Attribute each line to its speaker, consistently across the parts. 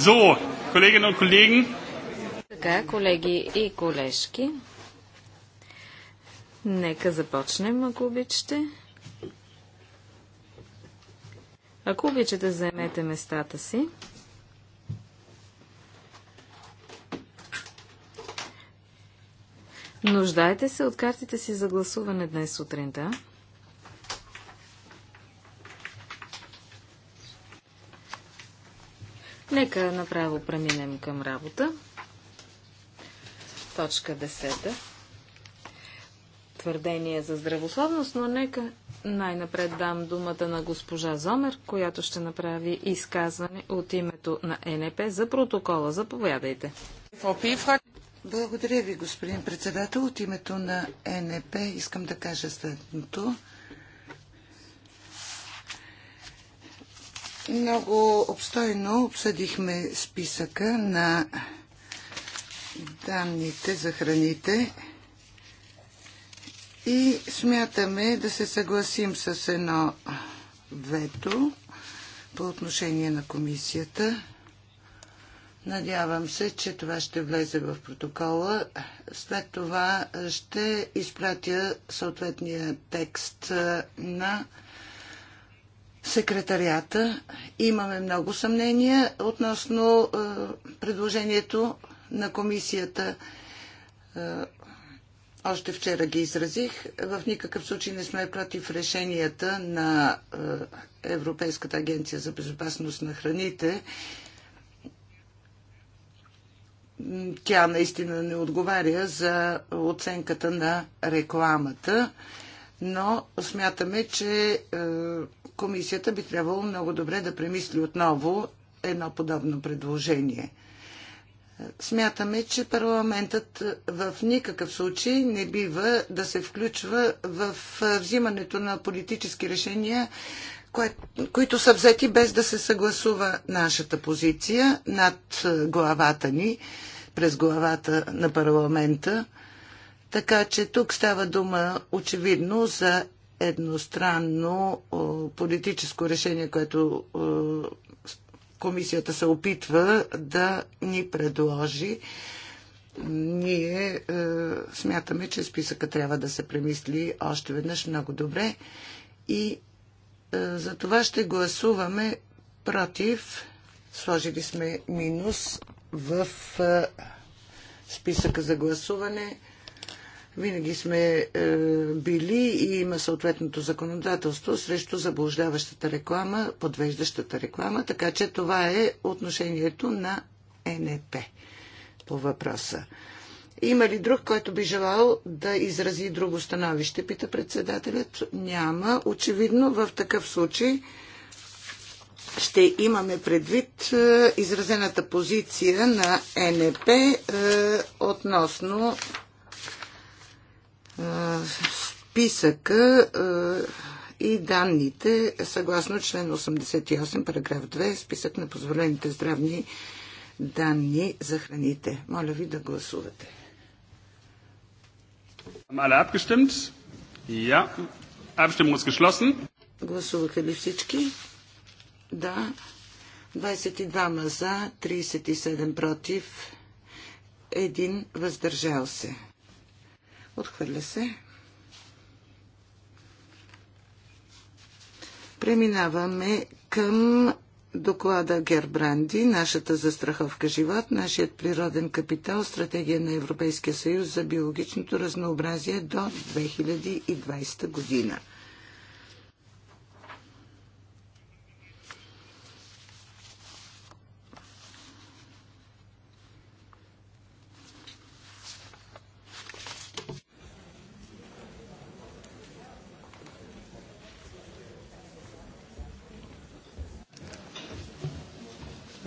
Speaker 1: So, Kolleginnen und Kollegen.
Speaker 2: Така, колеги и колежки, нека започнем, ако обичате. Ако обичате, заемете местата си. Нуждаете се от картите си за гласуване днес сутринта. Да? Нека направо преминем към работа. Точка 10. Твърдение за здравословност, но нека най-напред дам думата на госпожа Зомер, която ще направи изказване от името на НП за протокола. Заповядайте.
Speaker 3: Благодаря ви, господин председател. От името на НП искам да кажа следното. Много обстойно обсъдихме списъка на данните за храните и смятаме да се съгласим с едно вето по отношение на комисията. Надявам се, че това ще влезе в протокола. След това ще изпратя съответния текст на секретарията имаме много съмнения относно е, предложението на комисията. Е, още вчера ги изразих. В никакъв случай не сме против решенията на е, Европейската агенция за безопасност на храните. Тя наистина не отговаря за оценката на рекламата, но смятаме, че е, комисията би трябвало много добре да премисли отново едно подобно предложение. Смятаме, че парламентът в никакъв случай не бива да се включва в взимането на политически решения, които са взети без да се съгласува нашата позиция над главата ни, през главата на парламента. Така че тук става дума очевидно за едностранно политическо решение, което комисията се опитва да ни предложи. Ние смятаме, че списъка трябва да се премисли още веднъж много добре и за това ще гласуваме против. Сложили сме минус в списъка за гласуване. Винаги сме е, били и има съответното законодателство срещу заблуждаващата реклама, подвеждащата реклама, така че това е отношението на НП по въпроса. Има ли друг, който би желал да изрази друго становище, пита председателят. Няма. Очевидно в такъв случай ще имаме предвид е, изразената позиция на НП е, относно списъка и данните съгласно член 88, параграф 2, списък на позволените здравни данни за храните. Моля ви да гласувате. Гласуваха ли всички? Да. 22 за, 37 против, 1 въздържал се. Отхвърля се. Преминаваме към доклада Гербранди, нашата застраховка живот, нашият природен капитал, стратегия на Европейския съюз за биологичното разнообразие до 2020 година.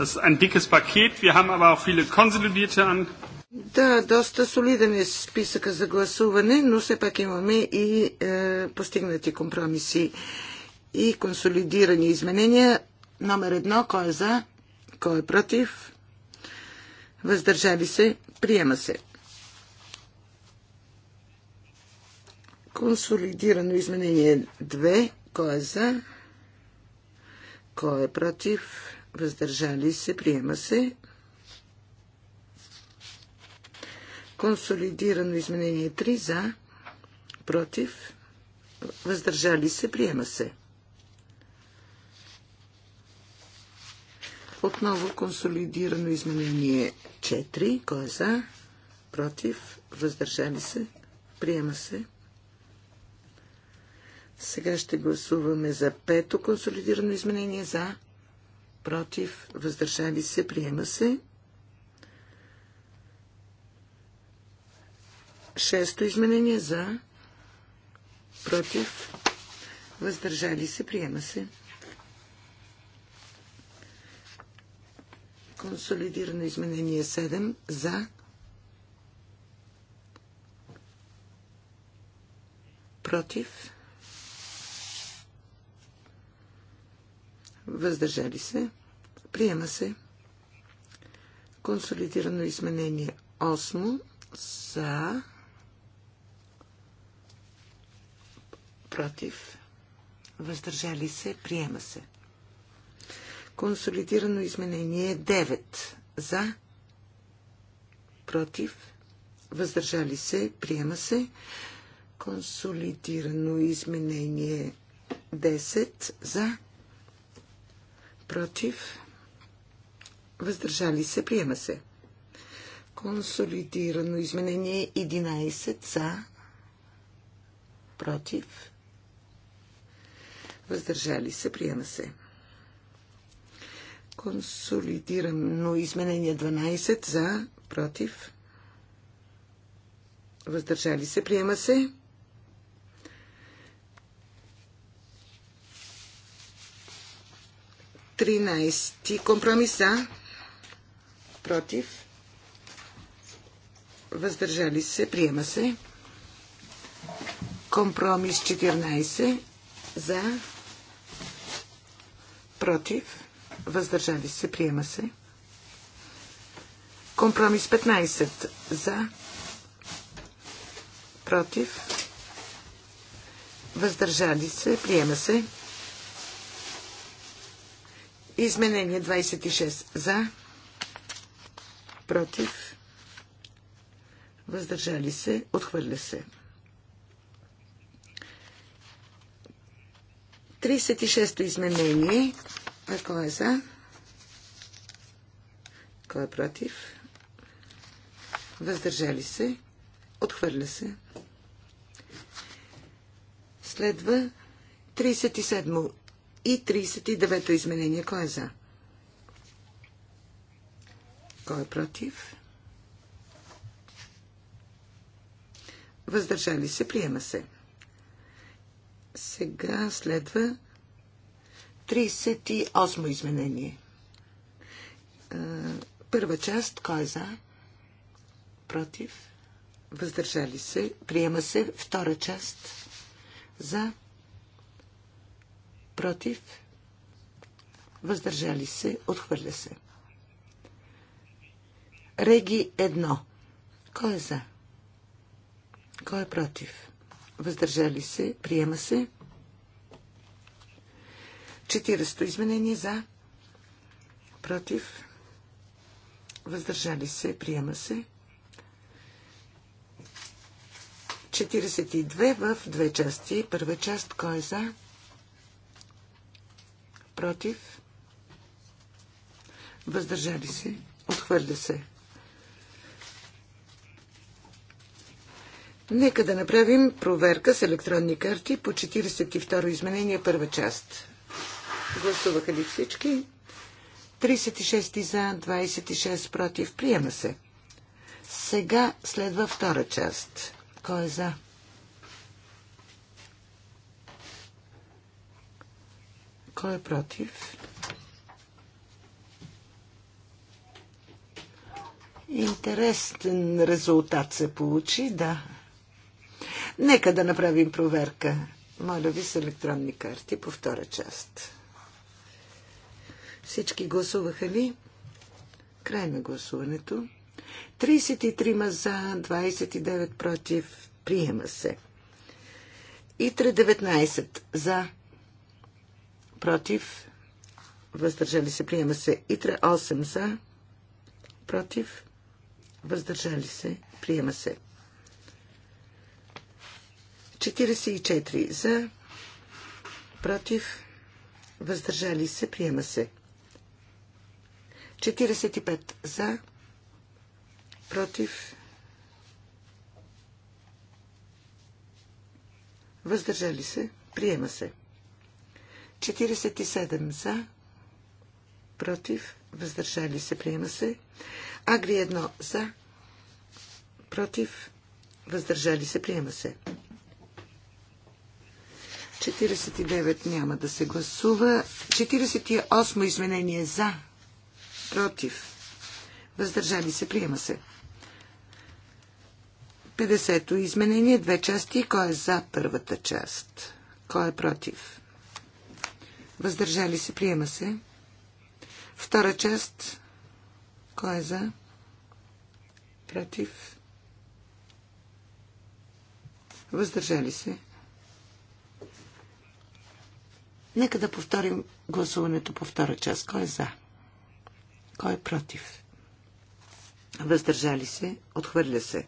Speaker 1: Das ist ein dickes Paket. Wir haben aber auch viele konsolidierte an.
Speaker 3: Да, доста солиден е списъка за гласуване, но все пак имаме и е, постигнати компромиси и консолидирани изменения. Номер едно, кой е за, кой е против, въздържали се, приема се. Консолидирано изменение 2, кой е за, кой е против, въздържали се, приема се. Консолидирано изменение 3 за, против, въздържали се, приема се. Отново консолидирано изменение 4. Кой е за? Против? Въздържали се? Приема се. Сега ще гласуваме за пето консолидирано изменение за, против, въздържали се, приема се. Шесто изменение за, против, въздържали се, приема се. Консолидирано изменение 7 за, против, въздържали се, приема се. Консолидирано изменение 8 за против, въздържали се, приема се. Консолидирано изменение 9 за против, въздържали се, приема се. Консолидирано изменение 10 за против, въздържали се, приема се. Консолидирано изменение 11 за, против, въздържали се, приема се. Консолидирано изменение 12 за, против, въздържали се, приема се. 13. Компромис за. Против. Въздържали се. Приема се. Компромис 14. За. Против. Въздържали се. Приема се. Компромис 15. За. Против. Въздържали се. Приема се. Изменение 26 за, против, въздържали се, отхвърля се. 36-то изменение. А кой е за? Кой е против? Въздържали се. Отхвърля се. Следва 37-мо и 39-то изменение. Кой е за? Кой е против? Въздържали се, приема се. Сега следва 38 изменение. Първа част, кой е за? Против? Въздържали се, приема се. Втора част, за? против, въздържали се, отхвърля се. Реги едно. Кой е за? Кой е против? Въздържали се, приема се. 40 изменение за, против, въздържали се, приема се. 42 в две части. Първа част, кой е за? против, въздържали се, отхвърля се. Нека да направим проверка с електронни карти по 42 изменение първа част. Гласуваха ли всички? 36 за, 26 против. Приема се. Сега следва втора част. Кой е за? Кой е против? Интересен резултат се получи, да. Нека да направим проверка. Моля ви с електронни карти по втора част. Всички гласуваха ли? Край на гласуването. 33 за, 29 против. Приема се. И 19 за, против, въздържали се, приема се. Итра 8 за, против, въздържали се, приема се. 44 за, против, въздържали се, приема се. 45 за, против, въздържали се, приема се. 47 за, против, въздържали се, приема се. Агри 1 за, против, въздържали се, приема се. 49 няма да се гласува. 48 изменение за, против, въздържали се, приема се. 50-то изменение, две части. Кой е за първата част? Кой е против? Въздържали се. Приема се. Втора част. Кой е за? Против. Въздържали се. Нека да повторим гласуването по втора част. Кой е за? Кой е против? Въздържали се? Отхвърля се.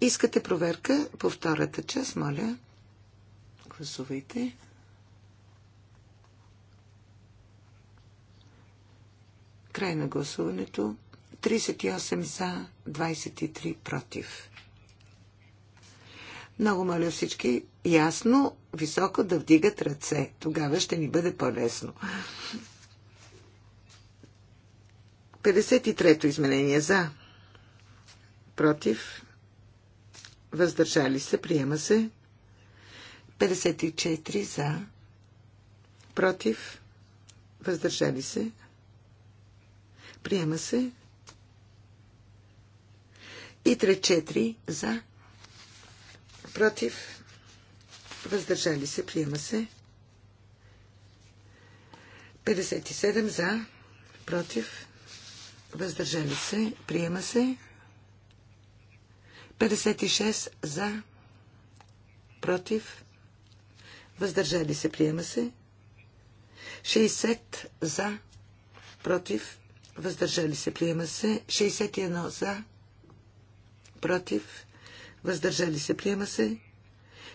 Speaker 3: Искате проверка по втората част, моля. Гласувайте. Край на гласуването. 38 за, 23 против. Много моля всички ясно, високо да вдигат ръце. Тогава ще ни бъде по-лесно. 53-то изменение за. Против. Въздържали се. Приема се. 54 за, против, въздържали се, приема се. И 3-4 за, против, въздържали се, приема се. 57 за, против, въздържали се, приема се. 56 за, против, въздържали се, приема се. 60 за, против, въздържали се, приема се. 61 за, против, въздържали се, приема се.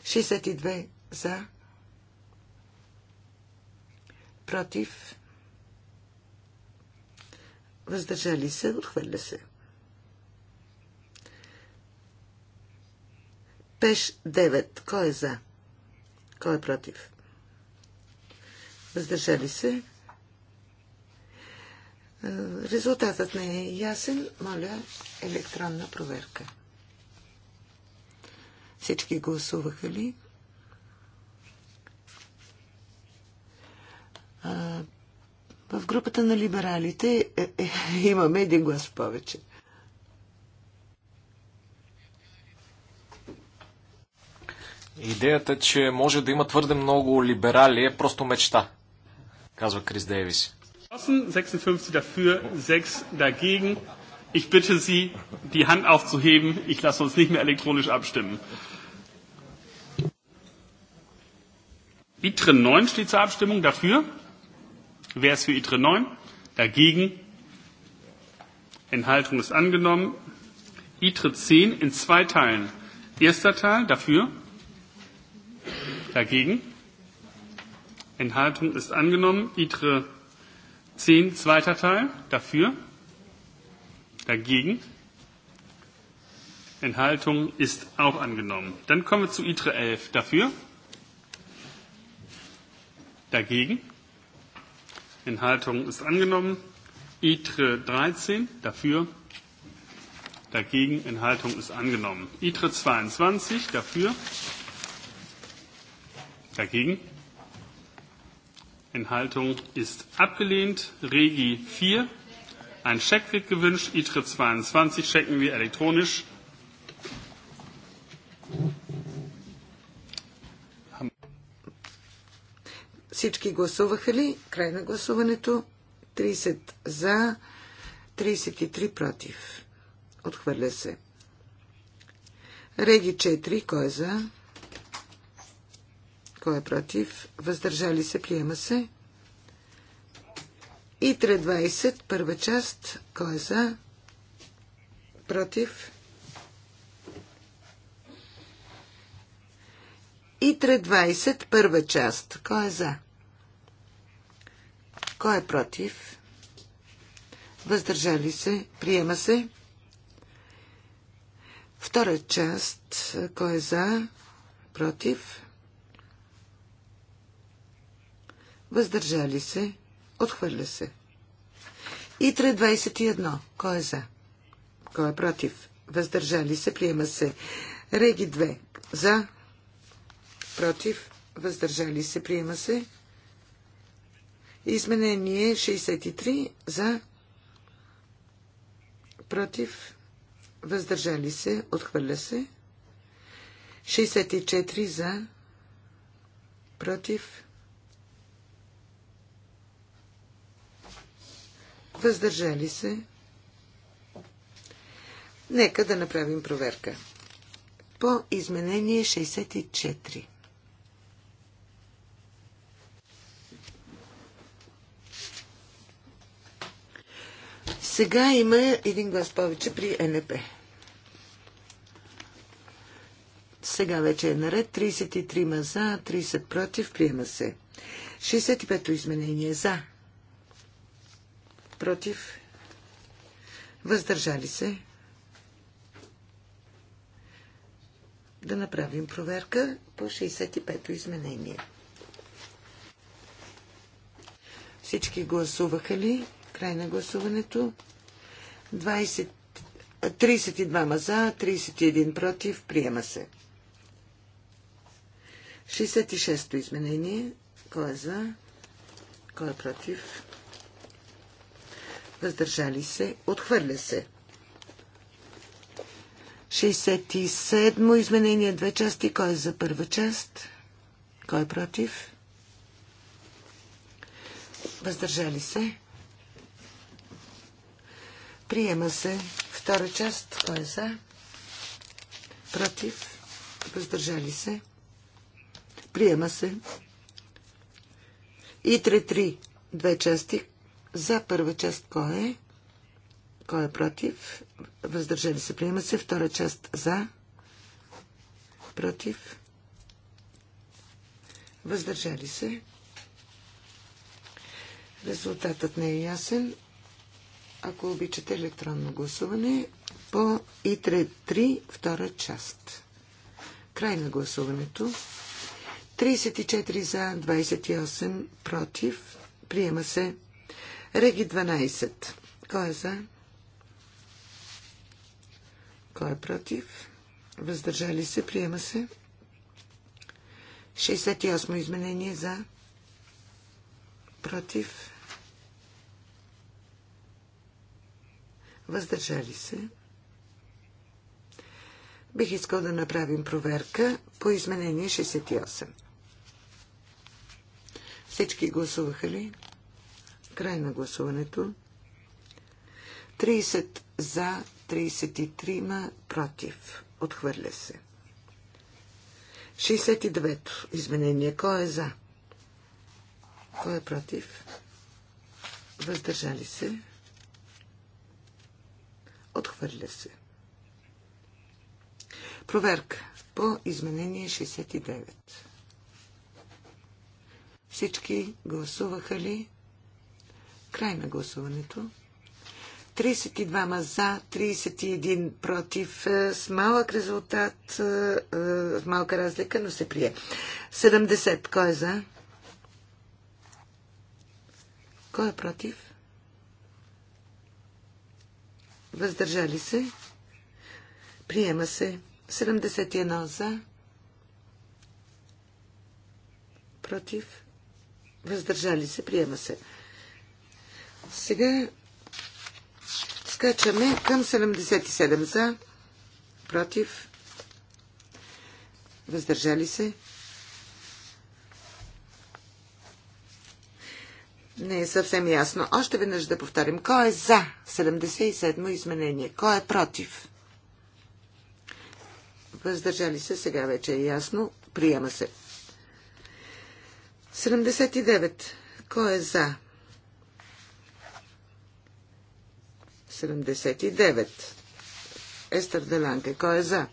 Speaker 3: 62 за, против, въздържали се, отхвърля се. Пеш 9. Кой е за? Кой е против? Въздържали се. Резултатът не е ясен. Моля, електронна проверка. Всички гласуваха ли? в групата на либералите е, е, имаме един глас повече.
Speaker 4: Идеята, че може да има твърде много либерали е просто мечта, казва Крис Дейвис.
Speaker 1: 56 dafür, 6 dagegen. Ich bitte Sie, die Hand aufzuheben. Ich lasse uns nicht mehr elektronisch abstimmen. ITRE 9 steht zur Abstimmung. Dafür? Wer ist für ITRE 9? Dagegen? Enthaltung ist angenommen. ITRE 10 in zwei Teilen. Erster Teil dafür, Dagegen? Enthaltung ist angenommen. ITRE 10, zweiter Teil. Dafür? Dagegen? Enthaltung ist auch angenommen. Dann kommen wir zu ITRE 11. Dafür? Dagegen? Enthaltung ist angenommen. ITRE 13. Dafür? Dagegen? Enthaltung ist angenommen. ITRE 22. Dafür? Dagegen? Dagegen? Enthaltung ist abgelehnt. Regi 4. Ein Scheck wird gewünscht. ITRE 22 checken wir elektronisch.
Speaker 3: Всички гласуваха ли? Край на гласуването. 30 за, 33 против. Отхвърля се. Реги 4. Кой е за? Кой е против? Въздържали се, приема се. И 3.20, първа част. Кой е за? Против? И 3.20, първа част. Кой е за? Кой е против? Въздържали се, приема се. Втора част. Кой е за? Против? въздържали се, отхвърля се. И 321. Кой е за? Кой е против? Въздържали се, приема се. Реги 2. За, против, въздържали се, приема се. Изменение 63 за против, въздържали се, отхвърля се. 64 за против, Въздържали се. Нека да направим проверка. По изменение 64. Сега има един глас повече при НП. Сега вече е наред. 33 за, 30 против. Приема се. 65-то изменение за против, въздържали се. Да направим проверка по 65-то изменение. Всички гласуваха ли? Край на гласуването. 20, 32 за, 31 против. Приема се. 66-то изменение. Кой е за? Кой е против? въздържали се, отхвърля се. 67 изменение, две части. Кой е за първа част? Кой е против? Въздържали се. Приема се втора част. Кой е за? Против? Въздържали се. Приема се. И 3-3. Две части. За първа част кой е? Кой е против? Въздържали се, приема се. Втора част за. Против. Въздържали се. Резултатът не е ясен. Ако обичате електронно гласуване по ИТРЕ 3, втора част. Край на гласуването. 34 за, 28 против. Приема се. Реги 12. Кой е за? Кой е против? Въздържали се. Приема се. 68 изменение за. Против. Въздържали се. Бих искал да направим проверка по изменение 68. Всички гласуваха ли? Край на гласуването. 30 за, 33 против. Отхвърля се. 69-то изменение. Кой е за? Кой е против? Въздържали се. Отхвърля се. Проверка по изменение 69. Всички гласуваха ли? Край на гласуването. 32 за, 31 против, е, с малък резултат, е, е, с малка разлика, но се прие. 70. Кой е за? Кой е против? Въздържали се? Приема се. 71 за. Против? Въздържали се? Приема се. Сега скачаме към 77 за, против, въздържали се. Не е съвсем ясно. Още веднъж да повторим. Кой е за 77 изменение? Кой е против? Въздържали се, сега вече е ясно. Приема се. 79. Кой е за? 79. Естер Деланке. Кой е за?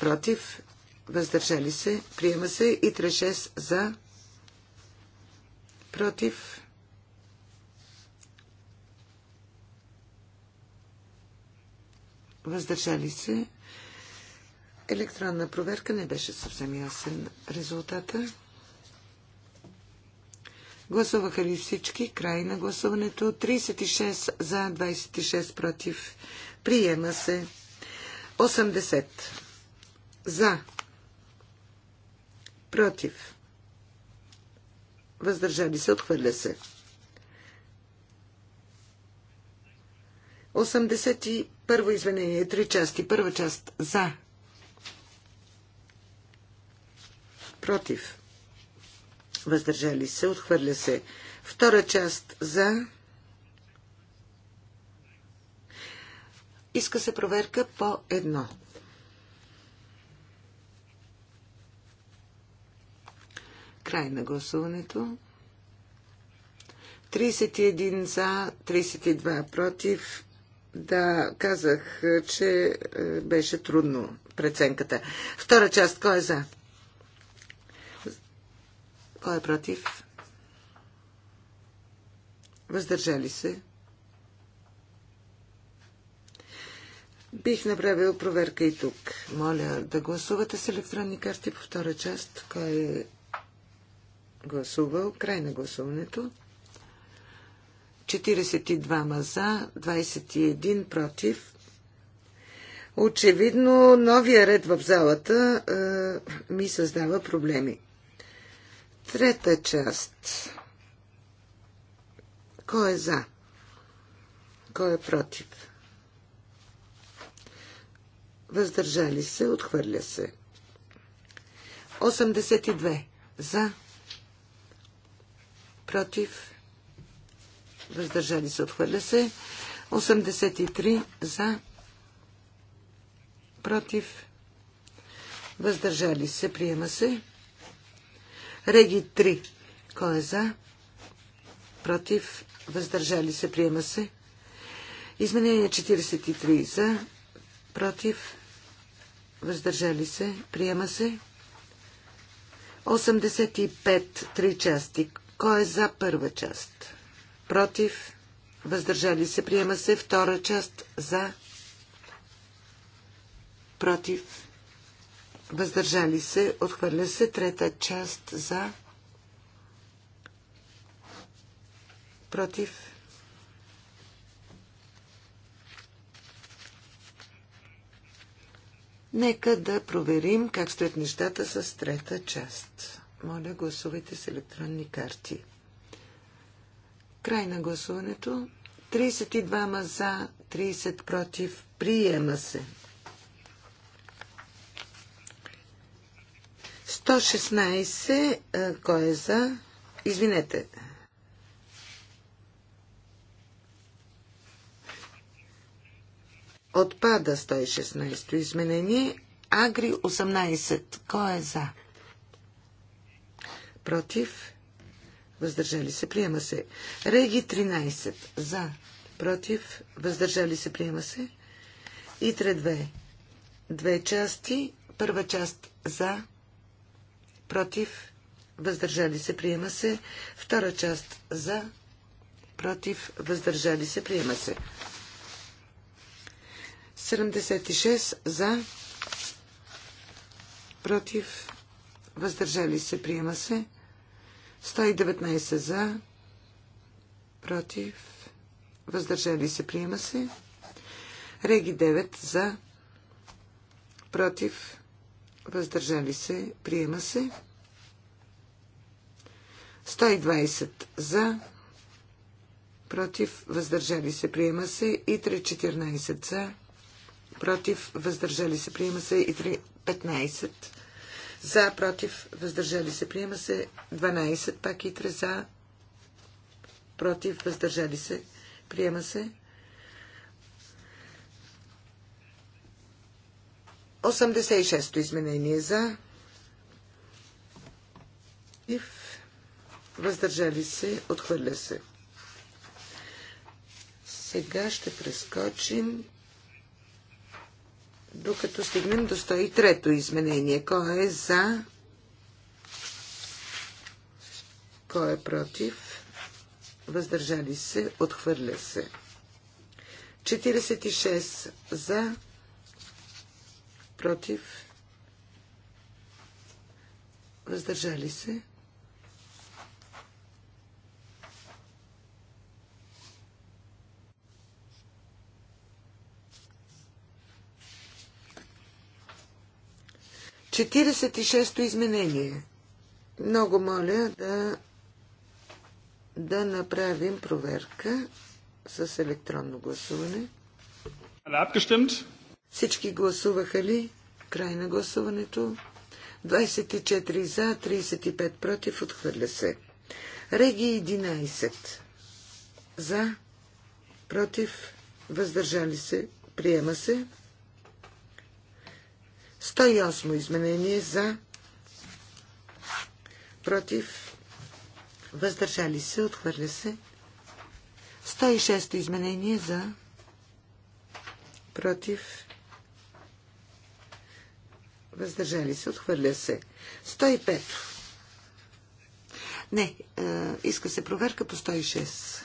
Speaker 3: Против? Въздържали се? Приема се и 36 за? Против? Въздържали се? Електронна проверка не беше съвсем ясен резултата. Гласуваха ли всички? Край на гласуването. 36 за, 26 против. Приема се. 80 за, против. Въздържали се, отхвърля се. 81 извинение, три части. Първа част за, против въздържали се, отхвърля се. Втора част за. Иска се проверка по едно. Край на гласуването. 31 за, 32 против. Да, казах, че е, беше трудно преценката. Втора част, кой е за? Кой е против? Въздържали се. Бих направил проверка и тук. Моля да гласувате с електронни карти по втора част. Кой е гласувал? Край на гласуването. 42 за, 21 против. Очевидно, новия ред в залата е, ми създава проблеми. Трета част. Кой е за? Кой е против? Въздържали се, отхвърля се. 82. За. Против. Въздържали се, отхвърля се. 83. За. Против. Въздържали се, приема се. Реги 3. Кой е за? Против. Въздържали се. Приема се. Изменение 43. За. Против. Въздържали се. Приема се. 85. Три части. Кой е за първа част? Против. Въздържали се. Приема се. Втора част. За. Против въздържали се, отхвърля се. Трета част за, против. Нека да проверим как стоят нещата с трета част. Моля, гласувайте с електронни карти. Край на гласуването. 32 за, 30 против. Приема се. 116. Кой е за? Извинете. Отпада 116-то изменение. Агри 18. Кой е за? Против. Въздържали се. Приема се. Реги 13. За. Против. Въздържали се. Приема се. Итре 2. Две части. Първа част за против, въздържали се, приема се. Втора част за, против, въздържали се, приема се. 76 за, против, въздържали се, приема се. 119 за, против, въздържали се, приема се. Реги 9 за, против, въздържали се, приема се. 120 за, против, въздържали се, приема се. И 314 за, против, въздържали се, приема се. И 315 за, против, въздържали се, приема се. 12 пак и 3 за, против, въздържали се, приема се. 86-то изменение за и въздържали се, отхвърля се. Сега ще прескочим докато стигнем до 103-то изменение. Кой е за? Кой е против? Въздържали се, отхвърля се. 46 за против, въздържали се. Четиридесет и шесто изменение. Много моля да, да направим проверка с електронно гласуване.
Speaker 1: Alle
Speaker 3: всички гласуваха ли? Край на гласуването. 24 за, 35 против, отхвърля се. Реги 11. За, против, въздържали се, приема се. 108 изменение за, против, въздържали се, отхвърля се. 106 изменение за, против, въздържали се, отхвърля се. 105. Не, е, иска се проверка по 106.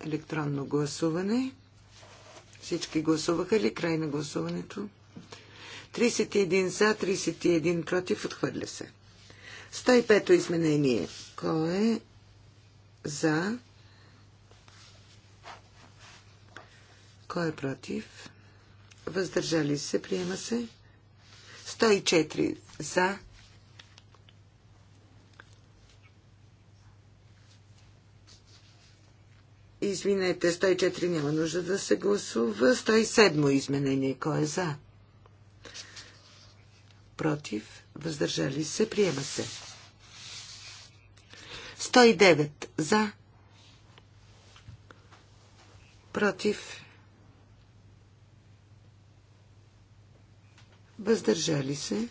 Speaker 3: Електронно гласуване. Всички гласуваха ли край на гласуването? 31 за, 31 против, отхвърля се. 105-то изменение. Кой е за? Кой е против? въздържали се, приема се. 104 за, Извинете, 104 няма нужда да се гласува. 107 изменение. Кой е за? Против. Въздържали се. Приема се. 109 за. Против. въздържали се.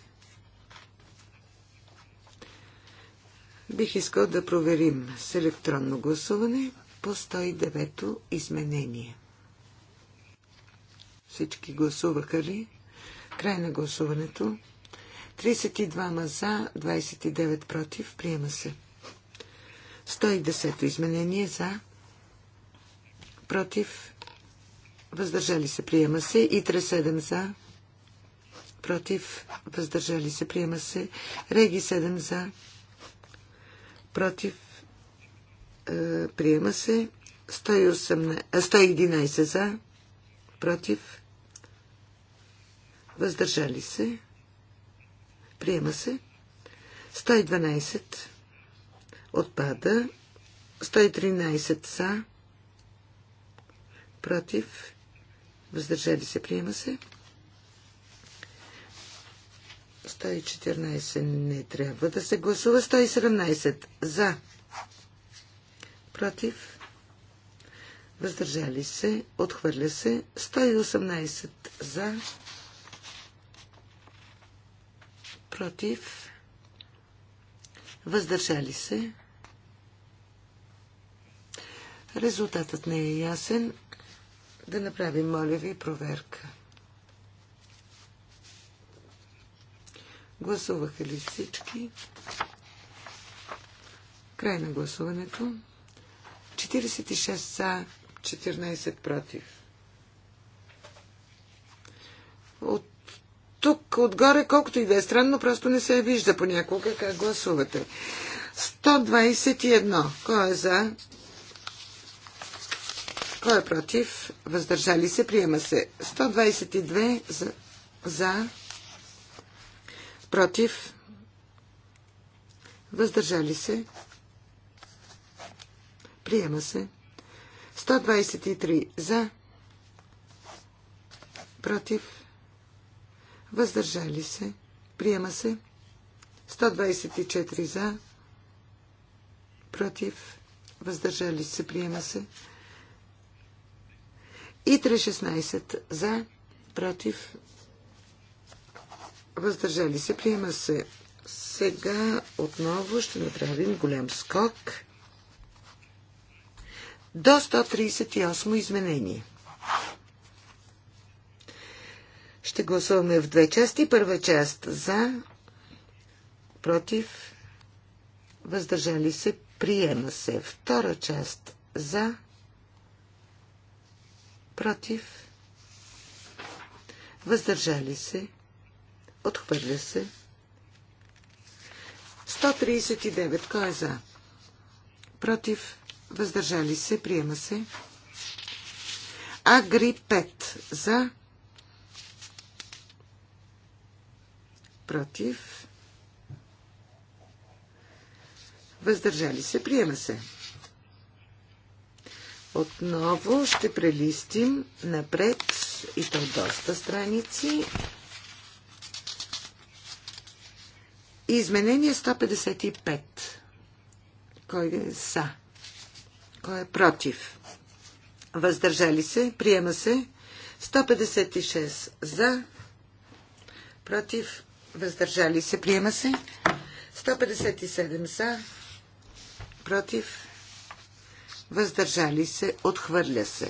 Speaker 3: Бих искал да проверим с електронно гласуване по 109-то изменение. Всички гласуваха ли? Край на гласуването. 32 за, 29 против. Приема се. 110-то изменение за, против, въздържали се. Приема се. И 37 за, против, въздържали се, приема се. Реги 7 за, против, е, приема се. 118, 111 е, за, против, въздържали се, приема се. 112 отпада. 113 са против. Въздържали се, приема се. 114 не трябва да се гласува. 117 за. Против. Въздържали се. Отхвърля се. 118 за. Против. Въздържали се. Резултатът не е ясен. Да направим, моля ви, проверка. Гласуваха ли всички? Край на гласуването. 46 са, 14 против. От тук, отгоре, колкото и да е странно, просто не се вижда понякога как гласувате. 121. Кой е за? Кой е против? Въздържали се? Приема се. 122 за. за против, въздържали се, приема се. 123 за, против, въздържали се, приема се. 124 за, против, въздържали се, приема се. И 316 за, против, въздържали се, приема се. Сега отново ще направим голям скок до 138 изменение. Ще гласуваме в две части. Първа част за, против, въздържали се, приема се. Втора част за, против, въздържали се, Отхвърля се. 139. Кой е за? Против. Въздържали се. Приема се. Агри 5. За. Против. Въздържали се. Приема се. Отново ще прелистим напред и то доста страници. Изменение 155. Кой е за? Кой е против? Въздържали се? Приема се. 156 за. Против? Въздържали се? Приема се. 157 за. Против? Въздържали се? Отхвърля се.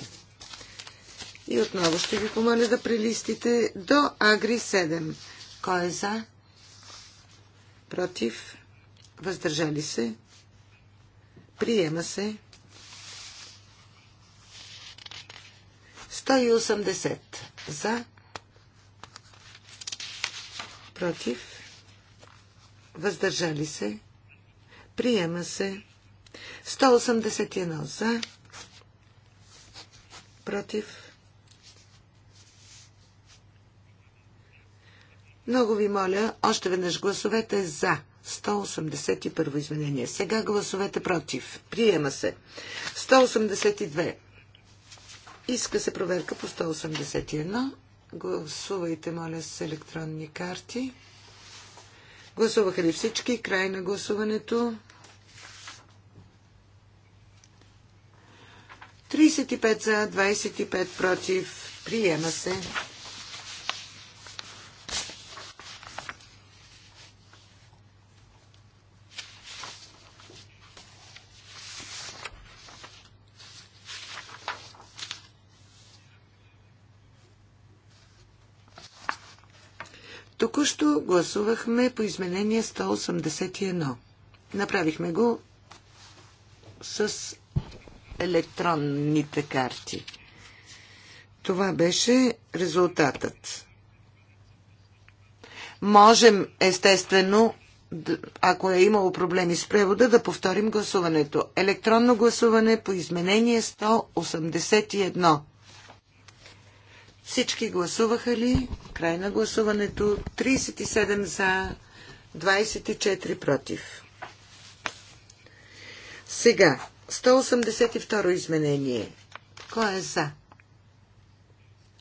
Speaker 3: И отново ще ви помоля да прелистите до Агри 7. Кой е за? против, въздържали се, приема се. 180 за, против, въздържали се, приема се. 181 за, против, Много ви моля, още веднъж гласовете за 181 изменение. Сега гласовете против. Приема се. 182. Иска се проверка по 181. Гласувайте, моля, с електронни карти. Гласуваха ли всички? Край на гласуването. 35 за, 25 против. Приема се. гласувахме по изменение 181. Направихме го с електронните карти. Това беше резултатът. Можем, естествено, ако е имало проблеми с превода, да повторим гласуването. Електронно гласуване по изменение 181. Всички гласуваха ли? Край на гласуването. 37 за, 24 против. Сега, 182 изменение. Кой е за?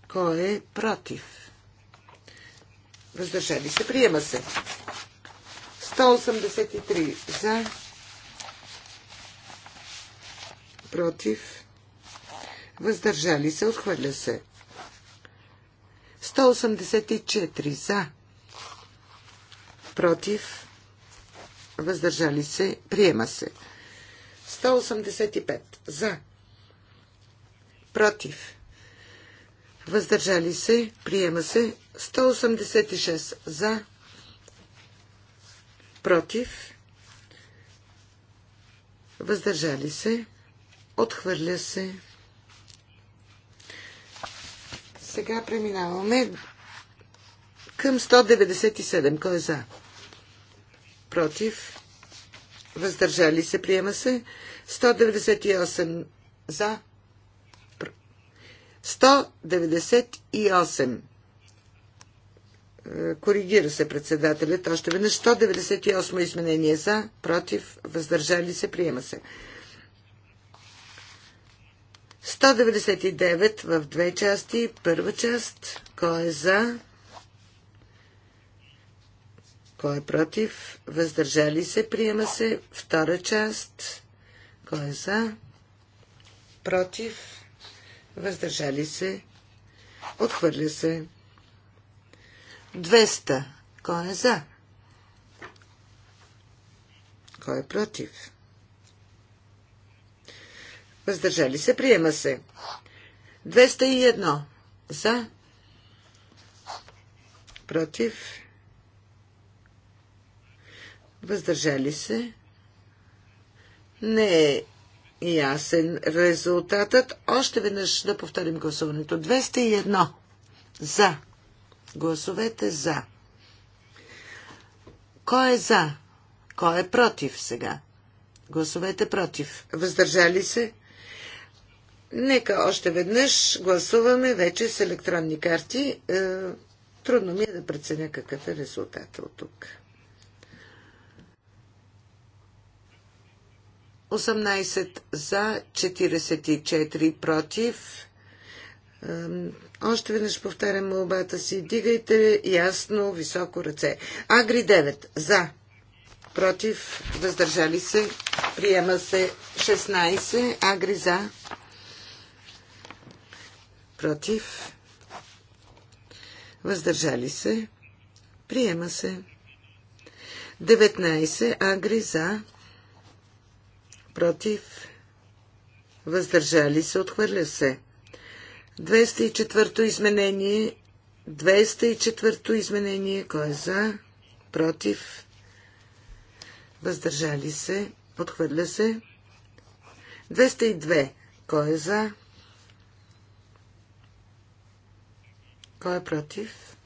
Speaker 3: Кой е против? Въздържали се. Приема се. 183 за. Против. Въздържали се. Отхвърля се. 184 за, против, въздържали се, приема се. 185 за, против, въздържали се, приема се. 186 за, против, въздържали се, отхвърля се. Сега преминаваме към 197. Кой е за? Против. Въздържали се. Приема се. 198 за. 198. Е, коригира се председателят. Още веднъж 198 изменение за. Против. Въздържали се. Приема се. 199 в две части. Първа част. Кой е за? Кой е против? Въздържали се? Приема се. Втора част. Кой е за? Против? Въздържали се? Отхвърля се. 200. Кой е за? Кой е против? Въздържали се. Приема се. 201. За. Против. Въздържали се. Не е ясен резултатът. Още веднъж да повторим гласуването. 201. За. Гласовете за. Кой е за? Кой е против сега? Гласовете против. Въздържали се? Нека още веднъж гласуваме вече с електронни карти. Е, трудно ми е да преценя какъв е резултат от тук. 18 за, 44 против. Е, още веднъж повтарям молбата си. Дигайте ясно, високо ръце. Агри 9 за, против, въздържали се, приема се 16, Агри за, против, въздържали се, приема се. 19 агри за, против, въздържали се, отхвърля се. 204 изменение, 204 изменение, кой е за, против, въздържали се, отхвърля се. 202, кой е за, Кой е против?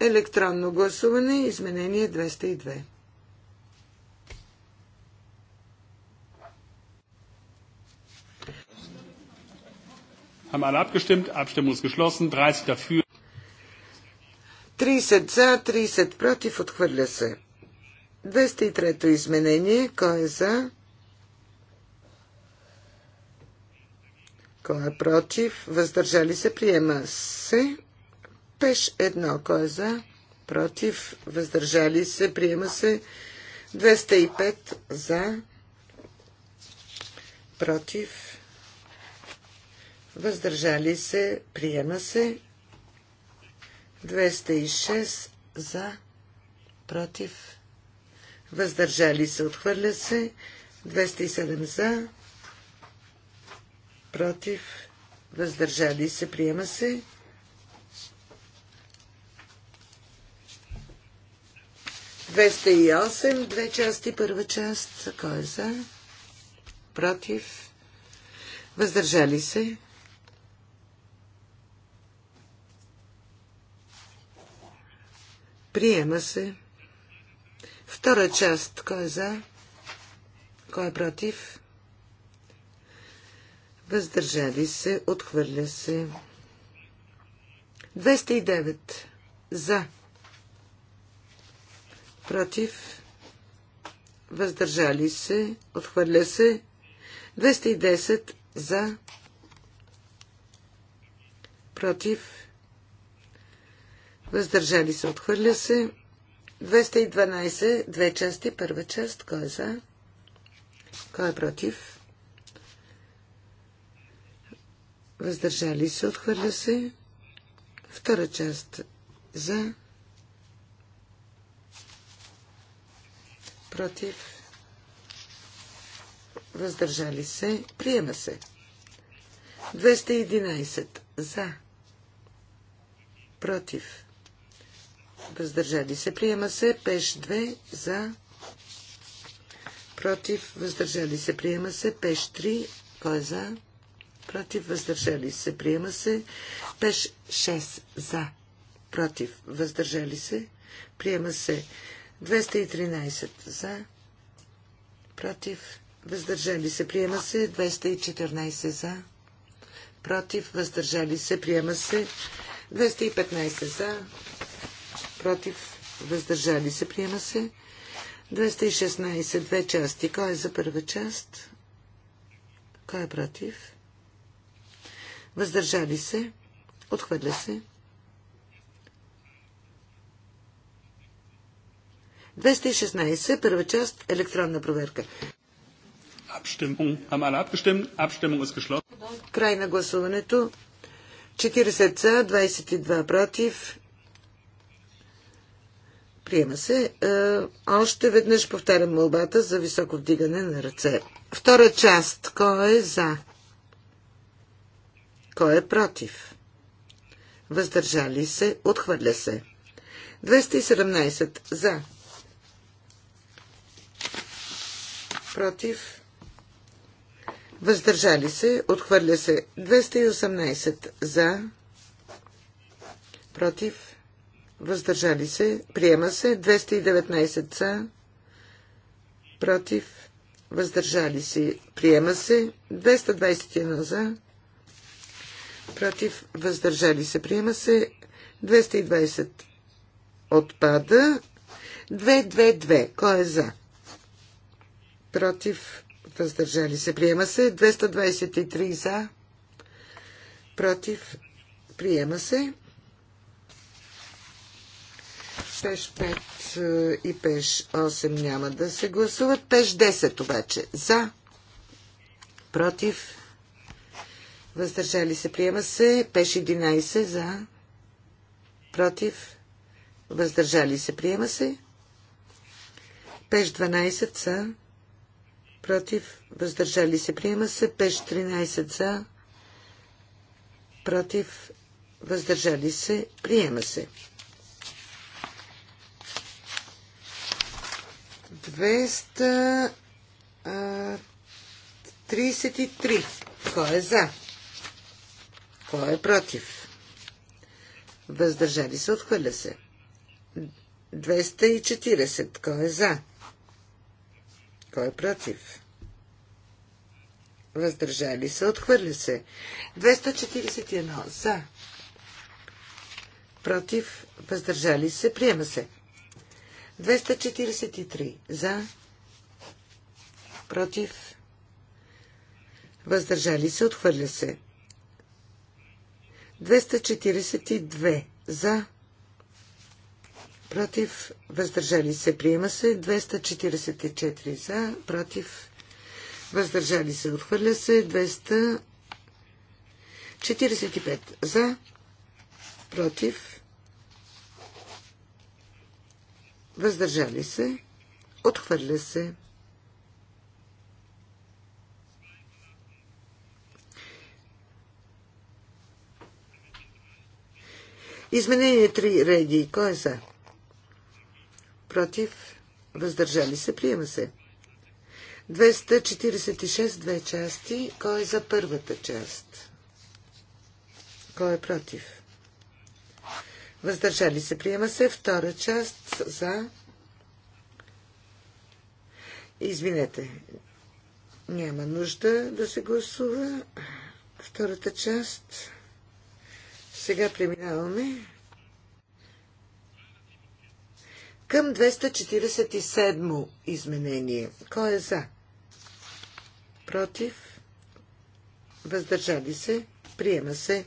Speaker 3: Електронно гласуване, изменение 202.
Speaker 1: Haben alle abgestimmt? Abstimmung ist geschlossen. 30 dafür. 30 за, 30 против, отхвърля се.
Speaker 3: 203-то изменение. Кой е за? Кой е против? Въздържали се? Приема се. Пеш едно. Кой е за? Против? Въздържали се? Приема се. 205 за. Против? Въздържали се? Приема се. 206 за. Против? Въздържали се? Отхвърля се. 207 за против, въздържали се, приема се. Двеста и осем, две части, първа част, кой е за, против, въздържали се. Приема се. Втора част, кой е за, кой е против, въздържали се, отхвърля се. 209 за, против, въздържали се, отхвърля се. 210 за, против, въздържали се, отхвърля се. 212, две части, първа част, кой е за, кой е против, въздържали се, отхвърля се. Втора част за, против, въздържали се, приема се. 211 за, против, въздържали се, приема се. Пеш 2 за, против, въздържали се, приема се. Пеш 3, кой е за? против, въздържали се, приема се. Пеш 6 за, против, въздържали се, приема се. 213 за, против, въздържали се, приема се. 214 за, против, въздържали се, приема се. 215 за, против, въздържали се, приема се. 216, две части. Кой е за първа част? Кой е против? въздържали се, отхвърля се. 216, първа част, електронна проверка. Е Край на гласуването. 40 за, 22 против. Приема се. Е, още веднъж повтарям молбата за високо вдигане на ръце. Втора част. Кой е за? Кой е против? Въздържали се, отхвърля се. 217 за. Против. Въздържали се, отхвърля се. 218 за. Против. Въздържали се, приема се. 219 за. Против. Въздържали се, приема се. 221 за против, въздържали се. Приема се 220 отпада. 222. Кой е за? Против, въздържали се. Приема се 223 за. Против, приема се. Пеш 5 е, и пеш 8 няма да се гласуват. Пеш 10 обаче. За. Против въздържали се, приема се. Пеш 11 за, против, въздържали се, приема се. Пеш 12 за, против, въздържали се, приема се. Пеш 13 за, против, въздържали се, приема се. 33. Кой е за? Кой е против? Въздържали се, отхвърля се. 240. Кой е за? Кой е против? Въздържали се, отхвърля се. 241. За. Против, въздържали се, приема се. 243. За. Против. Въздържали се, отхвърля се. 242 за, против, въздържали се, приема се. 244 за, против, въздържали се, отхвърля се. 245 за, против, въздържали се, отхвърля се. Изменение 3 реги. Кой е за? Против. Въздържали се. Приема се. 246, две части. Кой е за първата част? Кой е против? Въздържали се. Приема се. Втора част за. Извинете. Няма нужда да се гласува. Втората част. Сега преминаваме към 247 изменение. Кой е за? Против? Въздържали се? Приема се.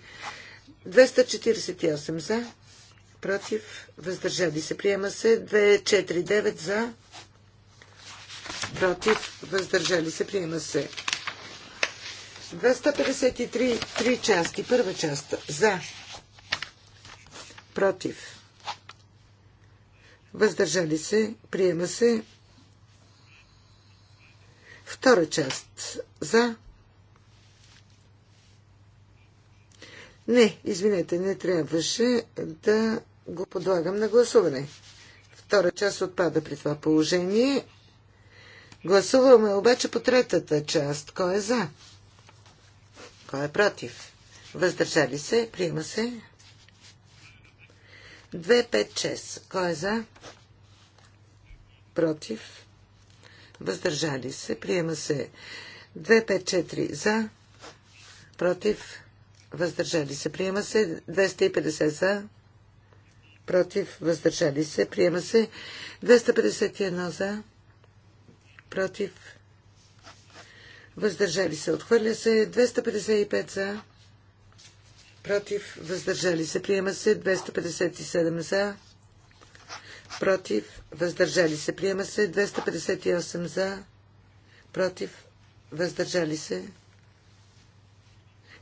Speaker 3: 248 за. Против? Въздържали се? Приема се. 249 за. Против? Въздържали се? Приема се. 253 три части. Първа част за против, въздържали се, приема се. Втора част за. Не, извинете, не трябваше да го подлагам на гласуване. Втора част отпада при това положение. Гласуваме обаче по третата част. Кой е за? Кой е против? Въздържали се? Приема се. 256. Кой е за? Против. Въздържали се. Приема се. 254 за. Против. Въздържали се. Приема се. 250 за. Против. Въздържали се. Приема се. 251 за. Против. Въздържали се. Отхвърля се. 255 за против, въздържали се, приема се 257 за, против, въздържали се, приема се 258 за, против, въздържали се,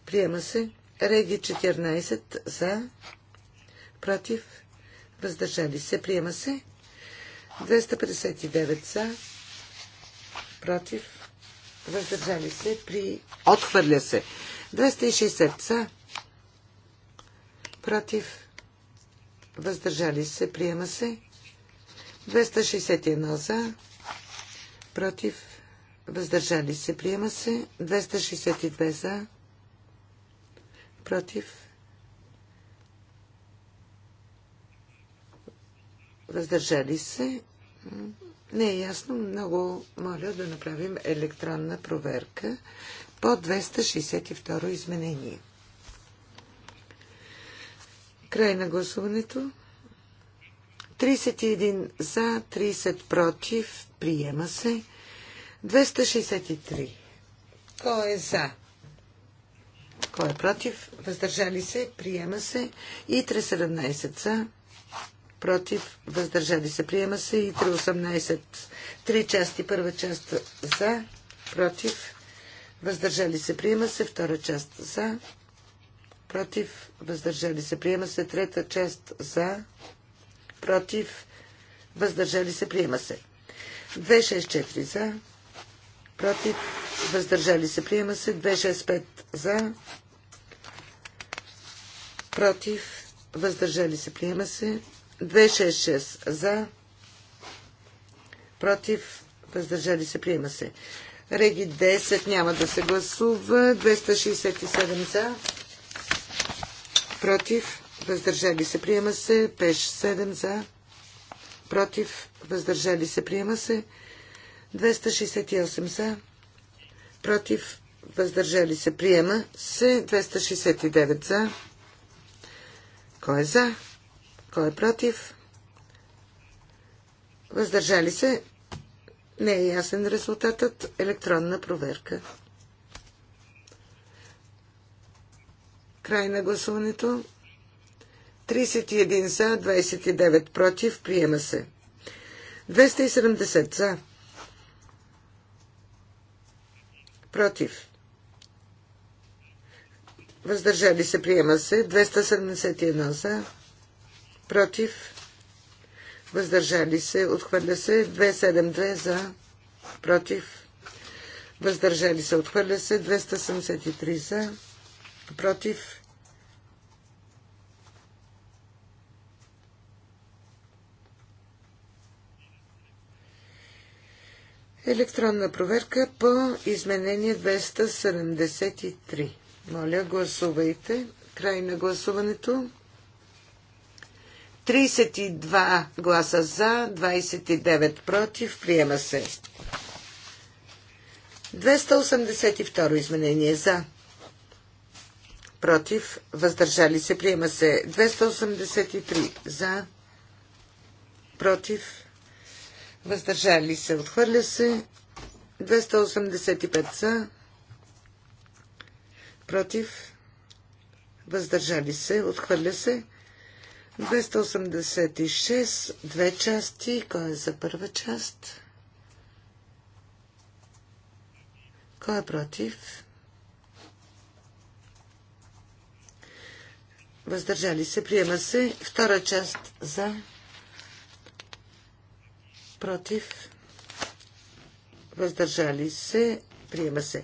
Speaker 3: приема се Реги 14 за, против, въздържали се, приема се 259 за, против, въздържали се, при... отхвърля се 260 са против, въздържали се, приема се. 261 за, против, въздържали се, приема се. 262 за, против, въздържали се. Не е ясно. Много моля да направим електронна проверка по 262 изменение. Край на гласуването. 31 за, 30 против. Приема се. 263. Кой е за? Кой е против? Въздържали се? Приема се. И 317 за. Против? Въздържали се? Приема се. И 318. 3 части. Първа част за. Против? Въздържали се? Приема се. Втора част за против, въздържали се, приема се. Трета част за, против, въздържали се, приема се. 264 за, против, въздържали се, приема се. 265 за, против, въздържали се, приема се. 266 за, против, въздържали се, приема се. Реги 10 няма да се гласува. 267 за, против, въздържали се, приема се. Пеш 7 за, против, въздържали се, приема се. 268 за, против, въздържали се, приема се. 269 за. Кой е за? Кой е против? Въздържали се. Не е ясен резултатът. Електронна проверка. Край на гласуването. 31 за, 29 против. Приема се. 270 за. Против. Въздържали се. Приема се. 271 за. Против. Въздържали се. Отхвърля се. 272 за. Против. Въздържали се. Отхвърля се. 273 за против, Електронна проверка по изменение 273. Моля, гласувайте. Край на гласуването. 32 гласа за, 29 против. Приема се. 282 изменение за против, въздържали се, приема се 283 за, против, въздържали се, отхвърля се 285 за, против, въздържали се, отхвърля се 286, две части, кой е за първа част? Кой е против? въздържали се, приема се. Втора част за, против, въздържали се, приема се.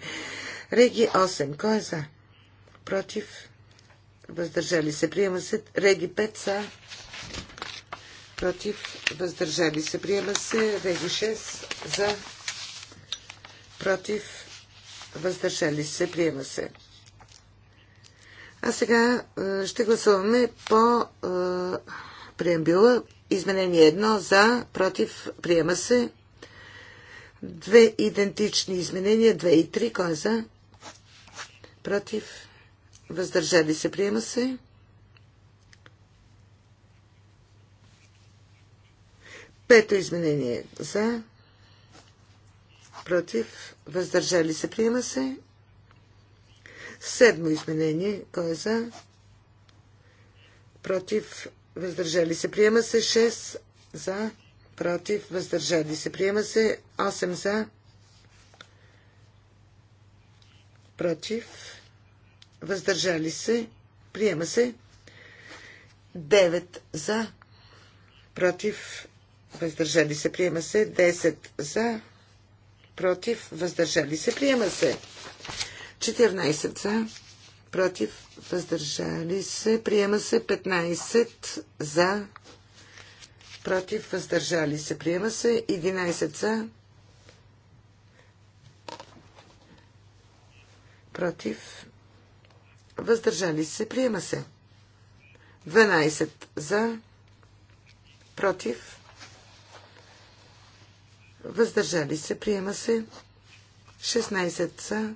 Speaker 3: Реги 8, кой е за? Против, въздържали се, приема се. Реги 5 за, против, въздържали се, приема се. Реги 6 за, против, въздържали се, приема се. А сега е, ще гласуваме по е, преамбюла. Изменение 1 за, против, приема се. Две идентични изменения, 2 и 3, кой е за? Против, въздържали се, приема се. Пето изменение за, против, въздържали се, приема се. Седмо изменение. Кой е за? Против. Въздържали се. Приема се 6 за. Против. Въздържали се. Приема се 8 за. Против. Въздържали се. Приема се 9 за. Против. Въздържали се. Приема се 10 за. Против. Въздържали се. Приема се. 14 за, против, въздържали се. Приема се 15 за, против, въздържали се. Приема се 11 за, против, въздържали се. Приема се 12 за, против, въздържали се. Приема се 16 за,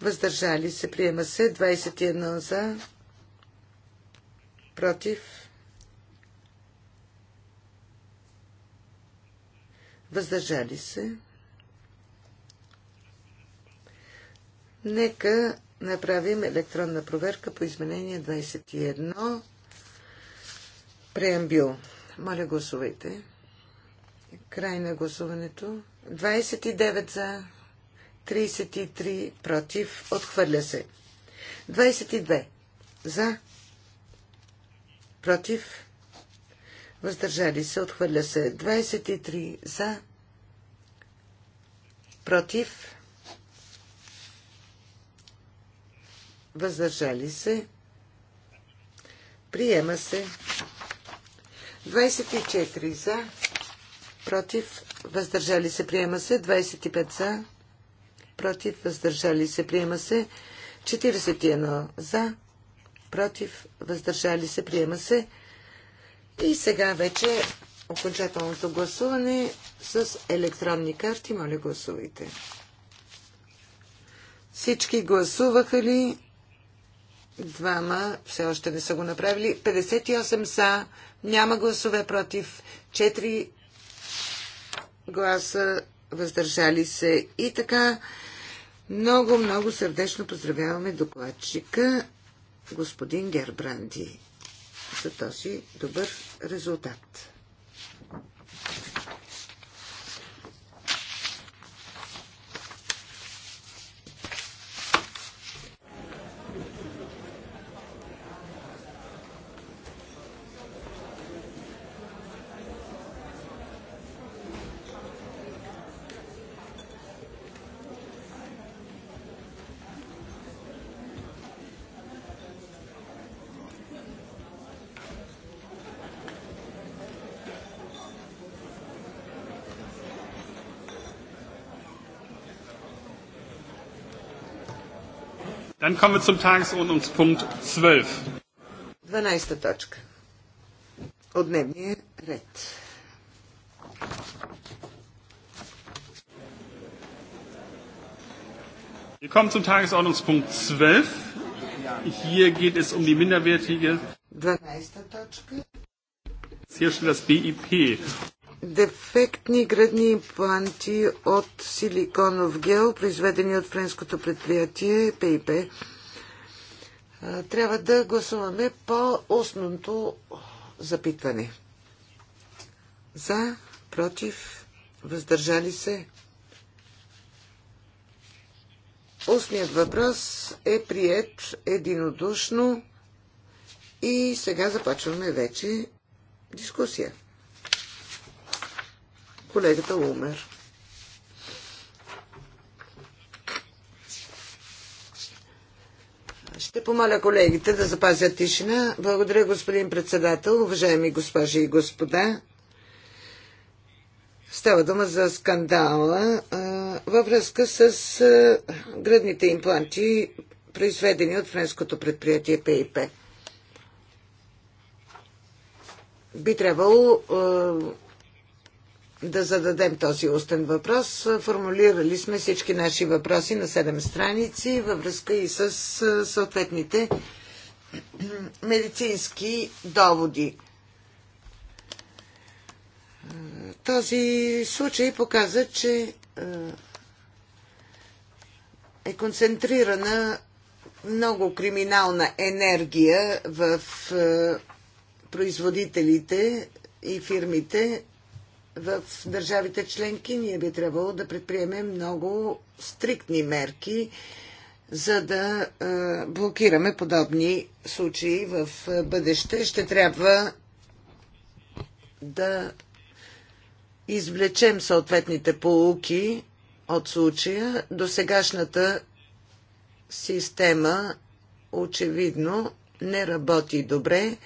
Speaker 3: въздържали се, приема се, 21 за, против, въздържали се. Нека направим електронна проверка по изменение 21 преамбил. Моля, гласувайте. Край на гласуването. 29 за, 33 против. Отхвърля се. 22 за. Против. Въздържали се. Отхвърля се. 23 за. Против. Въздържали се. Приема се. 24 за. Против. Въздържали се. Приема се. 25 за против, въздържали се, приема се. 41 за, против, въздържали се, приема се. И сега вече окончателното гласуване с електронни карти. Моля, гласувайте. Всички гласуваха ли? Двама все още не са го направили. 58 са, няма гласове против, 4 гласа въздържали се. И така много, много сърдечно поздравяваме докладчика господин Гербранди за този добър резултат.
Speaker 1: Dann kommen wir zum Tagesordnungspunkt 12.
Speaker 3: 12 точка от дневния
Speaker 1: Wir kommen zum Tagesordnungspunkt 12. Hier geht es um die minderwertige. 12. Hier steht das BIP
Speaker 3: дефектни градни импланти от силиконов гел, произведени от френското предприятие ПИП. Трябва да гласуваме по основното запитване. За, против, въздържали се. Устният въпрос е прият единодушно и сега започваме вече дискусия колегата Умер. Ще помоля колегите да запазят тишина. Благодаря, господин председател, уважаеми госпожи и господа. Става дума за скандала а, във връзка с а, гръдните импланти, произведени от френското предприятие ПИП. Би трябвало а, да зададем този устен въпрос. Формулирали сме всички наши въпроси на 7 страници във връзка и с съответните медицински доводи. Този случай показа, че е концентрирана много криминална енергия в производителите и фирмите в държавите членки ние би трябвало да предприемем много стриктни мерки, за да блокираме подобни случаи в бъдеще. Ще трябва да извлечем съответните полуки от случая. До сегашната система очевидно не работи добре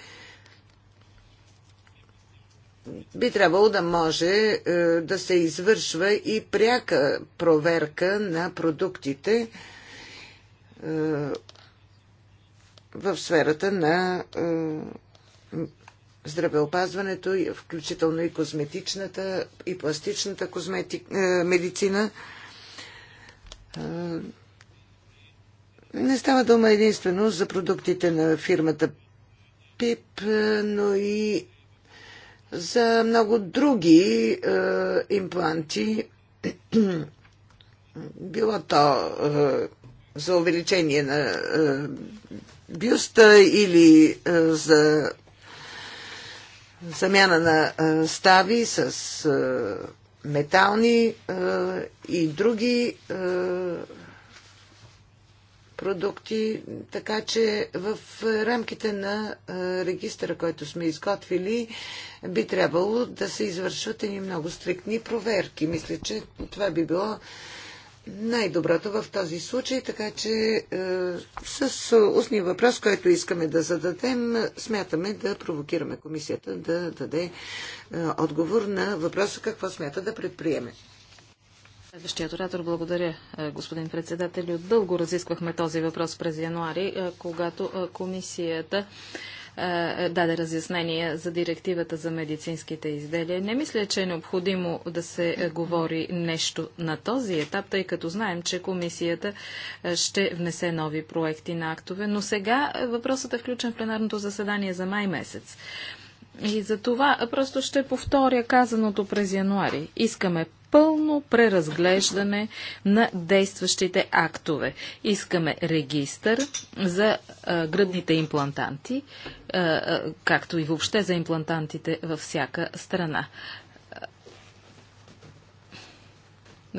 Speaker 3: би трябвало да може е, да се извършва и пряка проверка на продуктите е, в сферата на е, здравеопазването, включително и козметичната и пластичната козметик, медицина. Не става дума единствено за продуктите на фирмата ПИП, но и за много други е, импланти, било то е, за увеличение на е, бюста или е, за замяна на е, стави с е, метални е, и други е, продукти, така че в рамките на регистъра, който сме изготвили, би трябвало да се извършват едни много стриктни проверки. Мисля, че това би било най-доброто в този случай, така че е, с устния въпрос, който искаме да зададем, смятаме да провокираме комисията да даде е, отговор на въпроса какво смята да предприеме.
Speaker 2: Следващият оратор, благодаря, е, господин председател. Дълго разисквахме този въпрос през януари, е, когато е, комисията даде разяснение за директивата за медицинските изделия. Не мисля, че е необходимо да се говори нещо на този етап, тъй като знаем, че комисията ще внесе нови проекти на актове, но сега въпросът е включен в пленарното заседание за май месец. И за това просто ще повторя казаното през януари. Искаме пълно преразглеждане на действащите актове. Искаме регистър за а, гръдните имплантанти, а, а, както и въобще за имплантантите във всяка страна.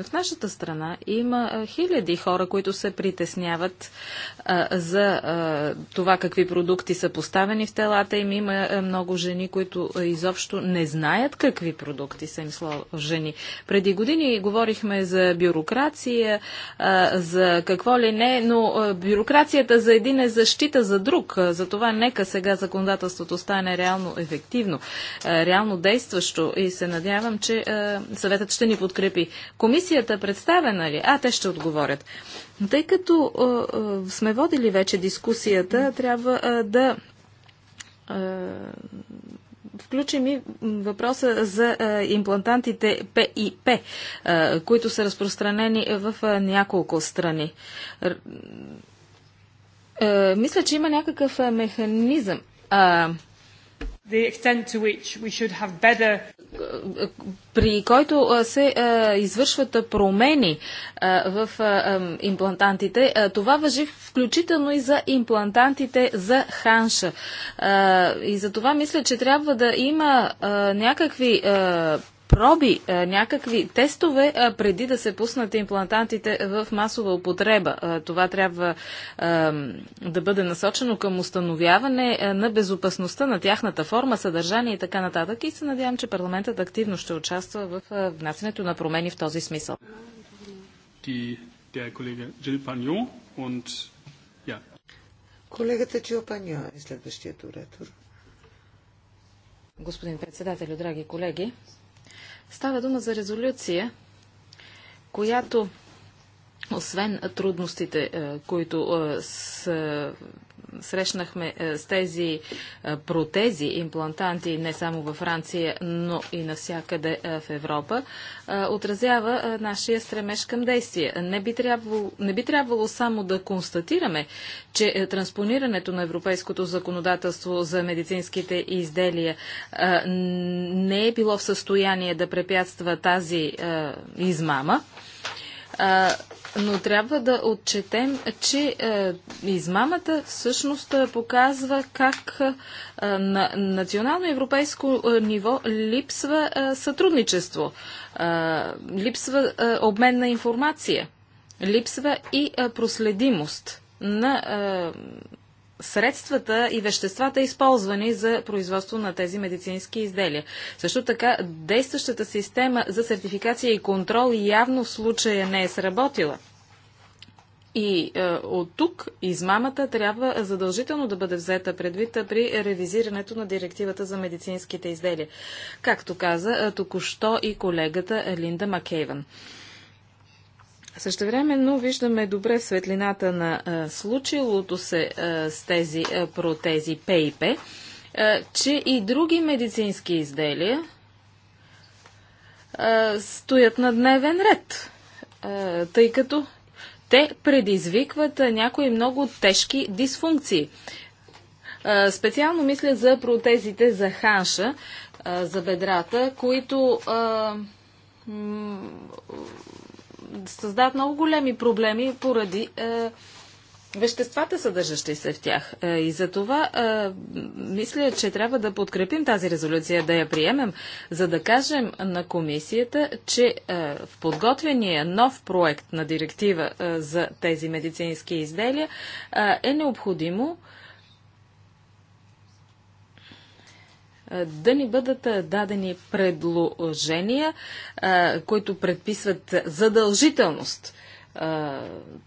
Speaker 2: в нашата страна има хиляди хора, които се притесняват а, за а, това какви продукти са поставени в телата им. Има много жени, които а, изобщо не знаят какви продукти са им сложени. Преди години говорихме за бюрокрация, а, за какво ли не, но а, бюрокрацията за един е защита за друг. А, затова нека сега законодателството стане реално ефективно, а, реално действащо и се надявам, че а, съветът ще ни подкрепи. Комисия комисията е представена ли? А, те ще отговорят. Тъй като а, а, сме водили вече дискусията, трябва а, да включим и въпроса за имплантантите П и П, които са разпространени в няколко страни. Мисля, че има някакъв механизъм при който се извършват промени в имплантантите. Това въжи включително и за имплантантите за ханша. И за това мисля, че трябва да има някакви проби, е, някакви тестове, е, преди да се пуснат имплантантите в масова употреба. Е, това трябва да бъде насочено към установяване на безопасността на тяхната форма, съдържание и така нататък. И се надявам, че парламентът активно ще участва в внасянето на промени в този смисъл.
Speaker 3: Колегата Паньо е следващият оратор. Господин
Speaker 2: председател, драги колеги, Става дума за резолюция, която освен трудностите, е, които е, са срещнахме е, с тези е, протези, имплантанти не само във Франция, но и навсякъде е, в Европа, отразява нашия стремеж към действие. Не би, трябвало, не би трябвало само да констатираме, че транспонирането на европейското законодателство за медицинските изделия не е било в състояние да препятства тази измама но трябва да отчетем, че е, измамата всъщност е, показва как е, на национално европейско е, ниво липсва е, сътрудничество, е, липсва е, обмен на информация, липсва и е, проследимост на е, средствата и веществата, използвани за производство на тези медицински изделия. Също така, действащата система за сертификация и контрол явно в случая не е сработила. И е, от тук измамата трябва задължително да бъде взета предвид при ревизирането на директивата за медицинските изделия, както каза е, току-що и колегата Линда Макейвън. Същевременно виждаме добре в светлината на а, случилото се а, с тези а, протези ПИП, че и други медицински изделия стоят на дневен ред, тъй като те предизвикват някои много тежки дисфункции. Специално мисля за протезите за ханша, за бедрата, които създават много големи проблеми поради е, веществата, съдържащи се в тях. Е, и за това е, мисля, че трябва да подкрепим тази резолюция, да я приемем, за да кажем на комисията, че е, в подготвения нов проект на директива е, за тези медицински изделия е, е необходимо е, да ни бъдат дадени предложения, които предписват задължителност,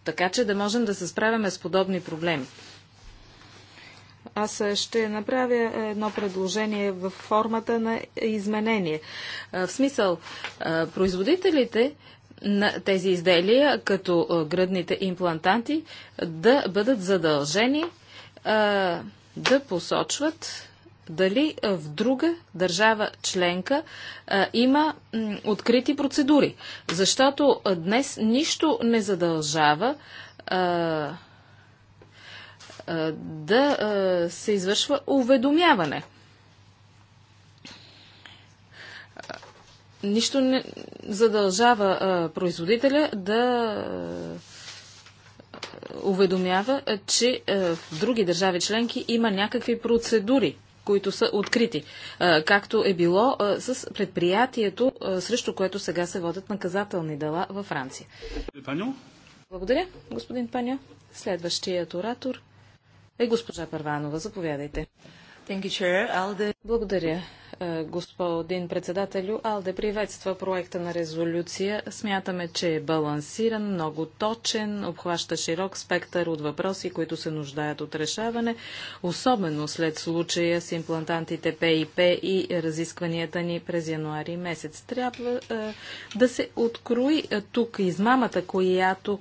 Speaker 2: така че да можем да се справяме с подобни проблеми. Аз ще направя едно предложение в формата на изменение. В смисъл, производителите на тези изделия, като гръдните имплантанти, да бъдат задължени да посочват дали в друга държава членка а, има м, открити процедури. Защото днес нищо не задължава а, а, да а, се извършва уведомяване. Нищо не задължава а, производителя да. уведомява, че в други държави членки има някакви процедури които са открити, както е било с предприятието, срещу което сега се водят наказателни дела във Франция. Благодаря, господин Паню. Следващият оратор е госпожа Първанова. Заповядайте. Благодаря, е, господин председателю. Алде приветства проекта на резолюция. Смятаме, че е балансиран, много точен, обхваща широк спектър от въпроси, които се нуждаят от решаване, особено след случая с имплантантите ПИП и разискванията ни през януари месец. Трябва е, да се открои е, тук измамата, която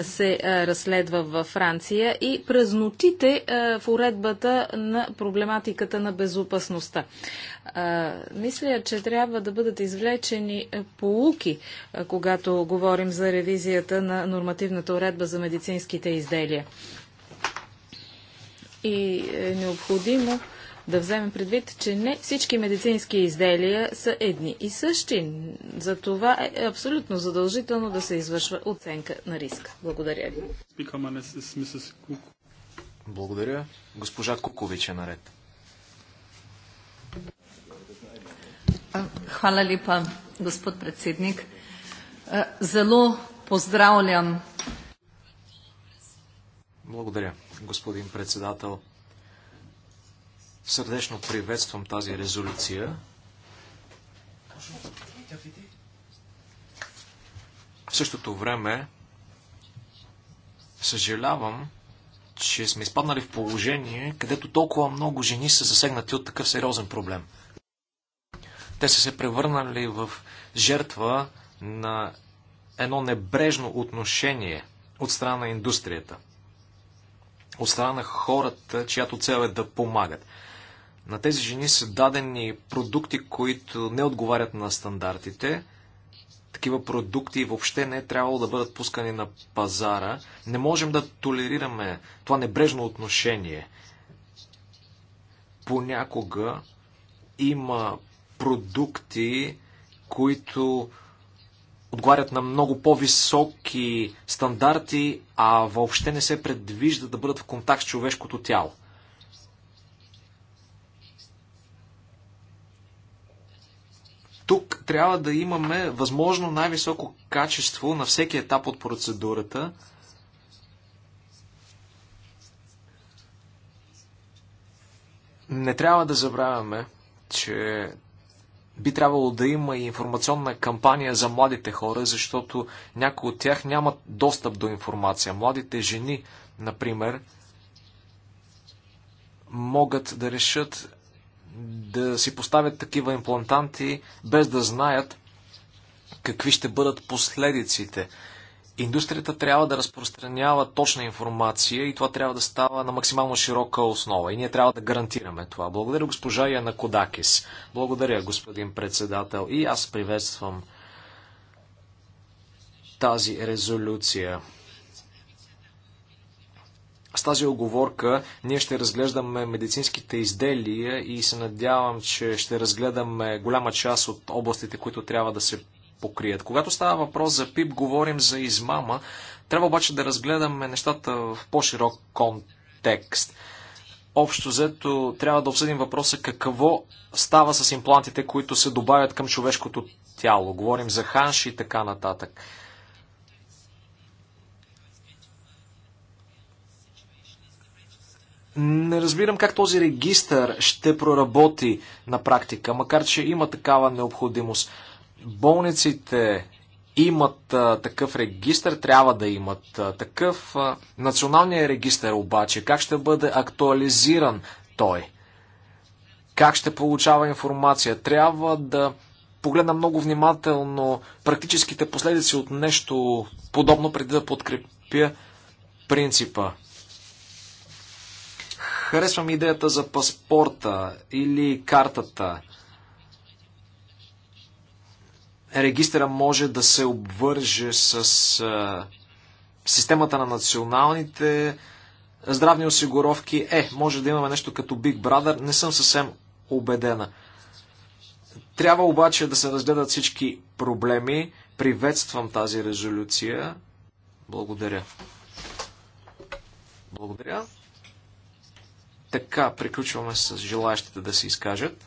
Speaker 2: се е, разследва във Франция и празнотите е, в уредбата на проблематиката на безопасността. Е, а, мисля, че трябва да бъдат извлечени е, полуки, а, е, когато говорим за ревизията на нормативната уредба за медицинските изделия. И е необходимо да вземем предвид, че не всички медицински изделия са едни и същи. За това е абсолютно задължително да се извършва оценка на риска. Благодаря ви.
Speaker 4: Благодаря. Госпожа Кукович е наред.
Speaker 2: Hvala lepa, gospod predsednik. Eh, zelo поздравлям.
Speaker 4: Благодаря, господин председател. Сърдечно приветствам тази резолюция. В същото време съжалявам, че сме изпаднали в положение, където толкова много жени са засегнати от такъв сериозен проблем – те са се превърнали в жертва на едно небрежно отношение от страна на индустрията, от страна на хората, чиято цел е да помагат. На тези жени са дадени продукти, които не отговарят на стандартите. Такива продукти въобще не е трябвало да бъдат пускани на пазара. Не можем да толерираме това небрежно отношение. Понякога има продукти, които отговарят на много по-високи стандарти, а въобще не се предвижда да бъдат в контакт с човешкото тяло. Тук трябва да имаме възможно най-високо качество на всеки етап от процедурата. Не трябва да забравяме, че би трябвало да има и информационна кампания за младите хора, защото някои от тях нямат достъп до информация. Младите жени, например, могат да решат да си поставят такива имплантанти, без да знаят какви ще бъдат последиците Индустрията трябва да разпространява точна информация и това трябва да става на максимално широка основа. И ние трябва да гарантираме това. Благодаря госпожа Яна Кодакис. Благодаря господин председател. И аз приветствам тази резолюция. С тази оговорка ние ще разглеждаме медицинските изделия и се надявам, че ще разгледаме голяма част от областите, които трябва да се покрият. Когато става въпрос за ПИП, говорим за измама. Трябва обаче да разгледаме нещата в по-широк контекст. Общо взето трябва да обсъдим въпроса какво става с имплантите, които се добавят към човешкото тяло. Говорим за ханш и така нататък. Не разбирам как този регистър ще проработи на практика, макар че има такава необходимост болниците имат а, такъв регистр, трябва да имат а, такъв. А, националния регистр обаче, как ще бъде актуализиран той? Как ще получава информация? Трябва да погледна много внимателно практическите последици от нещо подобно, преди да подкрепя принципа. Харесвам идеята за паспорта или картата регистъра може да се обвърже с а, системата на националните здравни осигуровки. Е, може да имаме нещо като Big Brother, не съм съвсем убедена. Трябва обаче да се разгледат всички проблеми. Приветствам тази резолюция. Благодаря. Благодаря. Така, приключваме с желаящите да се изкажат.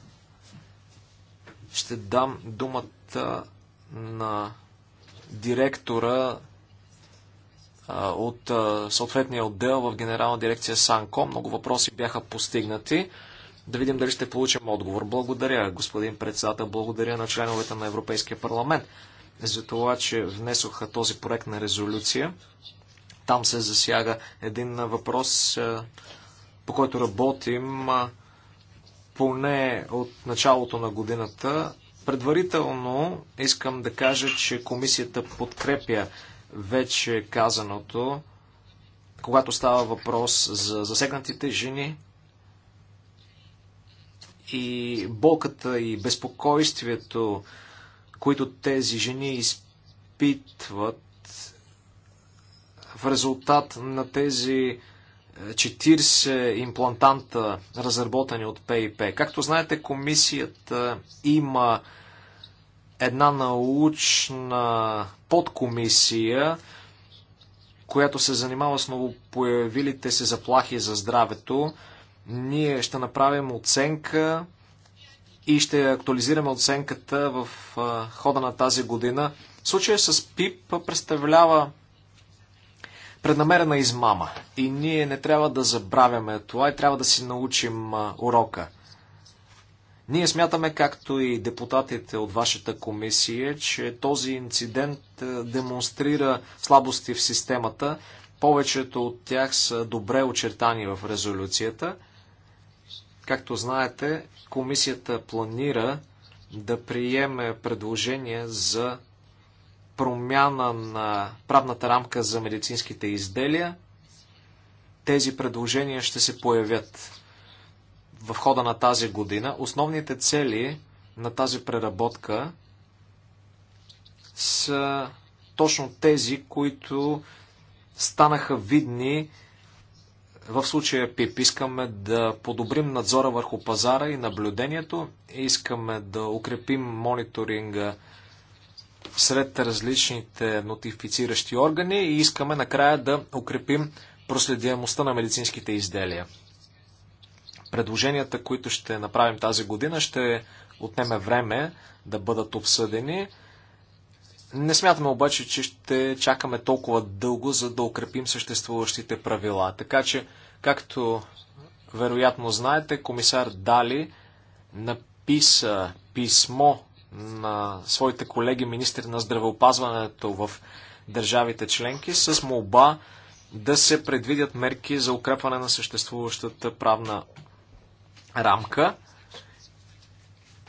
Speaker 4: Ще дам думата визита на директора от съответния отдел в Генерална дирекция Санко. Много въпроси бяха постигнати. Да видим дали ще получим отговор. Благодаря, господин председател. Благодаря на членовете на Европейския парламент за това, че внесоха този проект на резолюция. Там се засяга един въпрос, по който работим поне от началото на годината. Предварително искам да кажа, че комисията подкрепя вече казаното, когато става въпрос за засегнатите жени и болката и безпокойствието, които тези жени изпитват в резултат на тези 40 имплантанта, разработени от ПИП. Както знаете, комисията има една научна подкомисия, която се занимава с новопоявилите се заплахи за здравето. Ние ще направим оценка и ще актуализираме оценката в хода на тази година. Случая с ПИП представлява преднамерена измама. И ние не трябва да забравяме това и трябва да си научим урока. Ние смятаме, както и депутатите от вашата комисия, че този инцидент демонстрира слабости в системата. Повечето от тях са добре очертани в резолюцията. Както знаете, комисията планира да приеме предложение за промяна на правната рамка за медицинските изделия. Тези предложения ще се появят в хода на тази година. Основните цели на тази преработка са точно тези, които станаха видни в случая ПИП. Искаме да подобрим надзора върху пазара и наблюдението. Искаме да укрепим мониторинга сред различните нотифициращи органи и искаме накрая да укрепим проследяемостта на медицинските изделия. Предложенията, които ще направим тази година, ще отнеме време да бъдат обсъдени. Не смятаме обаче, че ще чакаме толкова дълго, за да укрепим съществуващите правила. Така че, както вероятно знаете, комисар Дали написа писмо на своите колеги министри на здравеопазването в държавите членки с молба да се предвидят мерки за укрепване на съществуващата правна рамка.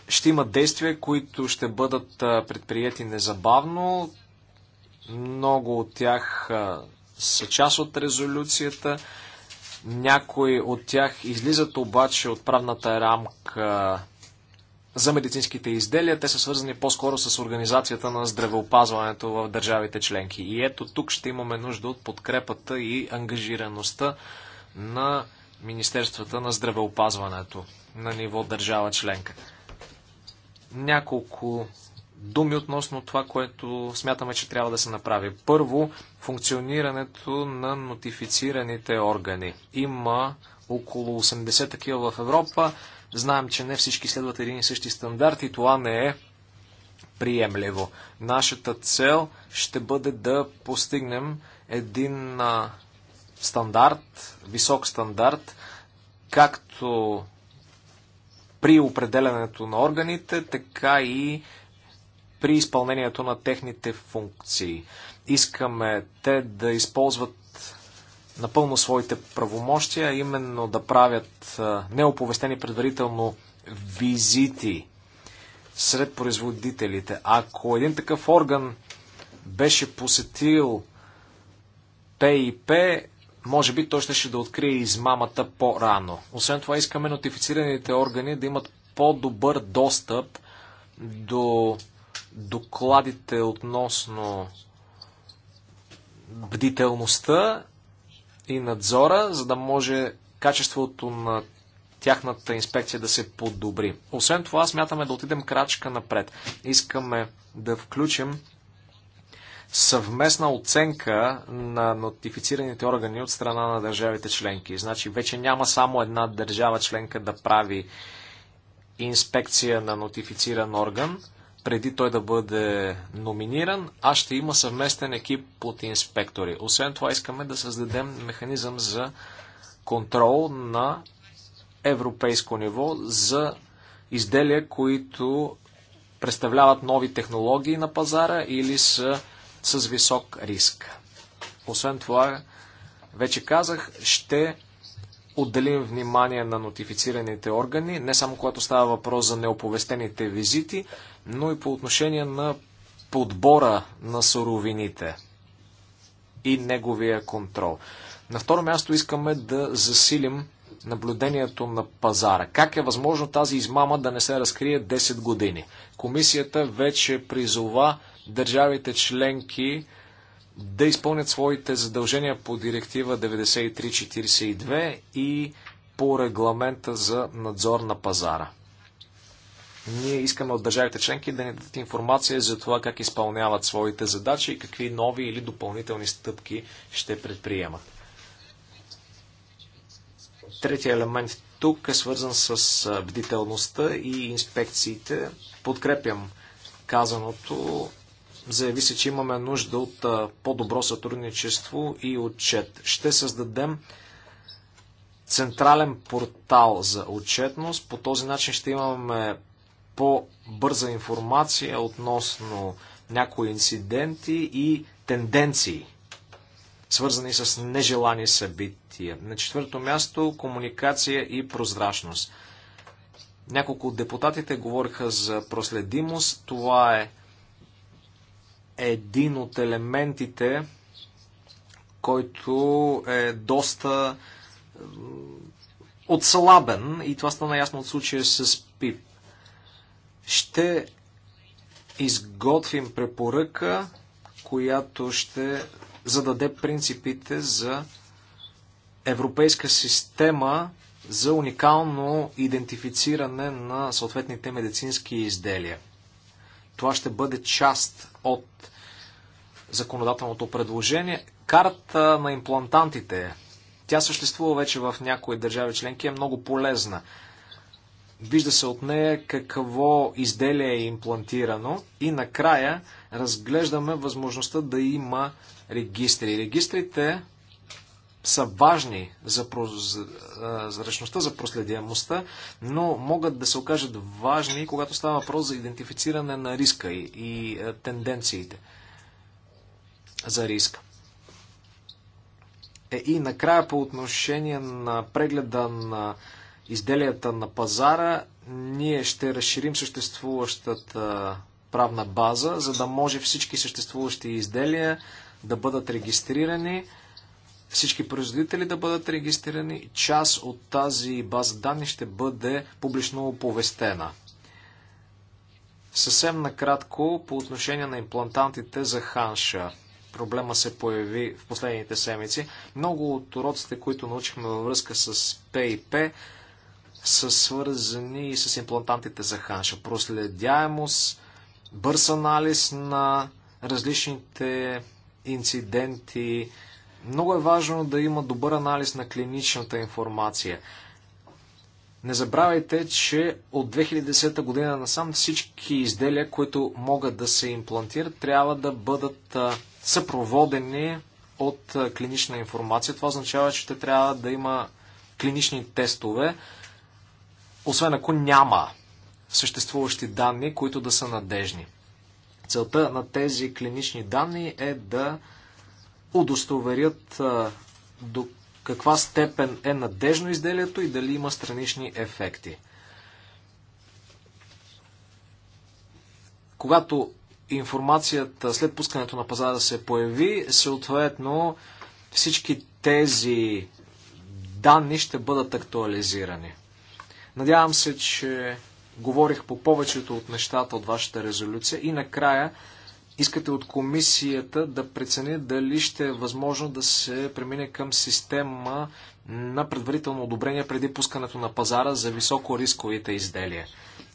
Speaker 4: Ще има действия, които ще бъдат предприяти незабавно. Много от тях са част от резолюцията. Някои от тях излизат обаче от правната рамка за медицинските изделия. Те са свързани по-скоро с организацията на здравеопазването в държавите членки. И ето тук ще имаме нужда от подкрепата и ангажираността на Министерствата на здравеопазването на ниво държава членка. Няколко думи относно това, което смятаме, че трябва да се направи. Първо, функционирането на нотифицираните органи. Има около 80 такива в Европа. Знаем, че не всички следват един и същи стандарт и това не е приемливо. Нашата цел ще бъде да постигнем един а, стандарт, висок стандарт, както при определенето на органите, така и при изпълнението на техните функции. Искаме те да използват напълно своите правомощия, именно да правят неоповестени предварително визити сред производителите. Ако един такъв орган беше посетил ПИП, може би той ще, ще да открие измамата по-рано. Освен това искаме нотифицираните органи да имат по-добър достъп до докладите относно бдителността и надзора, за да може качеството на тяхната инспекция да се подобри. Освен това, смятаме да отидем крачка напред. Искаме да включим съвместна оценка на нотифицираните органи от страна на държавите членки. Значи вече няма само една държава членка да прави инспекция на нотифициран орган преди той да бъде номиниран, а ще има съвместен екип от инспектори. Освен това искаме да създадем механизъм за контрол на европейско ниво за изделия, които представляват нови технологии на пазара или са с висок риск. Освен това, вече казах, ще отделим внимание на нотифицираните органи, не само когато става въпрос за неоповестените визити, но и по отношение на подбора на суровините и неговия контрол. На второ място искаме да засилим наблюдението на пазара. Как е възможно тази измама да не се разкрие 10 години? Комисията вече призова държавите членки да изпълнят своите задължения по директива 9342 и по регламента за надзор на пазара. Ние искаме от държавите членки да ни дадат информация за това как изпълняват своите задачи и какви нови или допълнителни стъпки ще предприемат. Третия елемент тук е свързан с бдителността и инспекциите. Подкрепям казаното. Заяви се, че имаме нужда от по-добро сътрудничество и отчет. Ще създадем централен портал за отчетност. По този начин ще имаме по-бърза информация относно някои инциденти и тенденции, свързани с нежелани събития. На четвърто място комуникация и прозрачност. Няколко от депутатите говориха за проследимост. Това е един от елементите, който е доста отслабен и това стана ясно от случая с ПИП. Ще изготвим препоръка, която ще зададе принципите за европейска система за уникално идентифициране на съответните медицински изделия. Това ще бъде част от законодателното предложение. Карта на имплантантите. Тя съществува вече в някои държави членки, е много полезна. Вижда се от нея какво изделие е имплантирано и накрая разглеждаме възможността да има регистри. Регистрите са важни за прозрачността, за проследяемостта, но могат да се окажат важни, когато става въпрос за идентифициране на риска и, и тенденциите за риска. Е, и накрая по отношение на прегледа на изделията на пазара, ние ще разширим съществуващата правна база, за да може всички съществуващи изделия да бъдат регистрирани, всички производители да бъдат регистрирани. Част от тази база данни ще бъде публично оповестена. Съвсем накратко по отношение на имплантантите за ханша. Проблема се появи в последните седмици. Много от уроците, които научихме във връзка с ПИП, са свързани и с имплантантите за ханша. Проследяемост, бърз анализ на различните инциденти. Много е важно да има добър анализ на клиничната информация. Не забравяйте, че от 2010 година насам всички изделия, които могат да се имплантират, трябва да бъдат съпроводени от клинична информация. Това означава, че те трябва да има клинични тестове освен ако няма съществуващи данни, които да са надежни. Целта на тези клинични данни е да удостоверят до каква степен е надежно изделието и дали има странични ефекти. Когато информацията след пускането на пазара се появи, съответно всички тези данни ще бъдат актуализирани. Надявам се, че говорих по повечето от нещата от вашата резолюция и накрая искате от комисията да прецени дали ще е възможно да се премине към система на предварително одобрение преди пускането на пазара за високо рисковите изделия.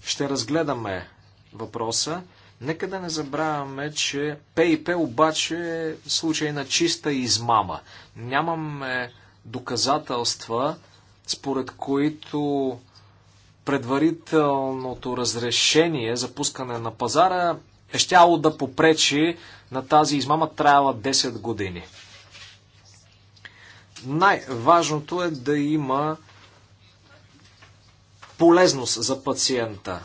Speaker 4: Ще разгледаме въпроса. Нека да не забравяме, че ПИП обаче е случай на чиста измама. Нямаме доказателства, според които предварителното разрешение за пускане на пазара е щяло да попречи на тази измама трябва 10 години. Най-важното е да има полезност за пациента,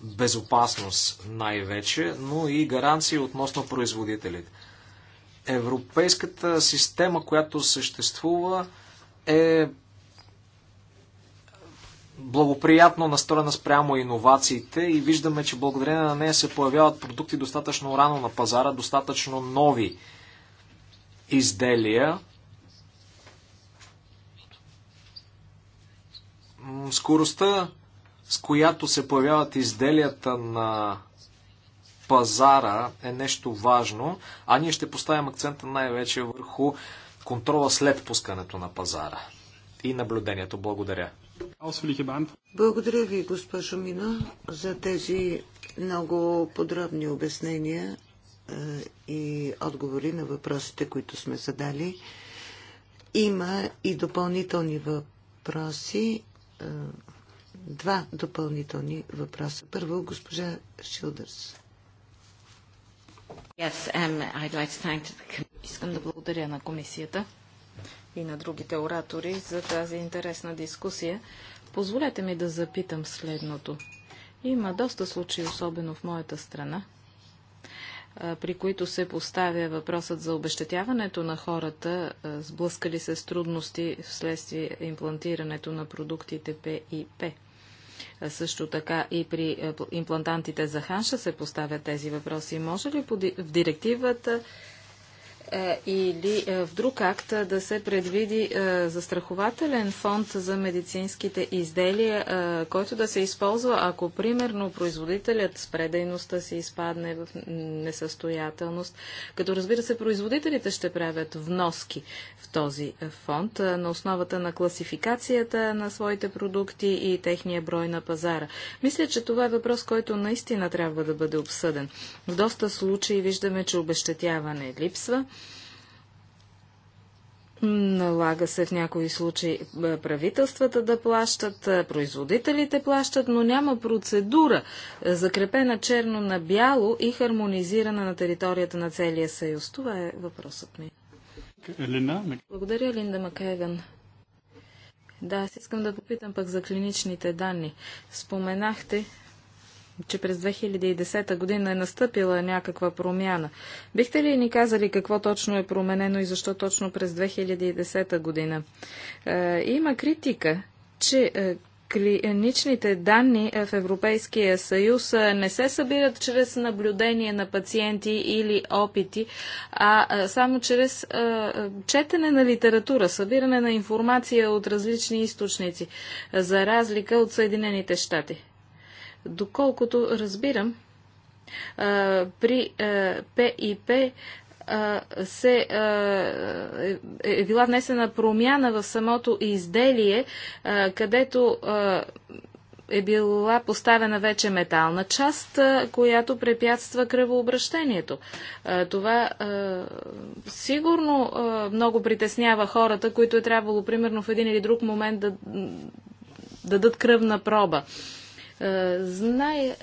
Speaker 4: безопасност най-вече, но и гаранции относно производителите. Европейската система, която съществува, е благоприятно настроена спрямо иновациите и виждаме, че благодарение на нея се появяват продукти достатъчно рано на пазара, достатъчно нови изделия. Скоростта, с която се появяват изделията на пазара е нещо важно, а ние ще поставим акцента най-вече върху контрола след пускането на пазара и наблюдението. Благодаря.
Speaker 3: Благодаря ви, госпожо Мина, за тези много подробни обяснения е, и отговори на въпросите, които сме задали. Има и допълнителни въпроси. Е, два допълнителни въпроса. Първо, госпожа Шилдърс.
Speaker 2: Yes, um, like the... Искам да благодаря на комисията и на другите оратори за тази интересна дискусия. Позволете ми да запитам следното. Има доста случаи, особено в моята страна, при които се поставя въпросът за обещетяването на хората, сблъскали се с трудности вследствие имплантирането на продуктите П и П. Също така и при имплантантите за ханша се поставят тези въпроси. Може ли в директивата е, или е, в друг акт е, да се предвиди застрахователен фонд за медицинските изделия, който да се използва, ако примерно производителят спре дейността си изпадне в несъстоятелност, като разбира се производителите ще правят вноски в този фонд на основата на класификацията на своите продукти и техния брой на пазара. Мисля, че това е въпрос, който наистина трябва да бъде обсъден. В доста случаи виждаме, че обещетяване липсва Налага се в някои случаи е, правителствата да плащат, е, производителите плащат, но няма процедура е, закрепена черно на бяло и хармонизирана на територията на целия съюз. Това е въпросът ми. Благодаря, Линда Макевен. Да, аз искам да попитам пък за клиничните данни. Споменахте, че през 2010 година е настъпила някаква промяна. Бихте ли ни казали какво точно е променено и защо точно през 2010 година? Е, има критика, че е, клиничните данни е, в Европейския съюз е, не се събират чрез наблюдение на пациенти или опити, а е, само чрез четене на литература, събиране на информация от различни източници, за разлика от Съединените щати. Доколкото разбирам, при ПИП се е, е била внесена промяна в самото изделие, където е била поставена вече метална част, която препятства кръвообращението. Това сигурно много притеснява хората, които е трябвало примерно в един или друг момент да дадат кръвна проба. Е, Зная,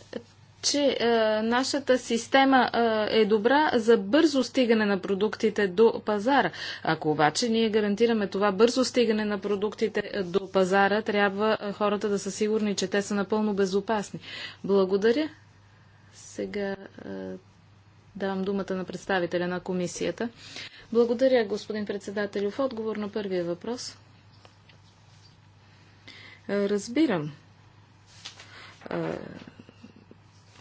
Speaker 2: че е, нашата система е, е добра за бързо стигане на продуктите до пазара. Ако обаче ние гарантираме това бързо стигане на продуктите е, до пазара, трябва е, хората да са сигурни, че те са напълно безопасни. Благодаря. Сега е, давам думата на представителя на комисията. Благодаря, господин председател, В отговор на първия въпрос. разбирам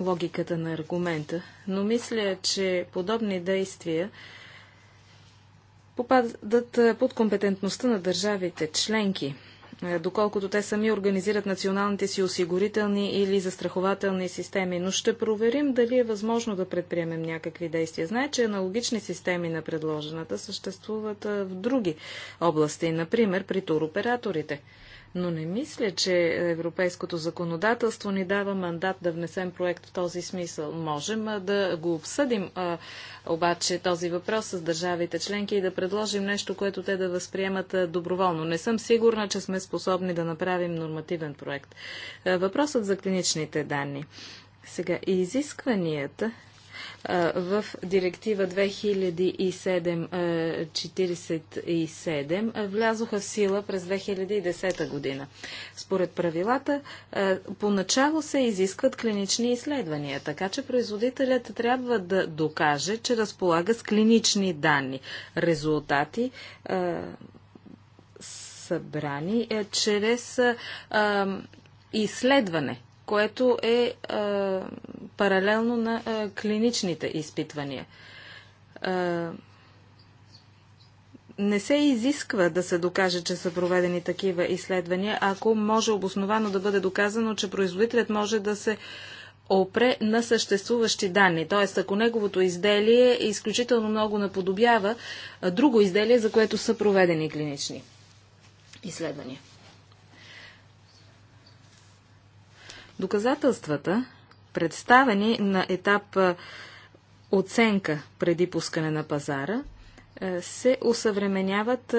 Speaker 2: логиката на аргумента, но мисля, че подобни действия попадат под компетентността на държавите членки, доколкото те сами организират националните си осигурителни или застрахователни системи. Но ще проверим дали е възможно да предприемем някакви действия. Знае, че аналогични системи на предложената съществуват в други области, например при туроператорите но не мисля, че европейското законодателство ни дава мандат да внесем проект в този смисъл. Можем да го обсъдим обаче този въпрос с държавите членки и да предложим нещо, което те да възприемат доброволно. Не съм сигурна, че сме способни да направим нормативен проект. Въпросът за клиничните данни. Сега, и изискванията в директива 2007-47 влязоха в сила през 2010 година. Според правилата, поначало се изискват клинични изследвания, така че производителят трябва да докаже, че разполага с клинични данни, резултати, събрани е, чрез изследване което е а, е, паралелно на а, е, клиничните изпитвания. А, е, не се изисква да се докаже, че са проведени такива изследвания, ако може обосновано да бъде доказано, че производителят може да се опре на съществуващи данни. Т.е. ако неговото изделие изключително много наподобява друго изделие, за което са проведени клинични изследвания. Доказателствата, представени на етап оценка преди пускане на пазара, се осъвременяват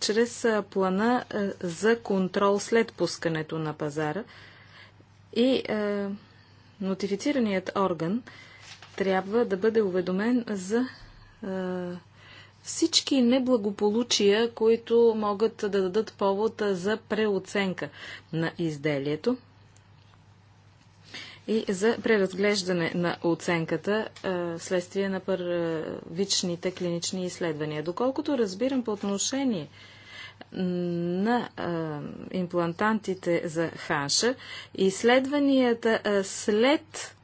Speaker 2: чрез плана за контрол след пускането на пазара и нотифицираният орган трябва да бъде уведомен за всички неблагополучия, които могат да дадат повод за преоценка на изделието и за преразглеждане на оценката вследствие на първичните клинични изследвания. Доколкото разбирам по отношение на а, имплантантите за ханша, изследванията а, след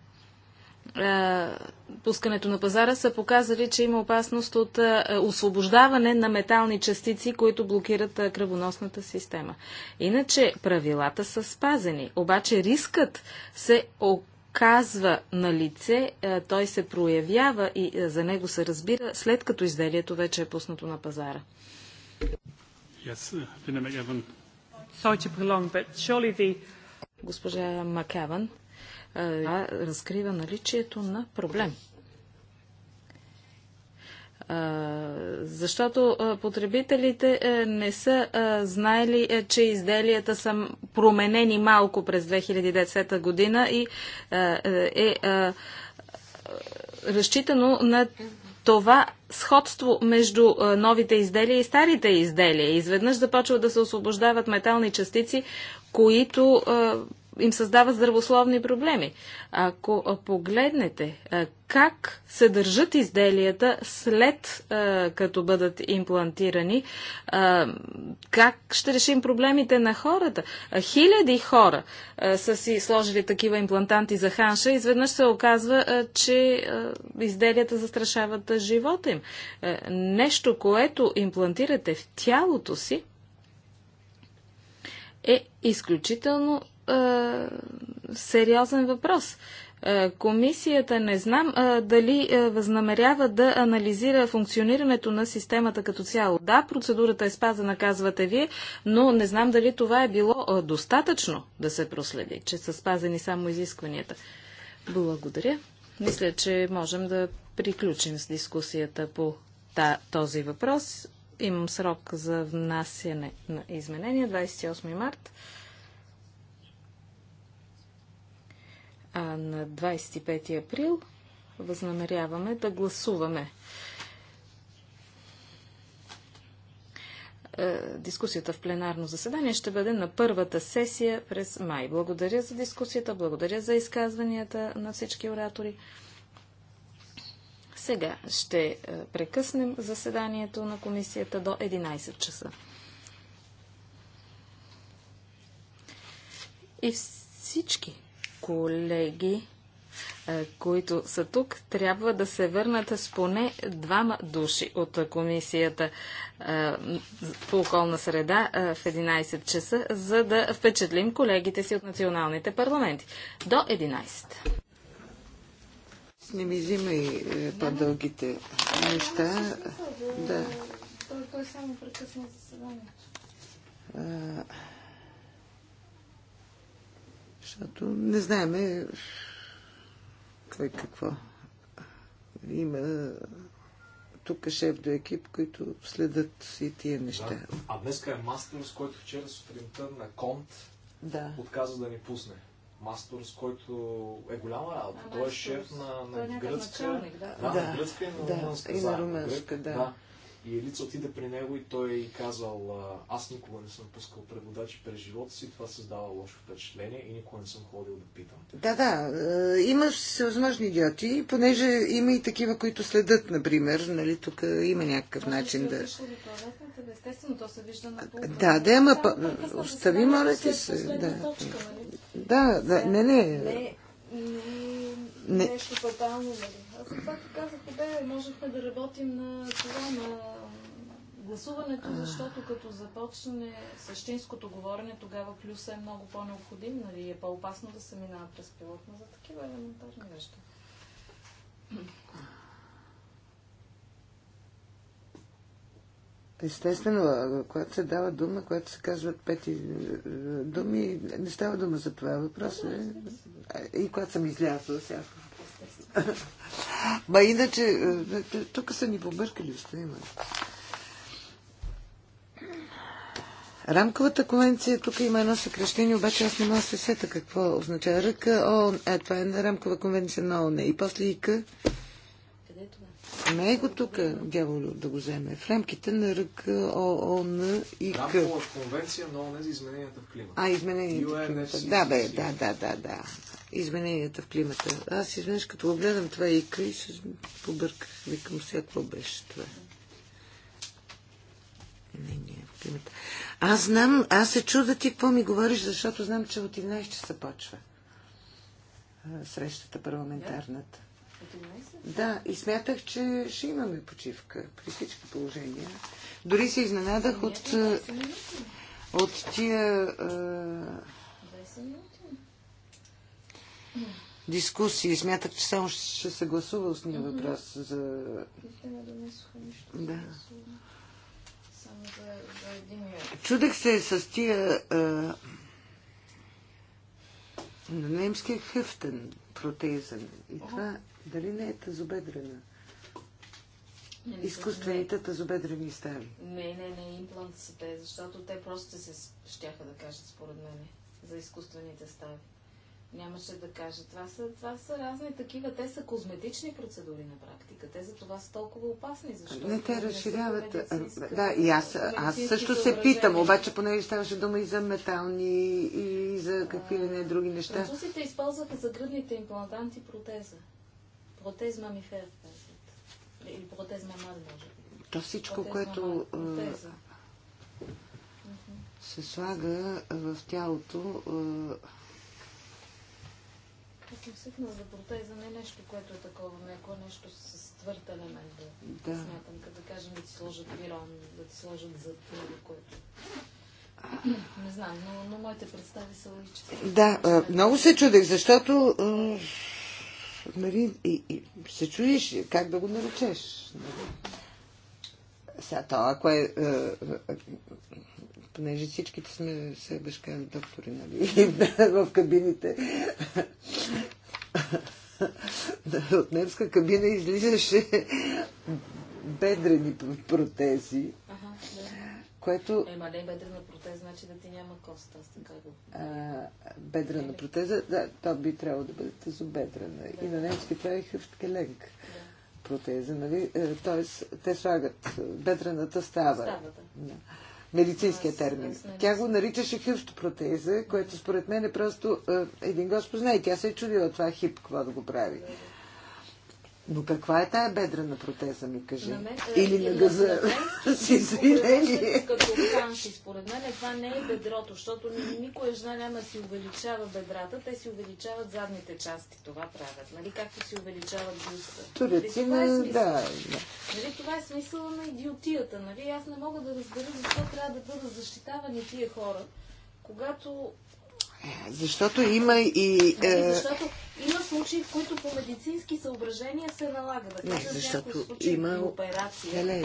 Speaker 2: пускането на пазара са показали, че има опасност от освобождаване на метални частици, които блокират кръвоносната система. Иначе правилата са спазени, обаче рискът се оказва на лице, той се проявява и за него се разбира, след като изделието вече е пуснато на пазара. Uh, Госпожа Макаван, разкрива наличието на проблем защото потребителите не са знаели, че изделията са променени малко през 2010 година и е разчитано на това сходство между новите изделия и старите изделия. Изведнъж започват да се освобождават метални частици, които им създава здравословни проблеми. Ако погледнете как се държат изделията след като бъдат имплантирани, как ще решим проблемите на хората? Хиляди хора са си сложили такива имплантанти за ханша и изведнъж се оказва, че изделията застрашават живота им. Нещо, което имплантирате в тялото си, е изключително е, сериозен въпрос. Е, комисията не знам е, дали възнамерява да анализира функционирането на системата като цяло. Да, процедурата е спазена, казвате вие, но не знам дали това е било достатъчно да се проследи, че са спазени само изискванията. Благодаря. Мисля, че можем да приключим с дискусията по този въпрос. Имам срок за внасяне на изменения 28 март. а, на 25 април възнамеряваме да гласуваме. Е, дискусията в пленарно заседание ще бъде на първата сесия през май. Благодаря за дискусията, благодаря за изказванията на всички оратори. Сега ще е, прекъснем заседанието на комисията до 11 часа. И всички колеги, е, които са тук, трябва да се върнат с поне двама души от комисията е, по околна среда е, в 11 часа, за да впечатлим колегите си от националните парламенти. До 11.
Speaker 3: Не ми взимай по-дългите неща. Да.
Speaker 2: Той, той само прекъсна заседанието.
Speaker 3: Защото не знаеме кой какво. Има тук шеф до екип, които следят и тия неща. Да.
Speaker 4: А днеска е Мастерс, който вчера сутринта на Конт да. отказа да ни пусне. Мастерс, който е голяма работа. Той е шеф на, на е гръцка, да, да, на гръцка и на да, румънска. И на румънска да. да. И Елица отиде при него и той е казал, аз никога не съм пускал преводачи през живота си, това създава лошо впечатление и никога не съм ходил да питам.
Speaker 3: Да, да, е, имаш всевъзможни идиоти, понеже има и такива, които следят, например, нали, тук има някакъв начин да... Естествено, то се вижда на Да, да, ама... Остави, моля ти се. Нали? Да, да, не, не. не
Speaker 2: не... нещо фатално. Нали? Аз това казах бе можехме да работим на това, на гласуването, защото като започне същинското говорене, тогава плюс е много по-необходим, нали, е по-опасно да се минава през пилотно за такива елементарни неща.
Speaker 3: Естествено, когато се дава дума, когато се казват пети е, думи, не става дума за това. Въпрос е, е... И когато съм излязла сега. Ма иначе, е, тук са ни побъркали има. Рамковата конвенция, тук има едно съкрещение, обаче аз не мога да се сета какво означава. РК, ООН, е, това е една рамкова конвенция на ОНЕ. И после ИК, вземе го тук, дяволо да го вземе, в рамките на РК, ООН и К. Рамкова
Speaker 4: конвенция на ООН за измененията в климата. А, измененията в климата. Да, бе, да,
Speaker 3: да, да, да. Измененията в климата. Аз изведнъж като го гледам това и и се побърках. Викам се, какво беше това. Не, не, в климата. Аз знам, аз се чуда ти какво ми говориш, защото знам, че от 11 часа почва срещата парламентарната. Yeah. Да, и смятах, че ще имаме почивка при всички положения. Дори се изненадах ами, от, е, от тия е, а, дискусии. Смятах, че само ще се гласува устния въпрос за... Да. Чудех се с тия а, е, на немския хъфтен протезен. И това... Дали не е тазобедрена? Не, Изкуствените не. Е. тазобедрени стави.
Speaker 2: Не, не, не, имплант са те, защото те просто се щяха да кажат, според мен, за изкуствените стави. Нямаше да кажа. Това са, това са разни такива. Те са козметични процедури на практика. Те за това са толкова опасни. Защото не, те разширяват.
Speaker 3: Да, и аз, аз също се питам, обаче понеже ставаше дума и за метални, и за какви ли не други неща.
Speaker 2: Французите използваха за гръдните имплантанти протеза протез мамифер. казват. Или протезма мад може.
Speaker 3: То всичко, протез, което протеза. се слага в тялото.
Speaker 2: Аз съм за протеза, не нещо, което е такова меко, а нещо с твърд елемент. Да, да. Смятам, като да кажем да ти сложат пирон, да ти сложат за това, което не знам, но, но моите
Speaker 3: представи са логически. Да, много се чудех, защото Нали, и, и се чудиш как да го наречеш. Нали. Сега това, ако е, е, е понеже всичките сме сега доктори, нали, в кабините. От немска кабина излизаше бедрени протези.
Speaker 2: Ага, да което... Ема не бедрена протеза, значи да ти няма кост, аз така го...
Speaker 3: А, бедрена е, протеза, да, то би трябвало да бъде тазобедрена. Нали? Да. И на немски това е хъфткеленг. Да. Протеза, нали? Е, тоест, те слагат е, бедрената става. Ставата. Да. Медицинския термин. Аз, нали... Тя го наричаше хъфт протеза, което според мен е просто... Е, един господ знае, тя се е чудила това хип, какво да го прави. Да, да. Но каква е тая бедрена протеза, ми кажи? На мен, е, Или на е, газа си свирели?
Speaker 2: Като канши, според мен това не е бедрото, защото никоя жена няма си увеличава бедрата, те си увеличават задните части, това правят, нали? Както си увеличават бюста. Турецина, нали, е смисъл? да, да. Нали, това е смисъла на идиотията, нали? Аз не мога да разбера защо трябва да бъдат защитавани тия хора, когато
Speaker 3: защото има и... Е... Не, защото
Speaker 2: има случаи, в които по медицински съображения се налага да Не, защото има... Операция.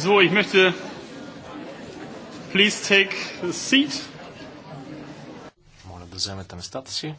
Speaker 1: So, ich möchte. Please take a seat.
Speaker 4: Моля да вземете местата си.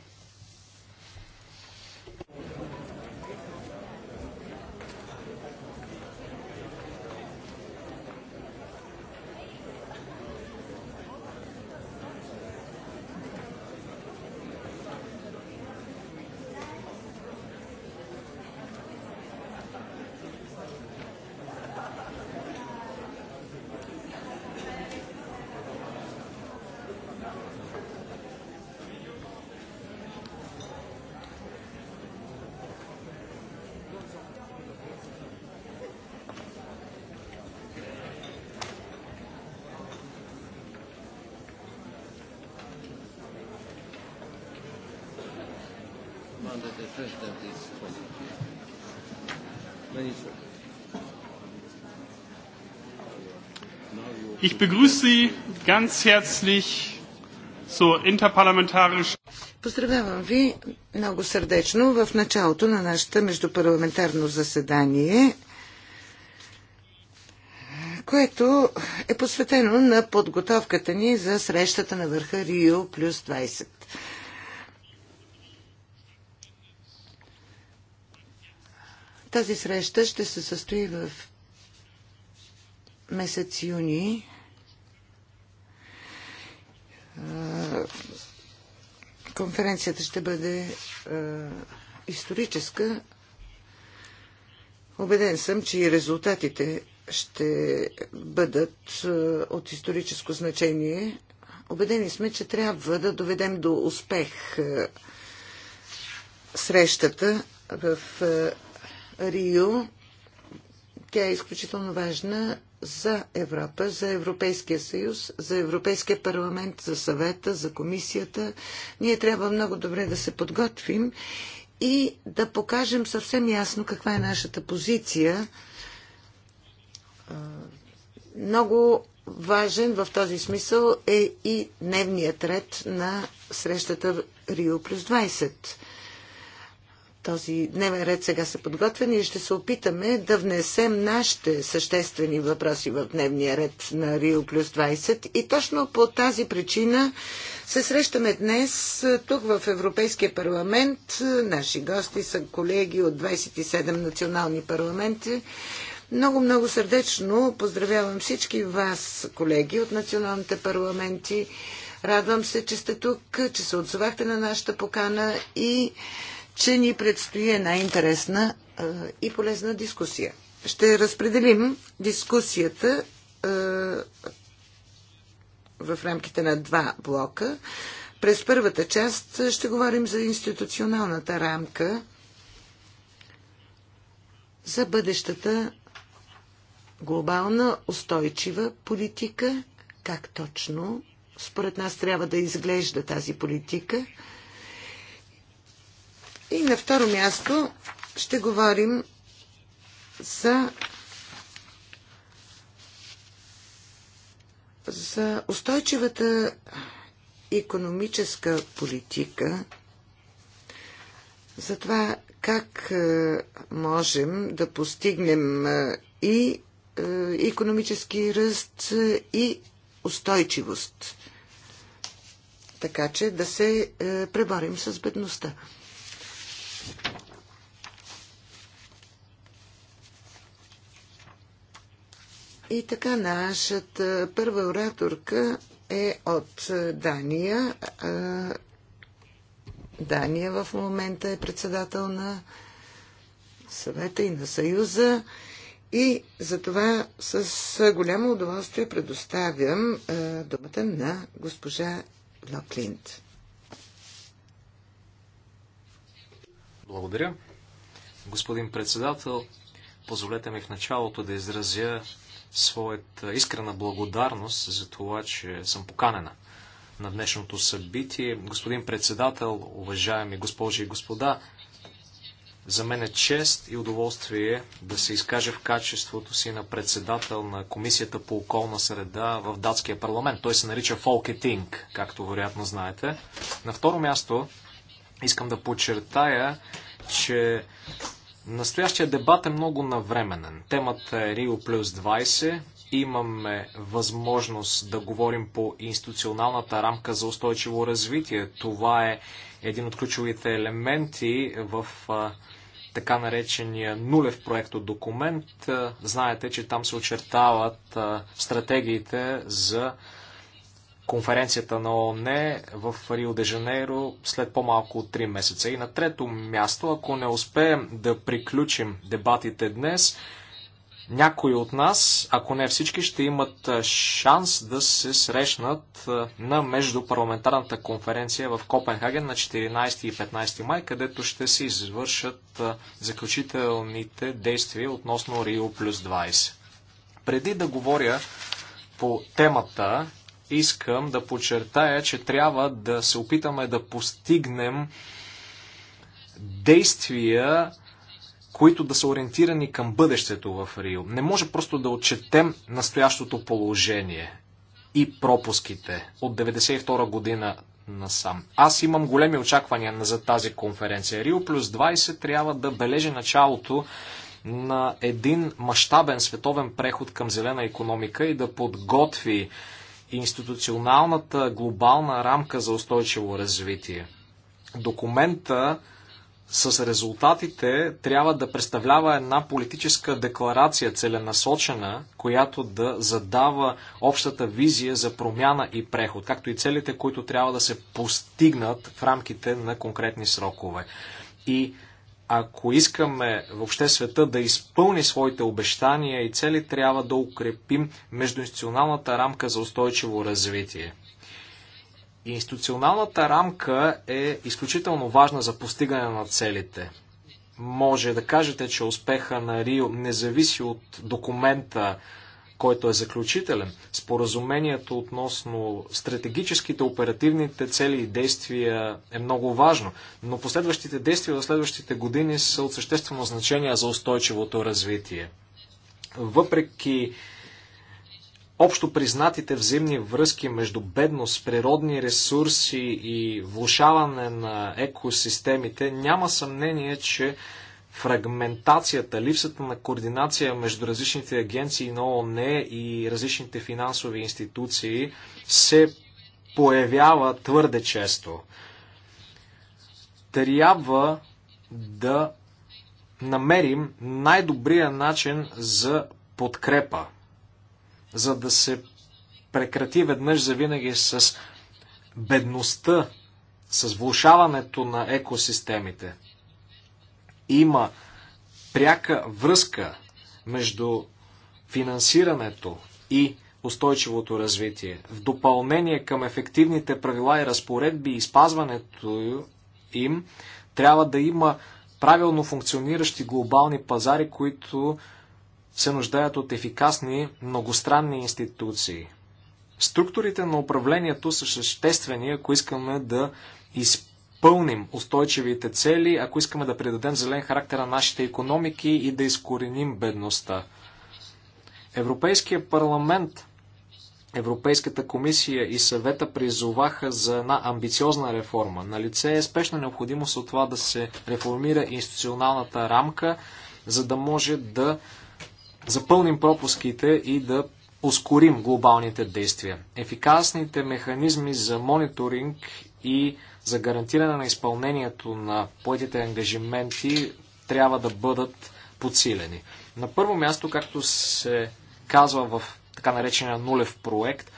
Speaker 1: Ich begrüße Sie ganz herzlich zur interparlamentarischen.
Speaker 3: Поздравявам ви много сърдечно в началото на междупарламентарно заседание, което е посветено на подготовката ни за срещата на върха Рио плюс 20. Тази среща ще се състои в месец юни Конференцията ще бъде а, историческа. Обеден съм, че и резултатите ще бъдат а, от историческо значение. Обедени сме, че трябва да доведем до успех а, срещата в а, Рио. Тя е изключително важна за Европа, за Европейския съюз, за Европейския парламент, за съвета, за комисията. Ние трябва много добре да се подготвим и да покажем съвсем ясно каква е нашата позиция. Много важен в този смисъл е и дневният ред на срещата Рио плюс 20 този дневен ред сега са подготвени и ще се опитаме да внесем нашите съществени въпроси в дневния ред на Рио плюс 20. И точно по тази причина се срещаме днес е, тук в Европейския парламент. Е, наши гости са колеги от 27 национални парламенти. Много-много сърдечно поздравявам всички вас, колеги от националните парламенти. Радвам се, че сте тук, че се отзовахте на нашата покана и че ни предстои една интересна и полезна дискусия. Ще разпределим дискусията в рамките на два блока. През първата част ще говорим за институционалната рамка, за бъдещата глобална устойчива политика, как точно според нас трябва да изглежда тази политика – и на второ място ще говорим за, за устойчивата економическа политика, за това как е, можем да постигнем е, и економически ръст е, и устойчивост, така че да се преборим с бедността. И така, нашата първа ораторка е от Дания. Дания в момента е председател на съвета и на Съюза. И за това с голямо удоволствие предоставям думата на госпожа Локлинт.
Speaker 4: Благодаря. Господин председател, позволете ми в началото да изразя своята искрена благодарност за това, че съм поканена на днешното събитие. Господин председател, уважаеми госпожи и господа, за мен е чест и удоволствие да се изкажа в качеството си на председател на Комисията по околна среда в датския парламент. Той се нарича Фолкетинг, както вероятно знаете. На второ място искам да подчертая, че Настоящия дебат е много навременен. Темата е Рио плюс 20. Имаме възможност да говорим по институционалната рамка за устойчиво развитие. Това е един от ключовите елементи в така наречения нулев проект от документ. Знаете, че там се очертават стратегиите за конференцията на ООН в Рио де Жанейро след по-малко от 3 месеца. И на трето място, ако не успеем да приключим дебатите днес, някои от нас, ако не всички, ще имат шанс да се срещнат на Междупарламентарната конференция в Копенхаген на 14 и 15 май, където ще се извършат заключителните действия относно Рио плюс 20. Преди да говоря по темата искам да подчертая, че трябва да се опитаме да постигнем действия, които да са ориентирани към бъдещето в Рио. Не може просто да отчетем настоящото положение и пропуските от 1992 година насам. Аз имам големи очаквания за тази конференция. Рио плюс 20 трябва да бележи началото на един мащабен световен преход към зелена економика и да подготви институционалната глобална рамка за устойчиво развитие. Документа с резултатите трябва да представлява една политическа декларация, целенасочена, която да задава общата визия за промяна и преход, както и целите, които трябва да се постигнат в рамките на конкретни срокове. И ако искаме въобще света да изпълни своите обещания и цели, трябва да укрепим междуинституционалната рамка за устойчиво развитие. Институционалната рамка е изключително важна за постигане на целите. Може да кажете, че успеха на Рио не зависи от документа, който е заключителен. Споразумението относно стратегическите, оперативните цели и действия е много важно, но последващите действия в следващите години са от съществено значение за устойчивото развитие. Въпреки общо признатите взаимни връзки между бедност, природни ресурси и влушаване на екосистемите, няма съмнение, че фрагментацията, липсата на координация между различните агенции на ООН и различните финансови институции се появява твърде често. Трябва да намерим най-добрия начин за подкрепа, за да се прекрати веднъж завинаги с бедността, с влушаването на екосистемите има пряка връзка между финансирането и устойчивото развитие, в допълнение към ефективните правила и разпоредби и спазването им, трябва да има правилно функциониращи глобални пазари, които се нуждаят от ефикасни многостранни институции. Структурите на управлението са съществени, ако искаме да изпълняваме изпълним устойчивите цели, ако искаме да придадем зелен характер на нашите економики и да изкореним бедността. Европейския парламент, Европейската комисия и съвета призоваха за една амбициозна реформа. На лице е спешна необходимост от това да се реформира институционалната рамка, за да може да запълним пропуските и да ускорим глобалните действия. Ефикасните механизми за мониторинг и за гарантиране на изпълнението на поетите ангажименти трябва да бъдат подсилени. На първо място, както се казва в така наречения нулев проект,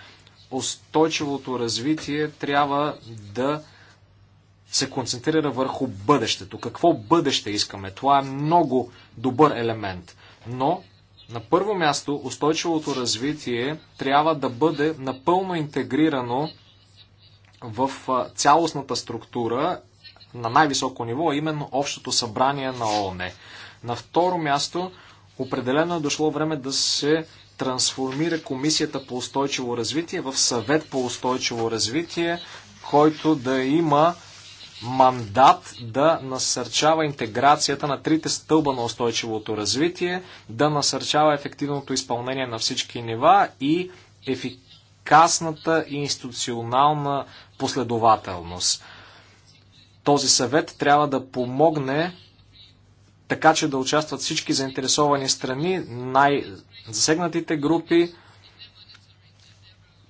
Speaker 4: устойчивото развитие трябва да се концентрира върху бъдещето. Какво бъдеще искаме? Това е много добър елемент. Но на първо място устойчивото развитие трябва да бъде напълно интегрирано в цялостната структура на най-високо ниво, а именно Общото събрание на ООН. На второ място, определено е дошло време да се трансформира Комисията по устойчиво развитие в съвет по устойчиво развитие, който да има мандат да насърчава интеграцията на трите стълба на устойчивото развитие, да насърчава ефективното изпълнение на всички нива и ефикасната и институционална последователност. Този съвет трябва да помогне така, че да участват всички заинтересовани страни, най-засегнатите групи.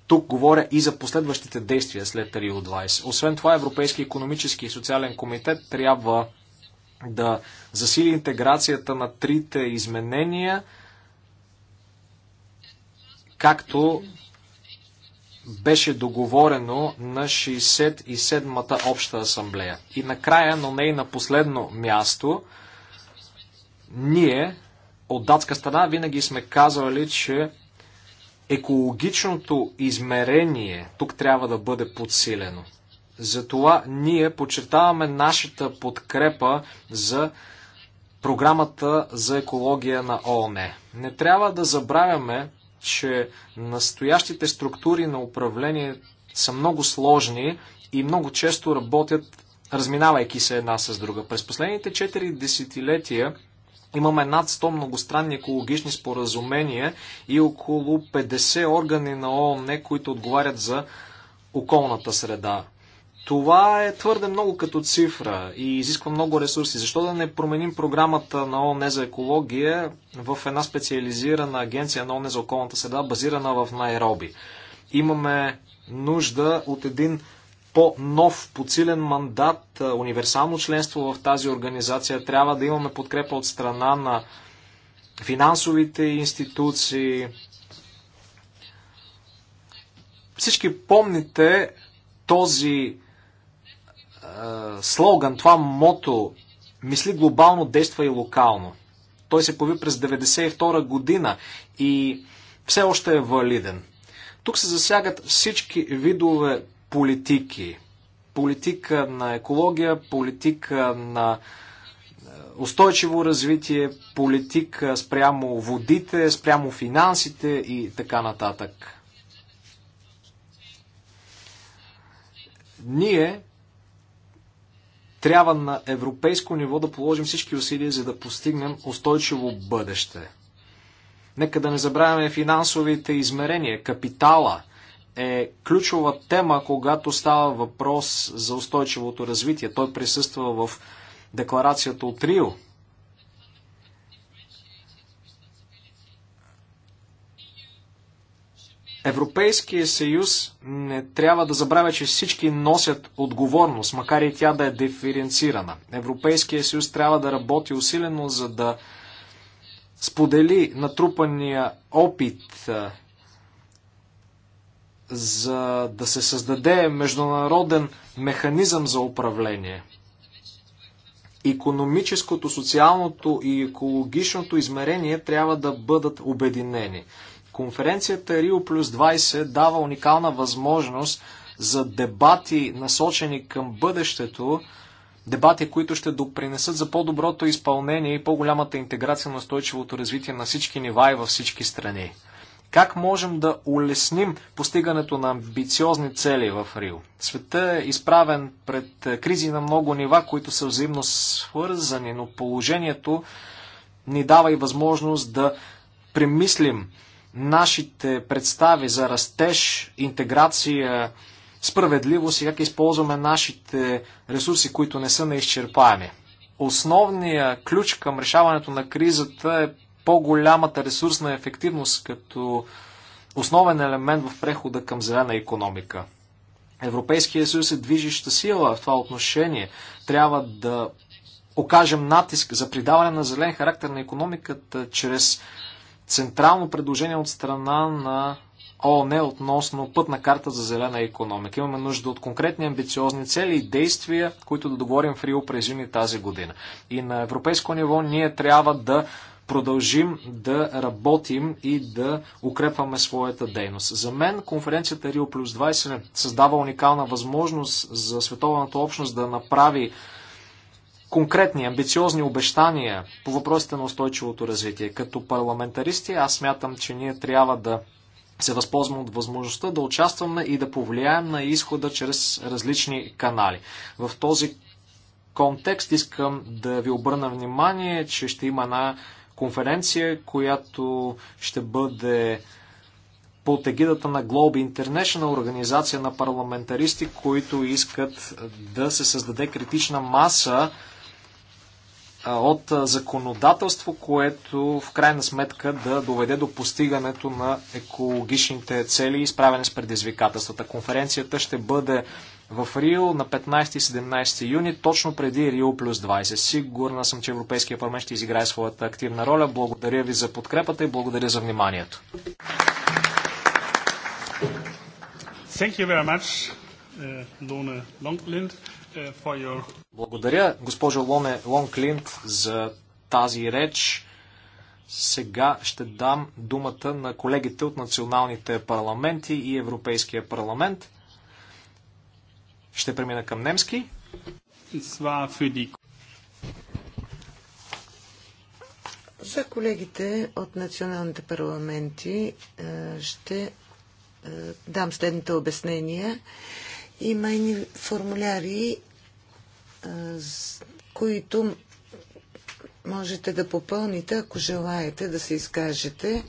Speaker 4: Тук говоря и за последващите действия след Рио 20. Освен това, Европейски економически и социален комитет трябва да засили интеграцията на трите изменения, както беше договорено на 67-та обща асамблея. И накрая, но не и на последно място, ние от датска страна винаги сме казвали, че екологичното измерение тук трябва да бъде подсилено. Затова ние подчертаваме нашата подкрепа за програмата за екология на ООН. Не трябва да забравяме, че настоящите структури на управление са много сложни и много често работят разминавайки се една с друга. През последните 4 десетилетия имаме над 100 многостранни екологични споразумения и около 50 органи на ООН, които отговарят за околната среда. Това е твърде много като цифра и изисква много ресурси. Защо да не променим програмата на ООН за екология в една специализирана агенция на ООН за околната среда, базирана в Найроби? Имаме нужда от един по-нов, подсилен мандат, универсално членство в тази организация. Трябва да имаме подкрепа от страна на финансовите институции. Всички помните този слоган, това мото мисли глобално, действа и локално. Той се появи през 1992 година и все още е валиден. Тук се засягат всички видове политики. Политика на екология, политика на е, устойчиво развитие, политика спрямо водите, спрямо финансите и така нататък. Ние трябва на европейско ниво да положим всички усилия, за да постигнем устойчиво бъдеще. Нека да не забравяме финансовите измерения. Капитала е ключова тема, когато става въпрос за устойчивото развитие. Той присъства в декларацията от Рио Европейския съюз не трябва да забравя, че всички носят отговорност, макар и тя да е диференцирана. Европейския съюз трябва да работи усилено, за да сподели натрупания опит, за да се създаде международен механизъм за управление. Економическото, социалното и екологичното измерение трябва да бъдат обединени. Конференцията Рио плюс 20 дава уникална възможност за дебати, насочени към бъдещето, дебати, които ще допринесат за по-доброто изпълнение и по-голямата интеграция на устойчивото развитие на всички нива и във всички страни. Как можем да улесним постигането на амбициозни цели в Рио? Света е изправен пред кризи на много нива, които са взаимно свързани, но положението ни дава и възможност да премислим нашите представи за растеж, интеграция, справедливост и как използваме нашите ресурси, които не са неизчерпаеми. Основният ключ към решаването на кризата е по-голямата ресурсна ефективност като основен елемент в прехода към зелена економика. Европейския съюз е движеща сила в това отношение. Трябва да окажем натиск за придаване на зелен характер на економиката чрез централно предложение от страна на ООН относно пътна карта за зелена економика. Имаме нужда от конкретни амбициозни цели и действия, които да договорим в Рио през юни тази година. И на европейско ниво ние трябва да продължим да работим и да укрепваме своята дейност. За мен конференцията Рио плюс 20 създава уникална възможност за световната общност да направи конкретни, амбициозни обещания по въпросите на устойчивото развитие. Като парламентаристи аз смятам, че ние трябва да се възползвам от възможността да участваме и да повлияем на изхода чрез различни канали. В този контекст искам да ви обърна внимание, че ще има една конференция, която ще бъде под егидата на Globe International, организация на парламентаристи, които искат да се създаде критична маса от законодателство, което в крайна сметка да доведе до постигането на екологичните цели и справяне с предизвикателствата. Конференцията ще бъде в Рио на 15 и 17 юни, точно преди Рио плюс 20. Сигурна съм, че Европейския парламент ще изиграе своята активна роля. Благодаря ви за подкрепата и благодаря за вниманието.
Speaker 1: Thank you very much, uh, Lone Longlind. Uh, your...
Speaker 4: Благодаря, госпожо Лоне Лонклинт, за тази реч. Сега ще дам думата на колегите от националните парламенти и Европейския парламент. Ще премина към немски. За
Speaker 3: колегите от националните парламенти е, ще е, дам следните обяснения. Има и формуляри, които можете да попълните, ако желаете да се изкажете.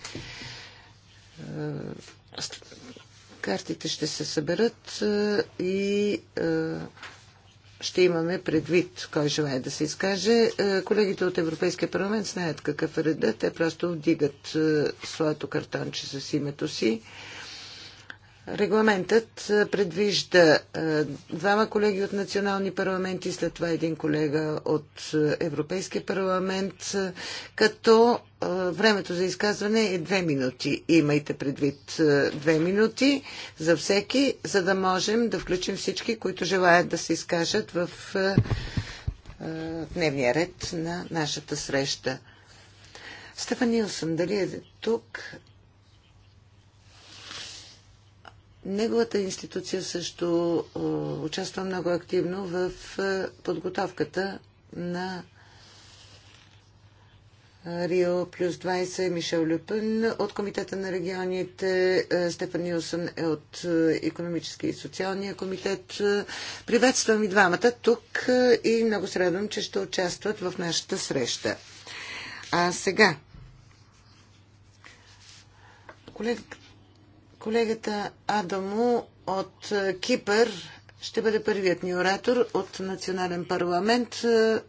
Speaker 3: Картите ще се съберат и ще имаме предвид кой желая да се изкаже. Колегите от Европейския парламент знаят какъв е реда. Те просто вдигат своето картонче с името си Регламентът е, предвижда е, двама колеги от национални парламенти, след това един колега от е, Европейския парламент, като времето за изказване е две минути. Имайте предвид две минути за всеки, за да можем да включим всички, които желаят да се изкажат в дневния ред на нашата среща. Стефан Нилсън, дали е тук? Неговата институция също участва много активно в подготовката на Рио плюс 20, Мишел Люпен от Комитета на регионите, Стефан Нилсън е от Економически и социалния комитет. Приветствам и двамата тук и много се радвам, че ще участват в нашата среща. А сега, колегата Колегата Адамо от е, Кипър ще бъде първият ни оратор от Национален парламент. Е,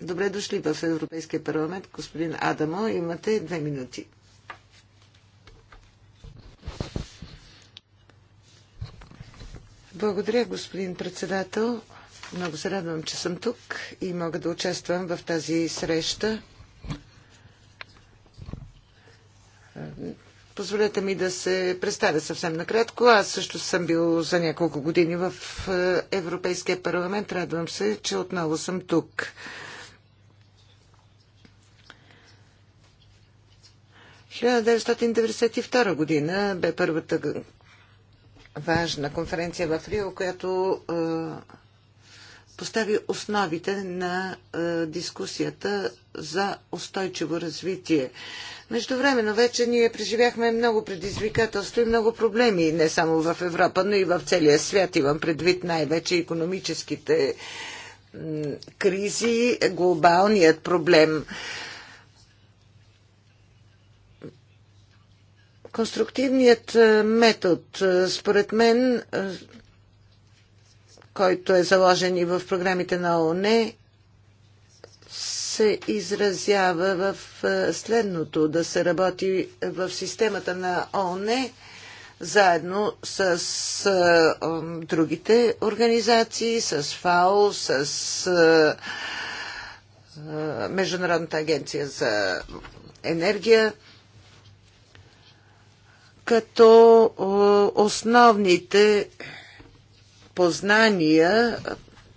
Speaker 3: добре дошли в Европейския парламент, господин Адамо. Имате две минути. Благодаря, господин председател. Много се радвам, че съм тук и мога да участвам в тази среща. Позволете ми да се представя съвсем накратко. Аз също съм бил за няколко години в е, Европейския парламент. Радвам се, че отново съм тук. В 1992 година бе първата важна конференция в Рио, която е, постави основите на а, е, дискусията за устойчиво развитие. Междувременно вече ние преживяхме много предизвикателства и много проблеми, не само в Европа, но и в целия свят. Имам предвид най-вече економическите кризи, глобалният проблем. Конструктивният е, метод, е, според мен, който е заложен и в програмите на ООН, се изразява в е, следното да се работи в системата на ООН заедно с е, другите организации, с ФАО, с е, Международната агенция за енергия като основните познания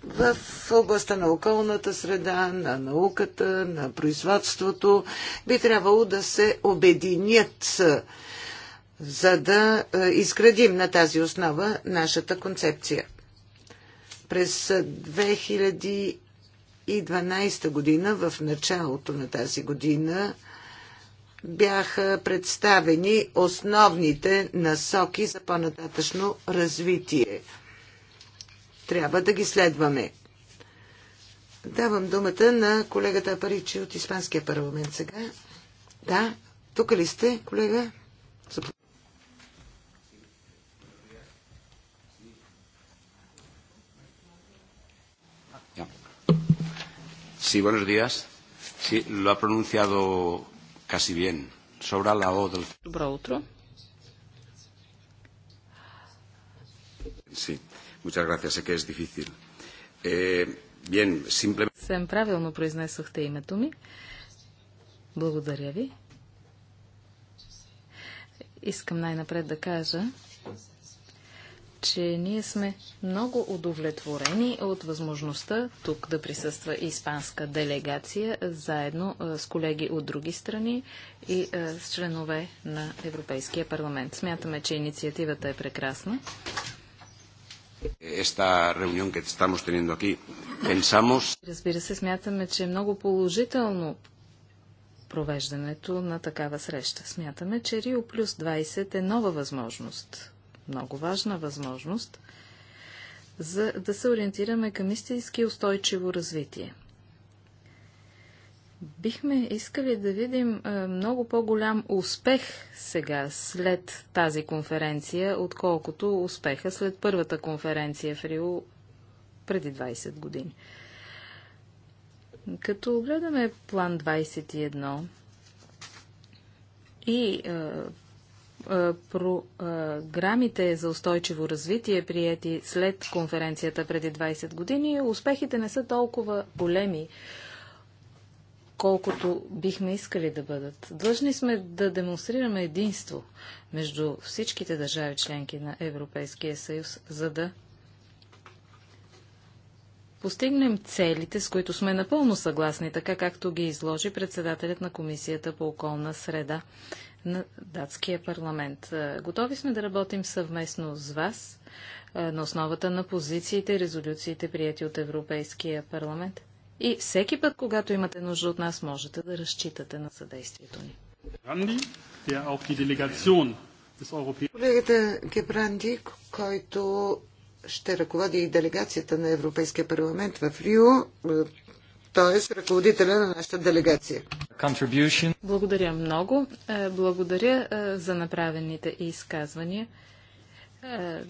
Speaker 3: в областта на околната среда, на науката, на производството, би трябвало да се обединят, за да е, изградим на тази основа нашата концепция. През 2012 година, в началото на тази година, бяха представени основните насоки за по-нататъчно развитие трябва да ги следваме. Давам думата на колегата Паричи от Испанския парламент сега. Да, тук ли сте, колега?
Speaker 4: Sí, buenos días. Sí, lo ha pronunciado casi bien. Sobra la O del... Добро утро. Sí. Muchas gracias. Sé que es difícil. Eh, bien, simplemente...
Speaker 2: Съвсем правилно произнесохте името ми. Благодаря ви. Искам най-напред да кажа, че ние сме много удовлетворени от възможността тук да присъства испанска делегация, заедно с колеги от други страни и с членове на Европейския парламент. Смятаме, че инициативата е прекрасна
Speaker 4: Esta reunión que estamos teniendo aquí, pensamos...
Speaker 2: Разбира се, смятаме, че е много положително провеждането на такава среща. Смятаме, че Рио плюс 20 е нова възможност, много важна възможност, за да се ориентираме към истински устойчиво развитие. Бихме искали да видим много по-голям успех сега, след тази конференция, отколкото успеха след първата конференция в Рио преди 20 години. Като гледаме план 21 и е, е, програмите за устойчиво развитие, приети след конференцията преди 20 години, успехите не са толкова големи колкото бихме искали да бъдат. Длъжни сме да демонстрираме единство между всичките държави членки на Европейския съюз, за да постигнем целите, с които сме напълно съгласни, така както ги изложи председателят на Комисията по околна среда на датския парламент. Е, готови сме да работим съвместно с вас е, на основата на позициите и резолюциите, прияти от Европейския парламент. И всеки път, когато имате нужда от нас, можете да разчитате на съдействието
Speaker 1: ни. Колегата
Speaker 3: Гебранди, който ще ръководи и делегацията на Европейския парламент в Рио, т.е. ръководителя на нашата делегация. Благодаря
Speaker 2: много. Е, благодаря е, за направените изказвания. Е,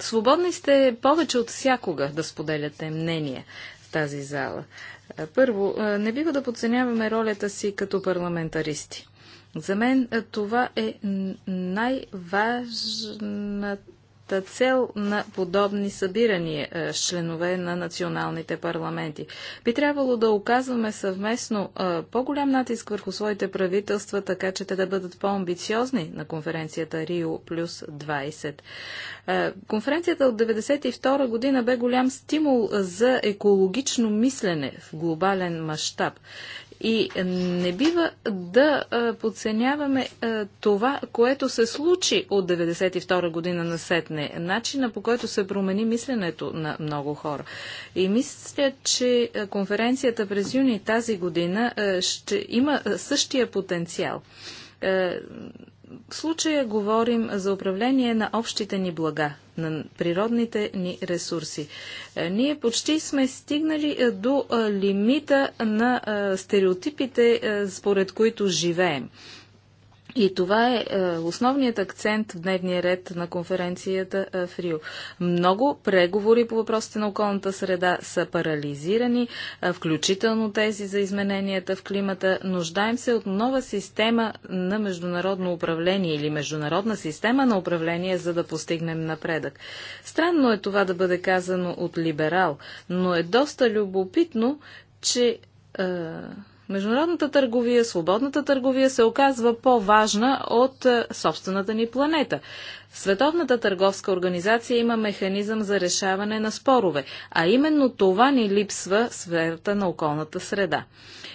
Speaker 2: Свободни сте повече от всякога да споделяте мнение в тази зала. Е, първо, е, не бива да подценяваме ролята си като парламентаристи. За мен е, това е най-важната основната цел на подобни събирания е, с членове на националните парламенти. Би трябвало да оказваме съвместно е, по-голям натиск върху своите правителства, така че те да бъдат по-амбициозни на конференцията Рио плюс 20. Е, конференцията от 1992 година бе голям стимул за екологично мислене в глобален мащаб. И не бива да подценяваме това, което се случи от 1992 година на Сетне, начина по който се промени мисленето на много хора. И мисля, че конференцията през юни тази година ще има същия потенциал в случая говорим за управление на общите ни блага, на природните ни ресурси. Е, ние почти сме стигнали е, до е, лимита на стереотипите, според които живеем. И това е, е, основният акцент в дневния ред на конференцията е, в Рио. Много преговори по въпросите на околната среда са парализирани, е, включително тези за измененията в климата. Нуждаем се от нова система на международно управление или международна система на управление, за да постигнем напредък. Странно е това да бъде казано от либерал, но е доста любопитно, че Международната търговия, свободната търговия се оказва по-важна от е, собствената ни планета. Световната търговска организация има механизъм за решаване на спорове, а именно това ни липсва сферата на околната среда.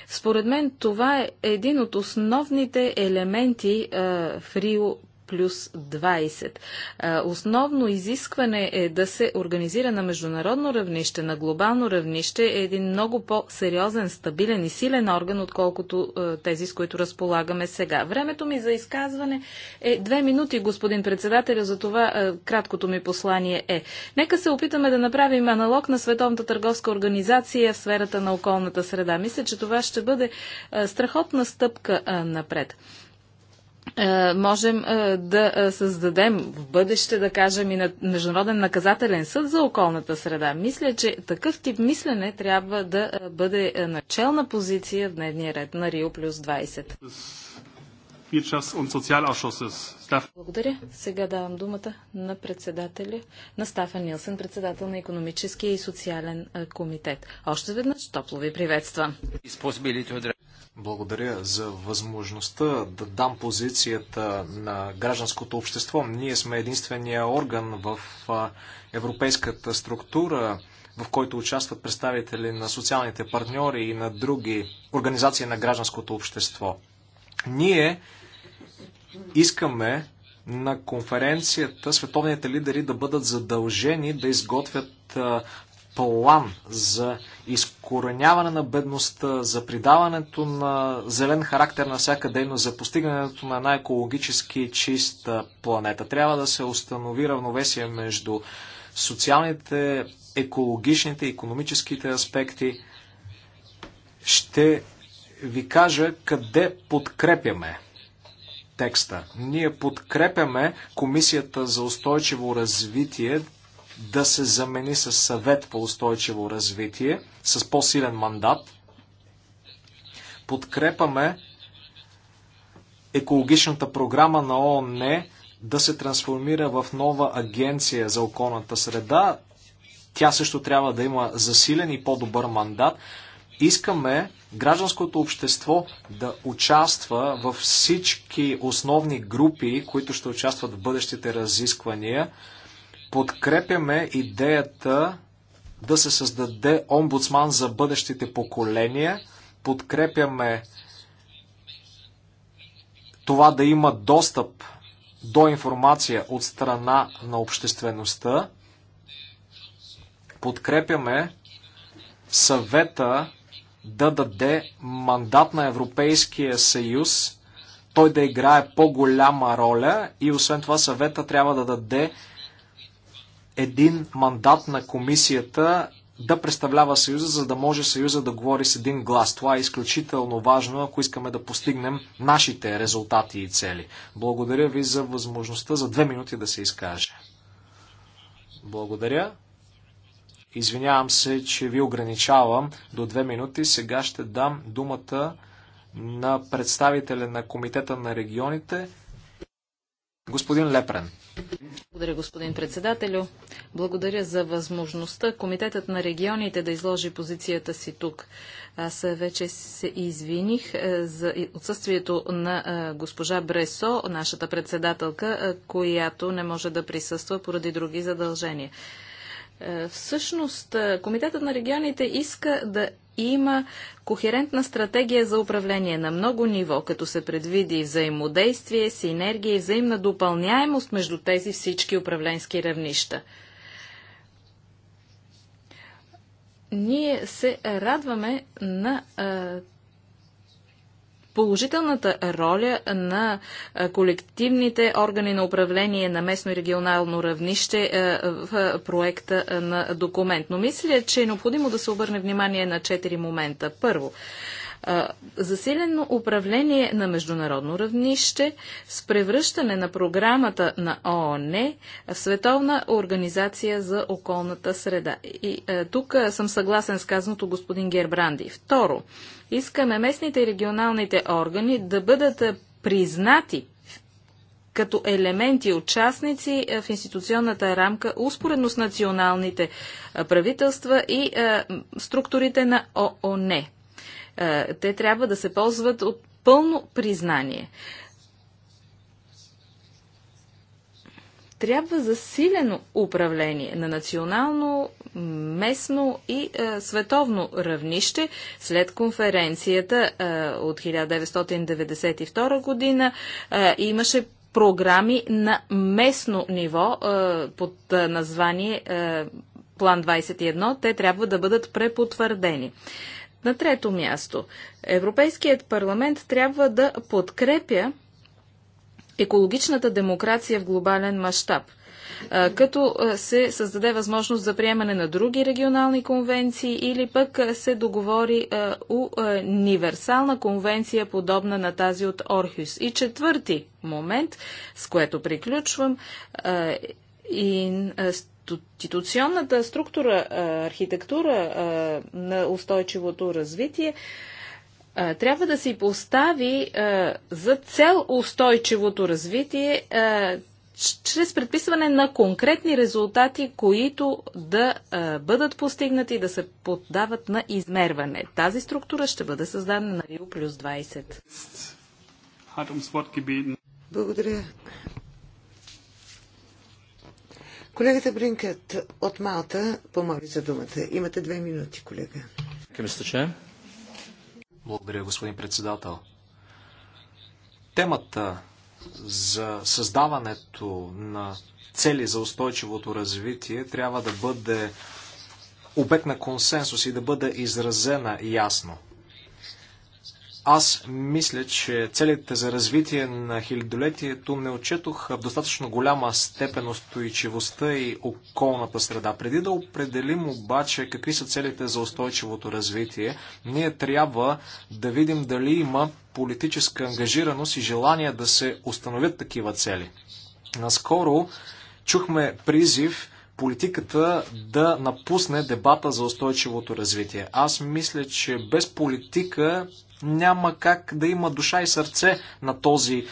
Speaker 2: Според мен това е един от основните елементи е, в Рио плюс 20. Основно изискване е да се организира на международно равнище, на глобално равнище е един много по-сериозен, стабилен и силен орган, отколкото тези, с които разполагаме сега. Времето ми за изказване е две минути, господин председател, за това краткото ми послание е. Нека се опитаме да направим аналог на Световната търговска организация в сферата на околната среда. Мисля, че това ще бъде страхотна стъпка напред. Е, можем е, да е, създадем в бъдеще, да кажем, и на Международен наказателен съд за околната среда. Мисля, че такъв тип мислене трябва да бъде начална позиция в дневния ред на Рио плюс 20. Благодаря. Сега давам думата на председателя, на Стафан Нилсен, председател на економическия и социален комитет. Още веднъж топло ви приветствам.
Speaker 4: Благодаря за възможността да дам позицията на гражданското общество. Ние сме единствения орган в европейската структура, в който участват представители на социалните партньори и на други организации на гражданското общество. Ние искаме на конференцията световните лидери да бъдат задължени да изготвят план за изкореняване на бедността, за придаването на зелен характер на всяка дейност, за постигането на една екологически чиста планета. Трябва да се установи равновесие между социалните, екологичните, економическите аспекти. Ще ви кажа къде подкрепяме текста. Ние подкрепяме Комисията за устойчиво развитие да се замени с съвет по устойчиво развитие, с по-силен мандат. Подкрепаме екологичната програма на ООН да се трансформира в нова агенция за околната среда. Тя също трябва да има засилен и по-добър мандат. Искаме гражданското общество да участва във всички основни групи, които ще участват в бъдещите разисквания подкрепяме идеята да се създаде омбудсман за бъдещите поколения, подкрепяме това да има достъп до информация от страна на обществеността, подкрепяме съвета да даде мандат на Европейския съюз, той да играе по-голяма роля и освен това съвета трябва да даде един мандат на комисията да представлява Съюза, за да може Съюза да говори с един глас. Това е изключително важно, ако искаме да постигнем нашите резултати и цели. Благодаря ви за възможността за две минути да се изкаже. Благодаря. Извинявам се, че ви ограничавам до две минути. Сега ще дам думата на представителя на Комитета на регионите. Господин Лепрен.
Speaker 2: Благодаря, господин председателю. Благодаря за възможността Комитетът на регионите да изложи позицията си тук. Аз вече се извиних е, за отсъствието на е, госпожа Бресо, нашата председателка, е, която не може да присъства поради други задължения. Е, всъщност, е, Комитетът на регионите иска да има кохерентна стратегия за управление на много ниво, като се предвиди взаимодействие, синергия и взаимна допълняемост между тези всички управленски равнища. Ние се радваме на а, е, положителната роля на колективните органи на управление на местно и регионално равнище в проекта на документ. Но мисля, че е необходимо да се обърне внимание на четири момента. Първо, Засилено управление на международно равнище с превръщане на програмата на ООН в Световна организация за околната среда. И тук съм съгласен с казаното господин Гербранди. Второ, искаме местните и регионалните органи да бъдат признати като елементи участници в институционната рамка, успоредно с националните правителства и структурите на ООН. Е, те трябва да се ползват от пълно признание. трябва засилено управление на национално, местно и е, световно равнище след конференцията е, от 1992 година. Е, имаше програми на местно ниво е, под е, название е, План 21. Те трябва да бъдат препотвърдени. Е, на трето място, Европейският парламент трябва да подкрепя екологичната демокрация в глобален мащаб – като се създаде възможност за приемане на други регионални конвенции или пък се договори универсална конвенция, подобна на тази от Орхюс. И четвърти момент, с което приключвам, и институционната структура, архитектура на устойчивото развитие трябва да си постави за цел устойчивото развитие чрез предписване на конкретни резултати, които да бъдат постигнати и да се поддават на измерване. Тази структура ще бъде създадена на Рио плюс
Speaker 1: 20. Благодаря,
Speaker 3: Колегата Бринкът от Малта помоли за думата. Имате две минути, колега.
Speaker 4: Благодаря, господин председател. Темата за създаването на цели за устойчивото развитие трябва да бъде обект на консенсус и да бъде изразена ясно. Аз мисля, че целите за развитие на хилядолетието не отчетох в достатъчно голяма степен устойчивостта и околната среда. Преди да определим обаче какви са целите за устойчивото развитие, ние трябва да видим дали има политическа ангажираност и желание да се установят такива цели. Наскоро чухме призив политиката да напусне дебата за устойчивото развитие. Аз мисля, че без политика няма как да има душа и сърце на този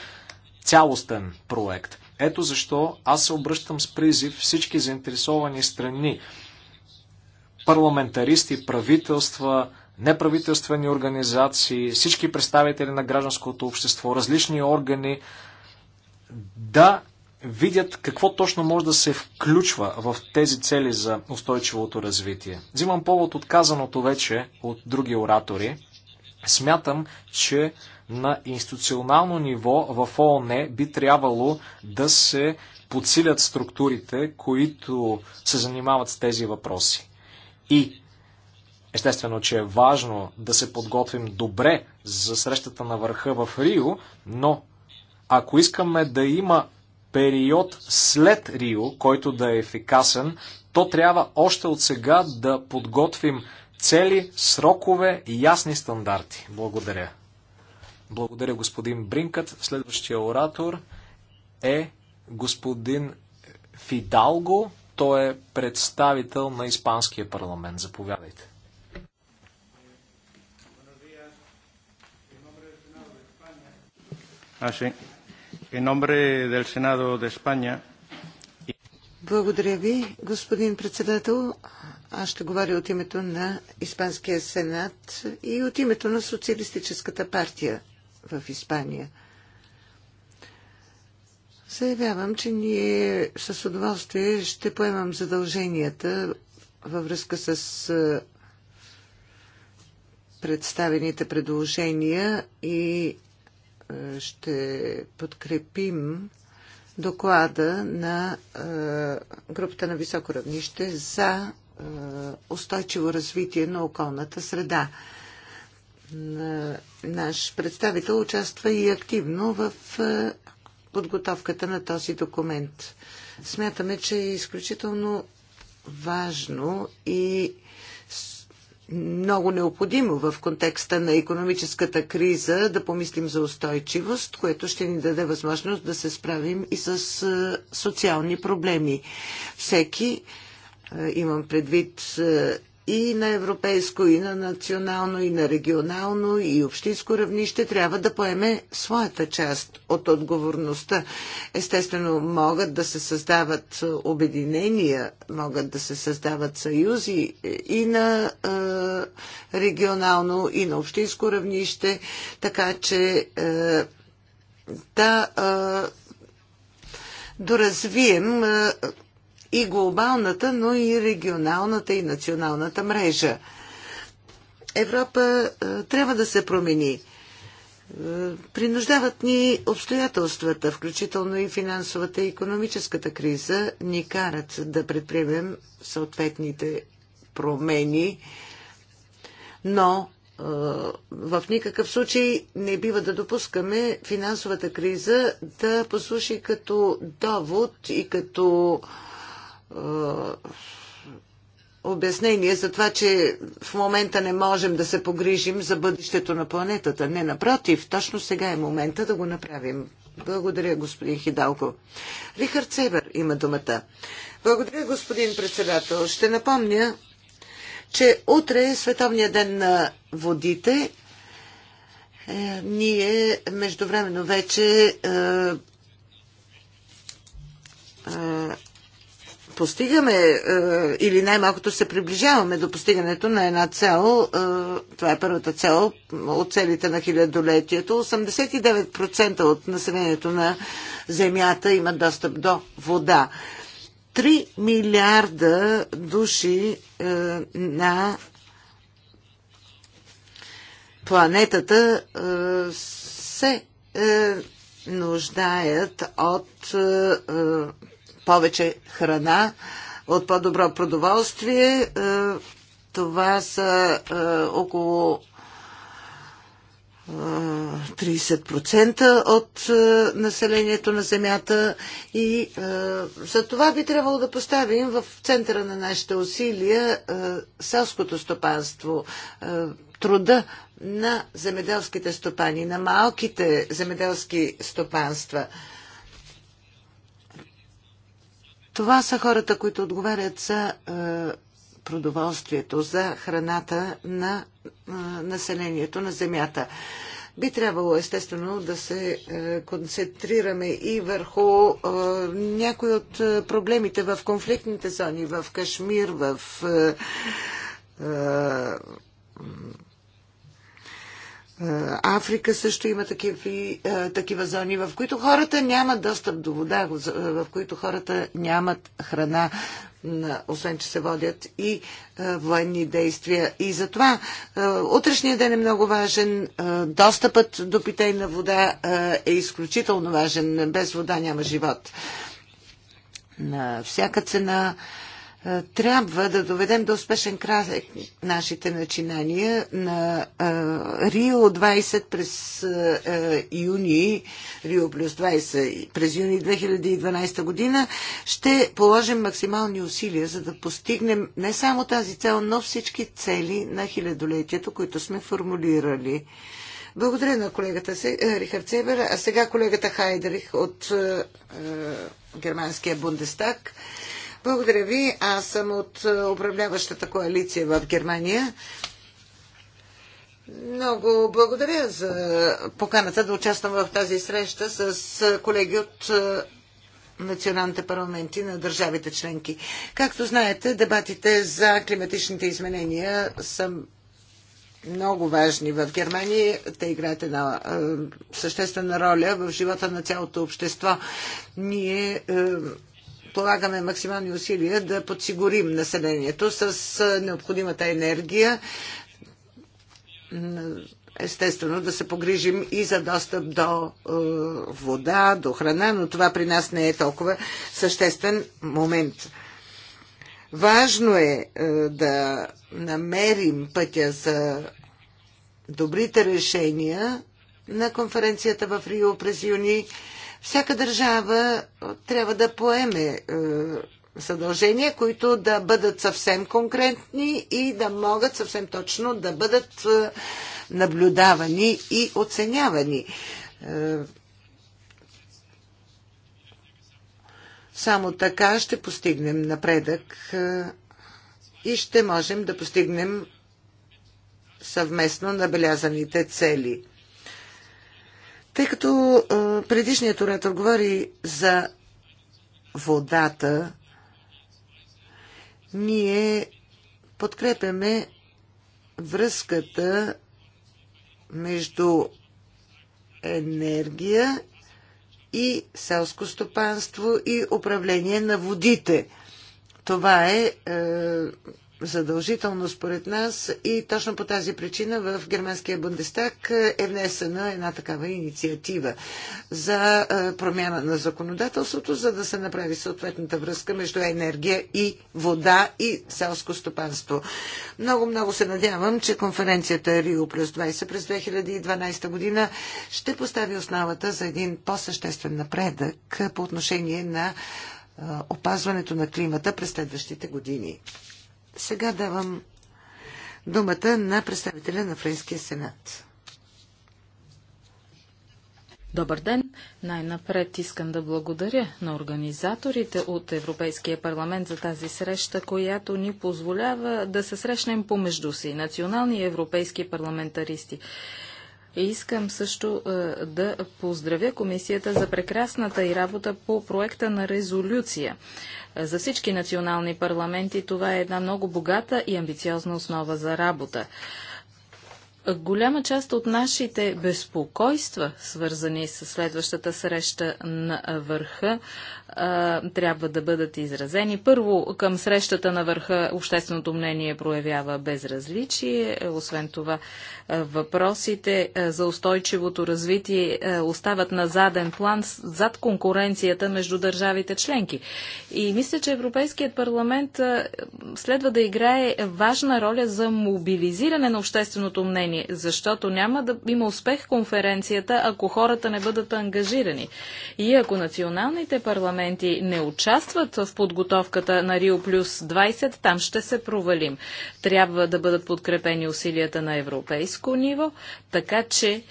Speaker 4: цялостен проект. Ето защо аз се обръщам с призив всички заинтересовани страни, парламентаристи, правителства, неправителствени организации, всички представители на гражданското общество, различни органи, да видят какво точно може да се включва в тези цели за устойчивото развитие. Взимам повод от казаното вече от други оратори. Смятам, че на институционално ниво в ООН би трябвало да се подсилят структурите, които се занимават с тези въпроси. И естествено, че е важно да се подготвим добре за срещата на върха в Рио, но ако искаме да има период след Рио, който да е ефикасен, то трябва още от сега да подготвим цели, срокове и ясни стандарти. Благодаря. Благодаря господин Бринкът. Следващия оратор е господин Фидалго. Той е представител на Испанския парламент. Заповядайте.
Speaker 3: Ah, sí. Благодаря ви, господин председател. Аз ще говоря от името на Испанския сенат и от името на Социалистическата партия в Испания. Заявявам, че ние с удоволствие ще поемам задълженията във връзка с представените предложения и ще подкрепим доклада на е, групата на високо равнище за е, устойчиво развитие на околната среда. Е, наш представител участва и активно в подготовката на този документ. Смятаме, че е изключително важно и много необходимо в контекста на економическата криза да помислим за устойчивост, което ще ни даде възможност да се справим и с е, социални проблеми. Всеки, е, имам предвид е, и на европейско, и на национално, и на регионално, и общинско равнище трябва да поеме своята част от отговорността. Естествено, могат да се създават обединения, могат да се създават съюзи и на е, регионално, и на общинско равнище, така че е, да е, доразвием. Е, и глобалната, но и регионалната и националната мрежа. Европа е, трябва да се промени. Е, принуждават ни обстоятелствата, включително и финансовата и економическата криза, ни карат да предприемем съответните промени, но е, в никакъв случай не бива да допускаме финансовата криза да послуши като довод и като е, обяснение за това, че в момента не можем да се погрижим за бъдещето на планетата. Не, напротив, точно сега е момента да го направим. Благодаря, господин Хидалко. Рихард Север има думата. Благодаря, господин председател. Ще напомня, че утре е Световния ден на водите. Е, ние междувременно вече е, е, постигаме е, или най-малкото се приближаваме до постигането на една цел, е, това е първата цел от целите на хилядолетието, 89% от населението на Земята има достъп до вода. 3 милиарда души е, на планетата се нуждаят от повече храна, от по-добро продоволствие. Е, това са е, около 30% е, от населението на Земята и за това би трябвало да поставим в центъра на нашите усилия селското стопанство, труда на земеделските стопани, на малките земеделски стопанства – това са хората, които отговарят за е, продоволствието, за храната на е, населението на земята. Би трябвало естествено да се е, концентрираме и върху някои от проблемите в конфликтните зони, в Кашмир, в е, Африка също има такива, е, такива зони, в които хората нямат достъп до вода, е, в които хората нямат храна, освен че се водят и военни действия. И затова утрешният ден е много важен. Достъпът до питейна вода е изключително важен. Без вода няма живот. На всяка цена е, трябва да доведем до успешен край нашите начинания на е, Рио 20 през е, юни, Рио плюс 20 през юни 2012 година. Ще положим максимални усилия, за да постигнем не само тази цел, но всички цели на хилядолетието, които сме формулирали. Благодаря на колегата Рихард Себер, а сега колегата Хайдрих от Германския Бундестаг. Благодаря ви. Аз съм от е, управляващата коалиция в Германия. Много благодаря за поканата да участвам в тази среща с е, колеги от е, националните парламенти на държавите членки. Както знаете, дебатите за климатичните изменения са много важни в Германия. Те играят една е, съществена роля в живота на цялото общество. Ние е, полагаме максимални усилия да подсигурим населението с необходимата енергия. Естествено да се погрижим и за достъп до вода, до храна, но това при нас не е толкова съществен момент. Важно е да намерим пътя за добрите решения на конференцията в Рио през юни. Всяка държава трябва да поеме е, задължения, които да бъдат съвсем конкретни и да могат съвсем точно да бъдат е, наблюдавани и оценявани. Е, само така ще постигнем напредък и ще можем да постигнем съвместно набелязаните цели. Тъй като предишният оратор говори за водата, ние подкрепяме връзката между енергия и селско стопанство и управление на водите. Това е, е задължително според нас и точно по тази причина в Германския Бундестаг е внесена една такава инициатива за е, промяна на законодателството, за да се направи съответната връзка между енергия и вода и селско стопанство. Много-много се надявам, че конференцията Рио плюс 20 през 2012 година ще постави основата за един по-съществен напредък по отношение на е, опазването на климата през следващите години. Сега давам думата на представителя на Френския сенат.
Speaker 2: Добър ден! Най-напред искам да благодаря на организаторите от Европейския парламент за тази среща, която ни позволява да се срещнем помежду си, национални и европейски парламентаристи. И искам също е, да поздравя комисията за прекрасната и работа по проекта на резолюция за всички национални парламенти това е една много богата и амбициозна основа за работа. Голяма част от нашите безпокойства, свързани с следващата среща на върха, а, трябва да бъдат изразени. Първо, към срещата на върха общественото мнение проявява безразличие. Освен това, въпросите за устойчивото развитие остават на заден план зад конкуренцията между държавите членки. И мисля, че Европейският парламент следва да играе важна роля за мобилизиране на общественото мнение, защото няма да има успех конференцията, ако хората не бъдат ангажирани. И ако националните парламенти парламенти не участват в подготовката на Рио Плюс 20, там ще се провалим. Трябва да бъдат подкрепени усилията на европейско ниво, така че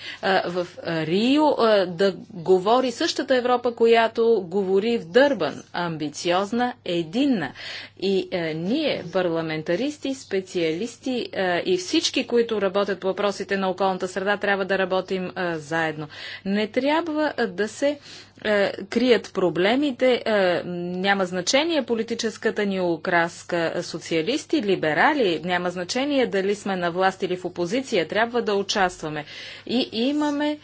Speaker 2: в Рио да говори същата Европа, която говори в Дърбан, амбициозна, единна. И ние, парламентаристи, специалисти и всички, които работят по въпросите на околната среда, трябва да работим заедно. Не трябва да се е, крият проблемите, е, няма значение политическата ни окраска, е, социалисти, либерали, няма значение дали сме на власт или в опозиция, трябва да участваме. И имаме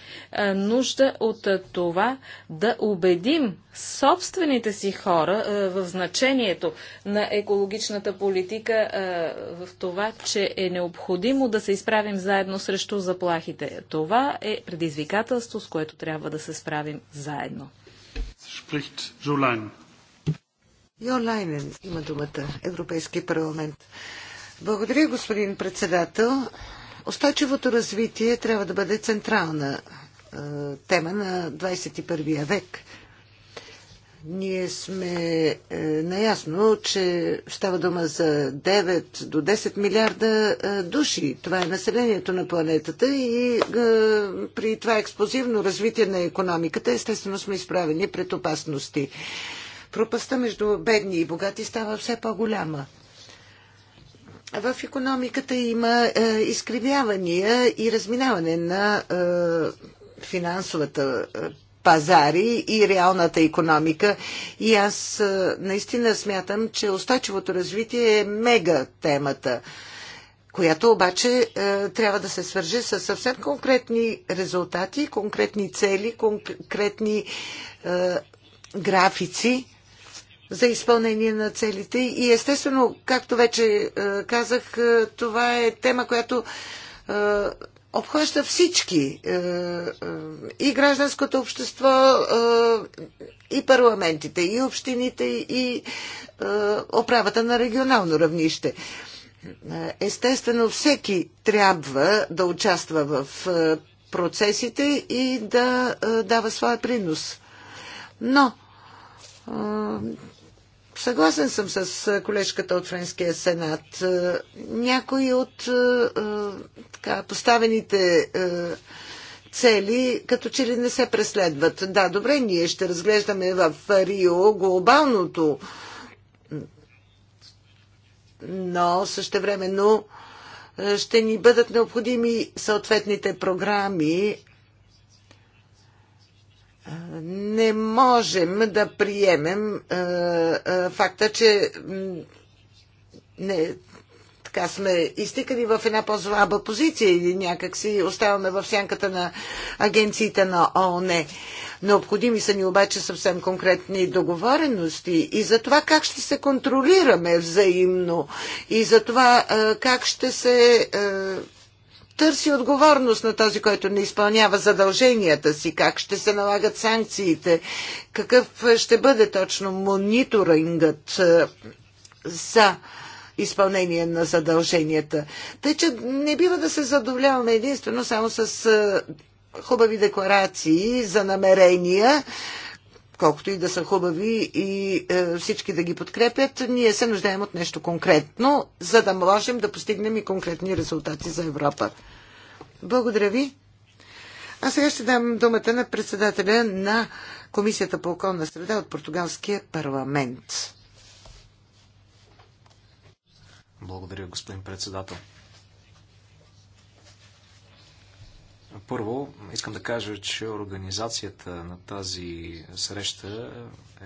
Speaker 2: нужда от това да убедим собствените си хора е, в значението на екологичната политика е, в това, че е необходимо да се изправим заедно срещу заплахите. Това е
Speaker 3: предизвикателство, с което трябва да се справим заедно.
Speaker 1: Spricht Jolain.
Speaker 3: Йолайнен има думата. Европейски парламент. Благодаря, господин председател. Устойчивото развитие трябва да бъде централна е, тема на 21 век. Ние сме е, наясно, че става дума за 9 до 10 милиарда е, души. Това е населението на планетата и е, при това експозивно развитие на економиката естествено сме изправени пред опасности. Пропаста между бедни и богати става все по-голяма. В економиката има е, изкривявания и разминаване на е, финансовата е, пазари и реалната економика. И аз наистина смятам, че устойчивото развитие е мега темата която обаче трябва да се свържи с съвсем конкретни резултати, конкретни цели, конкретни графици за изпълнение на целите. И естествено, както вече казах, това е тема, която обхваща всички е, е, и гражданското общество, е, и парламентите, и общините, и оправата на регионално равнище. Естествено, всеки трябва да участва в процесите и да дава своя принос. Но Съгласен съм с колежката от Френския сенат. Някои от така, поставените цели като че ли не се преследват. Да, добре, ние ще разглеждаме в Рио глобалното, но същевременно ще ни бъдат необходими съответните програми не можем да приемем а, е, е, факта, че не, така сме изтикани в една по-слаба позиция или някак си оставаме в сянката на агенциите на ООН. Необходими са ни обаче съвсем конкретни договорености и за това как ще се контролираме взаимно и за това е, как ще се търси отговорност на този, който не изпълнява задълженията си, как ще се налагат санкциите, какъв ще бъде точно мониторингът е, за изпълнение на задълженията. Тъй, че не бива да се задоволяваме единствено само с е, хубави декларации за намерения, колкото и да са хубави и е, всички да ги подкрепят, ние се нуждаем от нещо конкретно, за да можем да постигнем и конкретни резултати за Европа. Благодаря ви. А сега ще дам думата на председателя на Комисията по околна среда от Португалския
Speaker 4: парламент. Благодаря, господин председател. Първо, искам да кажа, че организацията на тази среща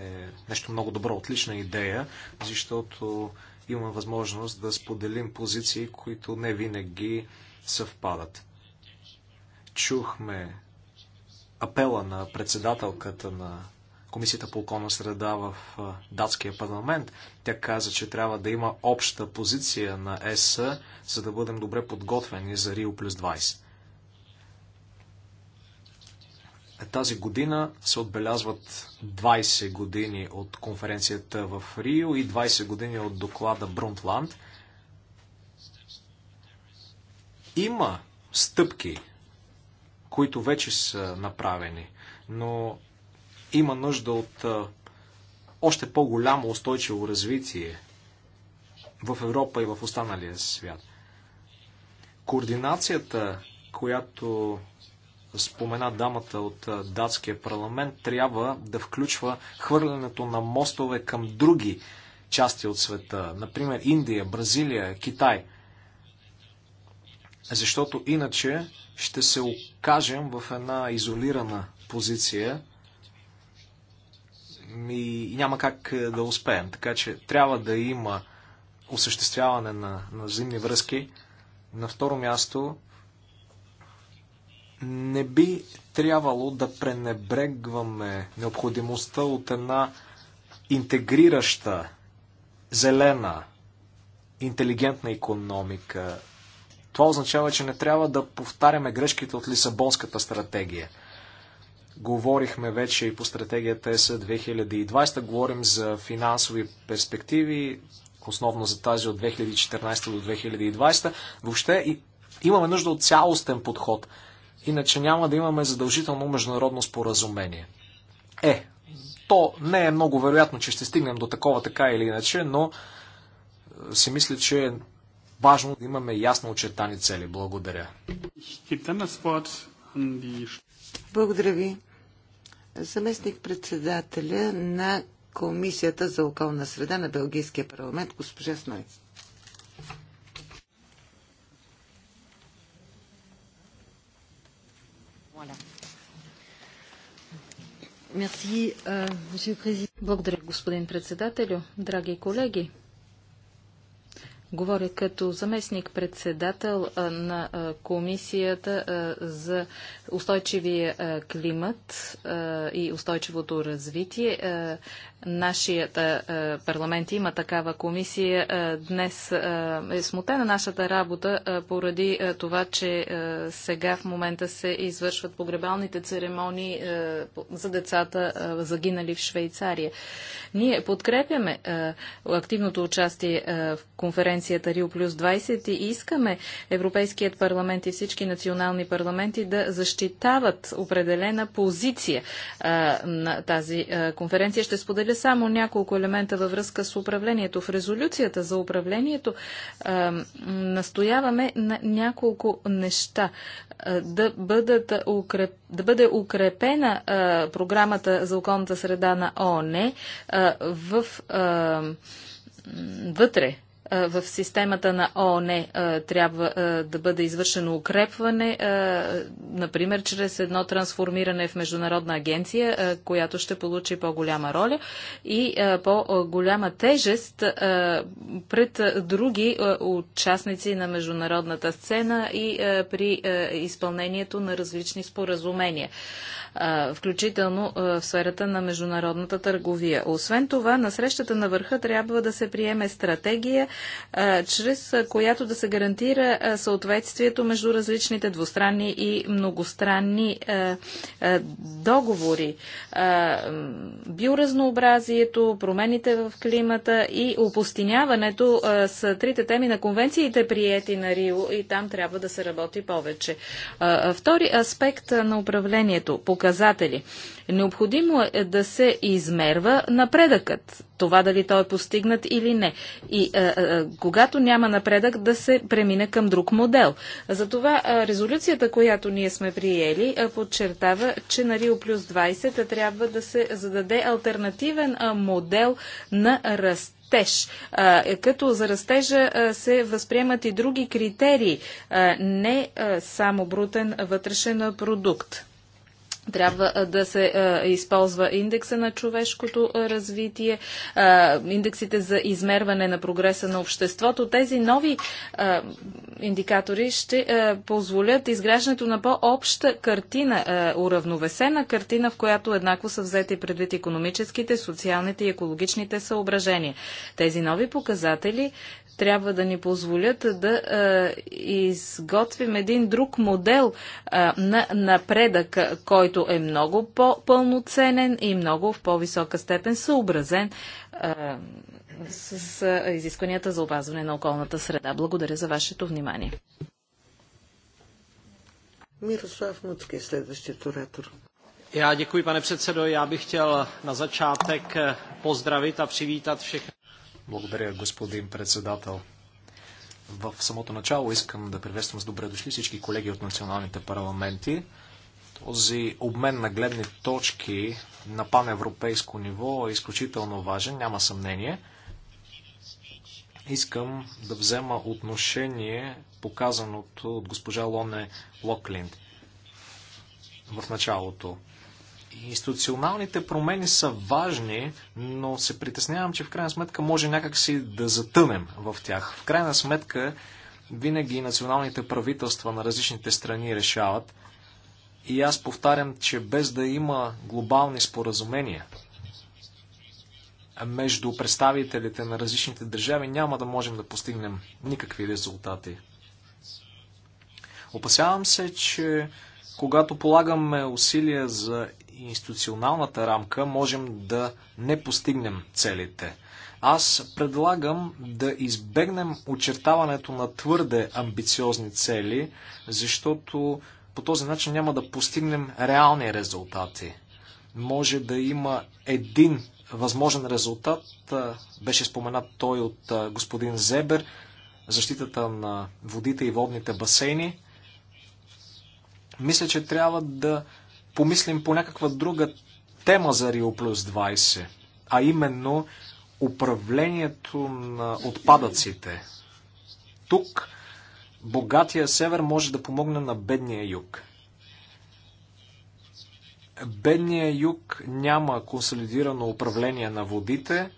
Speaker 4: е нещо много добро, отлична идея, защото има възможност да споделим позиции, които не винаги съвпадат. Чухме апела на председателката на Комисията по околна среда в датския парламент. Тя каза, че трябва да има обща позиция на ЕС, за да бъдем добре подготвени за Рио плюс 20. Тази година се отбелязват 20 години от конференцията в Рио и 20 години от доклада Брунтланд. Има стъпки, които вече са направени, но има нужда от още по-голямо устойчиво развитие в Европа и в останалия свят. Координацията, която спомена дамата от датския парламент, трябва да включва хвърлянето на мостове към други части от света, например Индия, Бразилия, Китай. Защото иначе ще се окажем в една изолирана позиция и няма как е, да успеем. Така че трябва да има осъществяване на, на взаимни връзки. На второ място не би трябвало да пренебрегваме необходимостта от една интегрираща, зелена, интелигентна економика. Това означава, че не трябва да повтаряме грешките от Лисабонската стратегия. Говорихме вече и по стратегията ЕС 2020, говорим за финансови перспективи, основно за тази от 2014 до 2020. Въобще имаме нужда от цялостен подход – Иначе няма да имаме задължително международно споразумение. Е, то не е много вероятно, че ще стигнем до такова така или иначе, но е, си мисля, че е важно да имаме ясно очертани цели. Благодаря.
Speaker 3: Благодаря ви. Заместник председателя на Комисията за околна среда на Белгийския парламент, госпожа Снойц.
Speaker 2: Euh, Благодаря, господин председателю. Драги колеги, Говоря като заместник-председател на Комисията за устойчивия климат и устойчивото развитие. Нашият парламент има такава комисия. Днес е смутена нашата работа поради това, че сега в момента се извършват погребалните церемонии за децата загинали в Швейцария. Ние подкрепяме активното участие в конференция конвенцията Рио плюс 20 и искаме Европейският парламент и всички национални парламенти да защитават определена позиция а, на тази а, конференция. Ще споделя само няколко елемента във връзка с управлението. В резолюцията за управлението а, настояваме на няколко неща. Да, бъдат укреп... да бъде укрепена програмата за околната среда на ООН в вътре в системата на ООН трябва да бъде извършено укрепване, например, чрез едно трансформиране в Международна агенция, която ще получи по-голяма роля и по-голяма тежест пред други участници на международната сцена и при изпълнението на различни споразумения включително в сферата на международната търговия. Освен това, на срещата на върха трябва да се приеме стратегия, чрез която да се гарантира съответствието между различните двустранни и многостранни договори. Биоразнообразието, промените в климата и опустиняването са трите теми на конвенциите, приети на Рио и там трябва да се работи повече. Втори аспект на управлението – показатели. Необходимо е да се измерва напредъкът, това дали той е постигнат или не. И а, е, а, е, е, когато няма напредък, да се премине към друг модел. Затова а, резолюцията, която ние сме приели, а, подчертава, че на Рио плюс 20 трябва да се зададе альтернативен а, модел на растеж растеж. Като за растежа се възприемат и други критерии, не само брутен вътрешен продукт трябва да се а, използва индекса на човешкото развитие, а, индексите за измерване на прогреса на обществото. Тези нови а, индикатори ще позволят изграждането на по-обща картина, уравновесена картина, в която еднакво са взети предвид економическите, социалните и екологичните съображения. Тези нови показатели трябва да ни позволят да а, изготвим един друг модел а, на напредък, който е много по-пълноценен и много в по-висока степен съобразен а, с а, изискванията за опазване на околната среда. Благодаря за вашето
Speaker 3: внимание. Мирослав Муцки е следващият оратор.
Speaker 4: Я děkuji, pane předsedo. Já bych chtěl na začátek eh, pozdravit a přivítat všechny. Благодаря, господин председател. В самото начало искам да приветствам с добре дошли всички колеги от националните парламенти. Този обмен на гледни точки на паневропейско ниво е изключително важен, няма съмнение. Искам да взема отношение показаното от госпожа Лоне Локлинд в началото. Институционалните промени са важни, но се притеснявам, че в крайна сметка може някакси да затънем в тях. В крайна сметка винаги националните правителства на различните страни решават. И аз повтарям, че без да има глобални споразумения между представителите на различните държави, няма да можем да постигнем никакви резултати. Опасявам се, че когато полагаме усилия за институционалната рамка можем да не постигнем целите. Аз предлагам да избегнем очертаването на твърде амбициозни цели, защото по този начин няма да постигнем реални резултати. Може да има един възможен резултат, беше споменат той от господин Зебер, защитата на водите и водните басейни. Мисля, че трябва да помислим по някаква друга тема за Рио плюс 20, а именно управлението на отпадъците. Тук богатия север може да помогне на бедния юг. Бедния юг няма консолидирано управление на водите.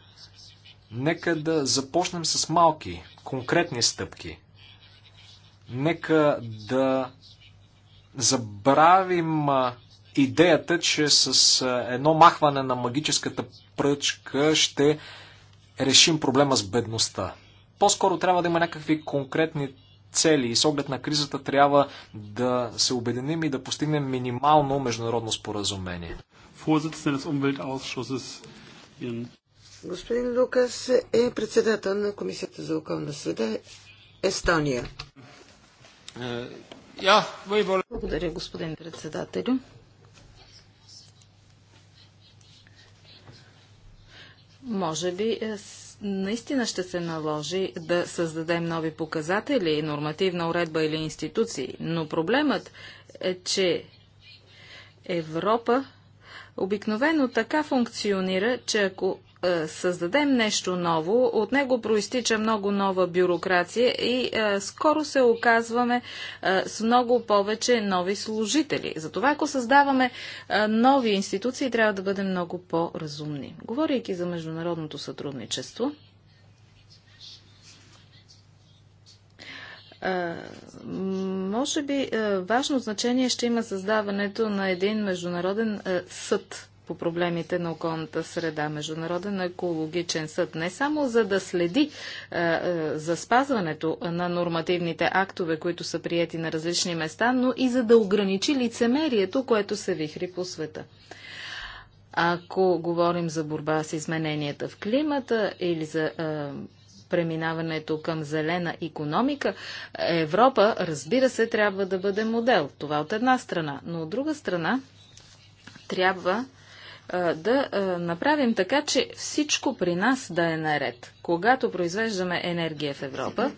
Speaker 4: Нека да започнем с малки, конкретни стъпки. Нека да забравим идеята, че с едно махване на магическата пръчка ще решим проблема с бедността. По-скоро трябва да има някакви конкретни цели и с оглед на кризата трябва да се обединим и да постигнем минимално международно споразумение.
Speaker 3: Господин Лукас е председател на Комисията за околна среда Естония. Е, Благодаря, господин председателю.
Speaker 2: Може би е, наистина ще се наложи да създадем нови показатели, нормативна уредба или институции, но проблемът е, че Европа обикновено така функционира, че ако е, създадем нещо ново, от него проистича много нова бюрокрация и е, скоро се оказваме е, с много повече нови служители. Затова, ако създаваме е, нови институции, трябва да бъдем много по-разумни. Говорейки за международното сътрудничество, е, може би е, важно значение ще има създаването на един международен съд по проблемите на околната среда, Международен екологичен съд, не само за да следи е, е, за спазването на нормативните актове, които са приети на различни места, но и за да ограничи лицемерието, което се вихри по света. Ако говорим за борба с измененията в климата или за е, преминаването към зелена економика, Европа, разбира се, трябва да бъде модел. Това от една страна. Но от друга страна, трябва да направим така, че всичко при нас да е наред. Когато произвеждаме енергия в Европа,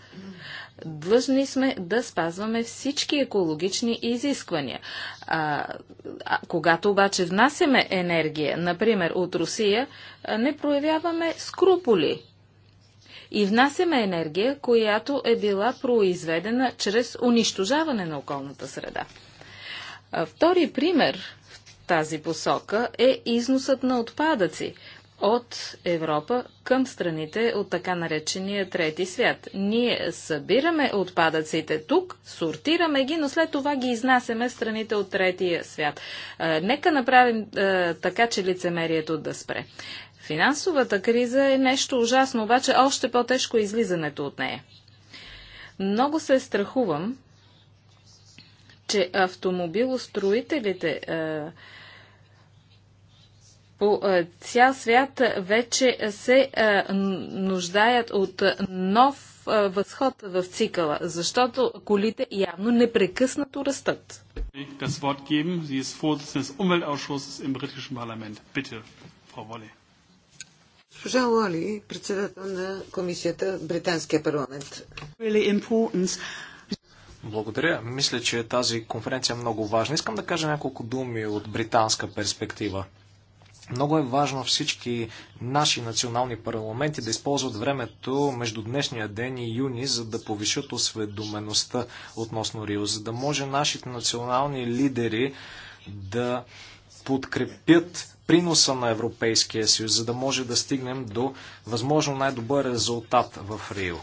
Speaker 2: длъжни сме да спазваме всички екологични изисквания. А, а, когато обаче внасяме енергия, например от Русия, не проявяваме скруполи и внасяме енергия, която е била произведена чрез унищожаване на околната среда. Втори пример тази посока е износът на отпадъци от Европа към страните от така наречения трети свят. Ние събираме отпадъците тук, сортираме ги, но след това ги изнасяме в страните от третия свят. нека направим така, че лицемерието да спре. Финансовата криза е нещо ужасно, обаче още по-тежко е излизането от нея. Много се страхувам, че автомобилостроителите е, по е, цял свят вече се е, нуждаят от нов възход в цикъла, защото колите явно непрекъснато растат.
Speaker 3: Госпожа Лоли, председател на комисията Британския парламент. Really
Speaker 4: благодаря. Мисля, че тази конференция е много важна. Искам да кажа няколко думи от британска перспектива. Много е важно всички наши национални парламенти да използват времето между днешния ден и юни, за да повишат осведомеността относно Рио, за да може нашите национални лидери да подкрепят приноса на Европейския съюз, за да може да стигнем до възможно най-добър резултат в Рио.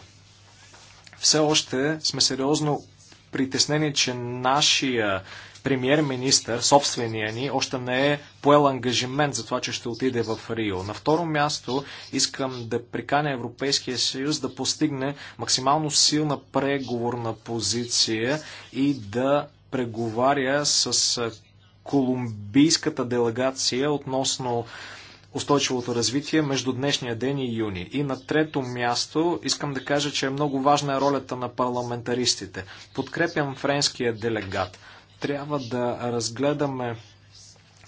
Speaker 4: Все още сме сериозно притеснени, че нашия премьер-министр, собствения ни, още не е поел ангажимент за това, че ще отиде в Рио. На второ място искам да приканя Европейския съюз да постигне максимално силна преговорна позиция и да преговаря с колумбийската делегация относно устойчивото развитие между днешния ден и юни. И на трето място искам да кажа, че е много важна ролята на парламентаристите. Подкрепям френския делегат. Трябва да разгледаме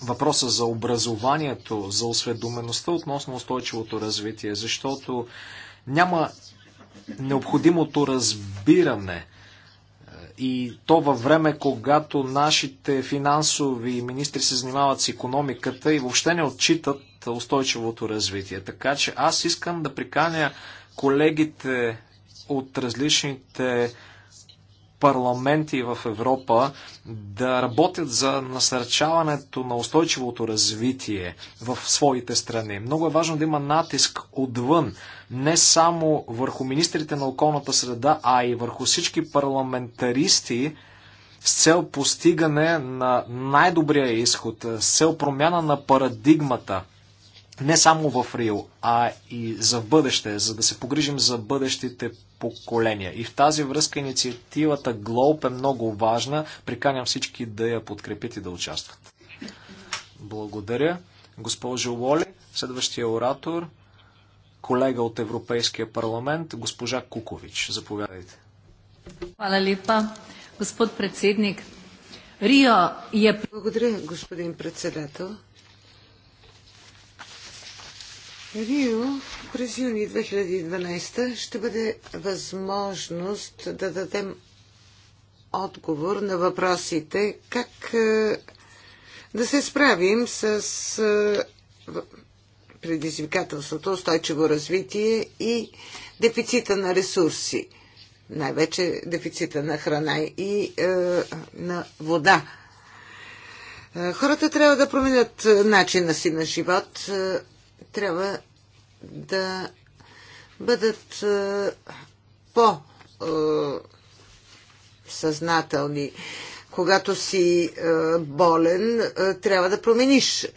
Speaker 4: въпроса за образованието, за осведомеността относно устойчивото развитие, защото няма необходимото разбиране е, и то във време, когато нашите финансови министри се занимават с економиката и въобще не отчитат устойчивото развитие. Така че аз искам да приканя колегите от различните парламенти в Европа да работят за насърчаването на устойчивото развитие в своите страни. Много е важно да има натиск отвън, не само върху министрите на околната среда, а и върху всички парламентаристи с цел постигане на най-добрия изход, с цел промяна на парадигмата не само в Рио, а и за бъдеще, за да се погрижим за бъдещите поколения. И в тази връзка инициативата Globe е много важна. Приканям всички да я подкрепят и да участват. Благодаря. Госпожо Лоли, следващия оратор, колега от Европейския парламент, госпожа Кукович. Заповядайте.
Speaker 1: Hvala
Speaker 3: lepa, gospod predsednik. Рио е... Благодаря, господин председател. Рио през юни 2012 ще бъде възможност да дадем отговор на въпросите как е, да се справим с е, предизвикателството, устойчиво развитие и дефицита на ресурси, най-вече дефицита на храна и е, на вода. Е, хората трябва да променят начина си на живот, трябва да бъдат е, по- е, съзнателни. Когато си е, болен, трябва да промениш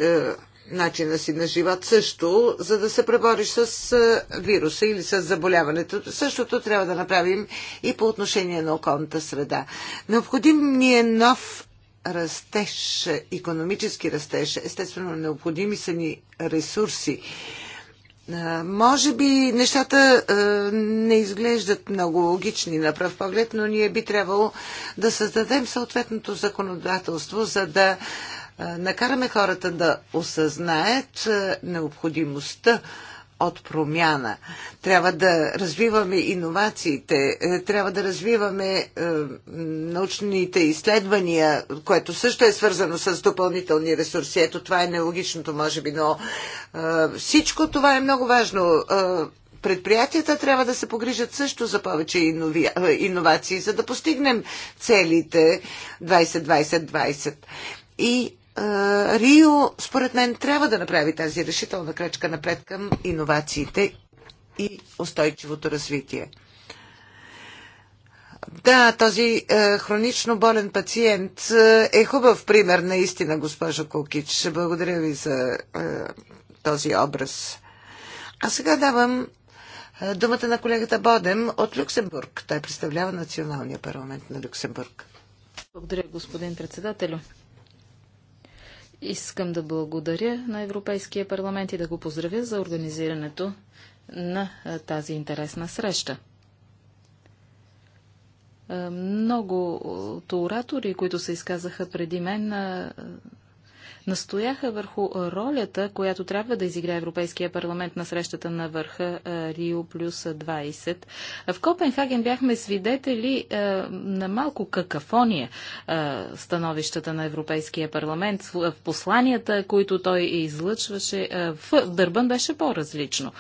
Speaker 3: начина си на живот също, за да се пребориш с вируса или с заболяването. Същото трябва да направим и по отношение на околната среда. Необходим ни е нов растеж, економически растеж. Естествено, необходими са ни ресурси. Може би нещата не изглеждат много логични на пръв поглед, но ние би трябвало да създадем съответното законодателство, за да накараме хората да осъзнаят необходимостта от промяна. Трябва да развиваме иновациите, е, трябва да развиваме е, научните изследвания, което също е свързано с допълнителни ресурси. Ето това е нелогичното, може би, но е, всичко това е много важно. Е, предприятията трябва да се погрижат също за повече инови... Е, иновации, за да постигнем целите 20-20-20. И Рио, според мен, трябва да направи тази решителна крачка напред към иновациите и устойчивото развитие. Да, този е, хронично болен пациент е, е хубав пример, наистина, госпожо Кулкич. Благодаря ви за е, този образ. А сега давам е, думата на колегата Бодем от Люксембург. Той представлява Националния парламент на Люксембург.
Speaker 2: Благодаря, господин председателю. Искам да благодаря на Европейския парламент и да го поздравя за организирането на тази интересна среща. Много от оратори, които се изказаха преди мен, настояха върху ролята, която трябва да изиграе Европейския парламент на срещата на върха е, Рио плюс 20. В Копенхаген бяхме свидетели е, на малко какафония е, становищата на Европейския парламент. В посланията, които той излъчваше, в Дърбън беше по-различно.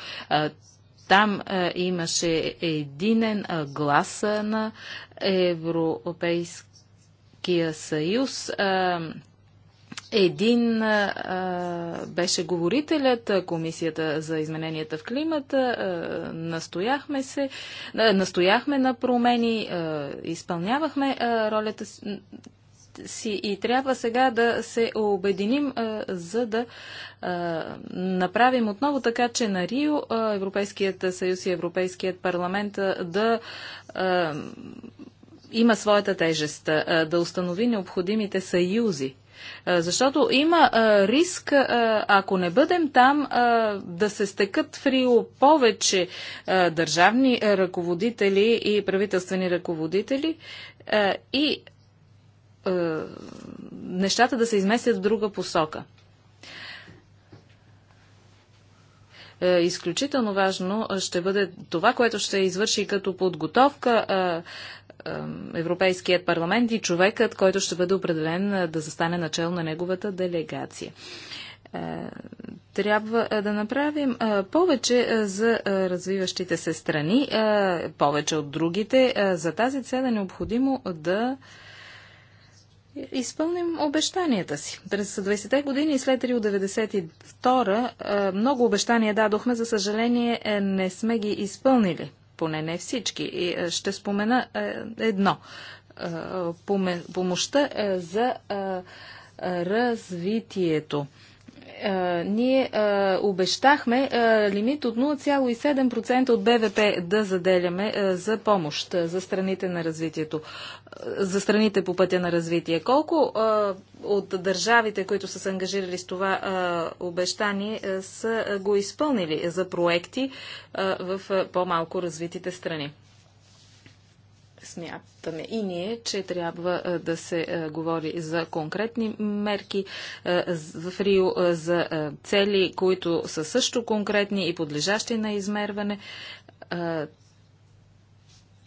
Speaker 2: Там а, имаше единен а, глас на Европейския съюз. А, един а, беше говорителят, Комисията за измененията в климата. А, настояхме, се, а, настояхме на промени, а, изпълнявахме а, ролята си и трябва сега да се обединим, а, за да а, направим отново така, че на Рио а, Европейският съюз и Европейският парламент а, да. А, има своята тежест да установи необходимите съюзи защото има риск, ако не бъдем там, да се стекат в Рио повече държавни ръководители и правителствени ръководители и нещата да се изместят в друга посока. Е, изключително важно ще бъде това, което ще извърши като подготовка Европейският парламент и човекът, който ще бъде определен да застане начало на неговата делегация е, трябва да направим повече за развиващите се страни, повече от другите. За тази цел е необходимо да изпълним обещанията си. През 20-те години и след 3.92 много обещания дадохме, за съжаление е, не сме ги изпълнили поне не всички. И е, ще спомена е, едно. Е, помощта за развитието а, е, ние а, е, обещахме а, е, лимит от 0,7% от БВП да заделяме а, за помощ а, за страните на развитието, а, за страните по пътя на развитие. Колко а, от държавите, които са се ангажирали с това а, обещание, а, са го изпълнили за проекти а, в а, по-малко развитите страни? смятаме и ние, че трябва да се говори за конкретни мерки в Рио, за цели, които са също конкретни и подлежащи на измерване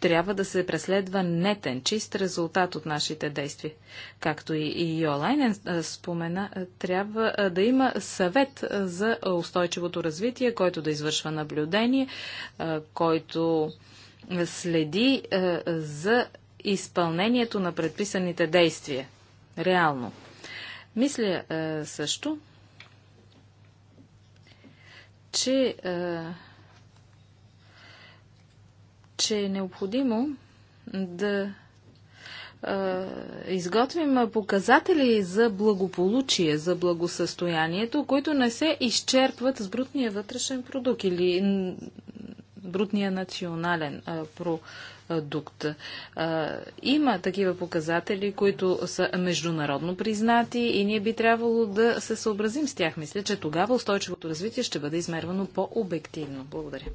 Speaker 2: трябва да се преследва нетен, чист резултат от нашите действия. Както и Йолайнен спомена, трябва да има съвет за устойчивото развитие, който да извършва наблюдение, който следи е, за изпълнението на предписаните действия. Реално. Мисля е, също, че, е, че е необходимо да е, изготвим показатели за благополучие, за благосъстоянието, които не се изчерпват с брутния вътрешен продукт или брутния национален продукт. Има такива показатели, които са международно признати и ние би трябвало да се съобразим с тях. Мисля, че тогава устойчивото развитие ще бъде измервано по-обективно. Благодаря.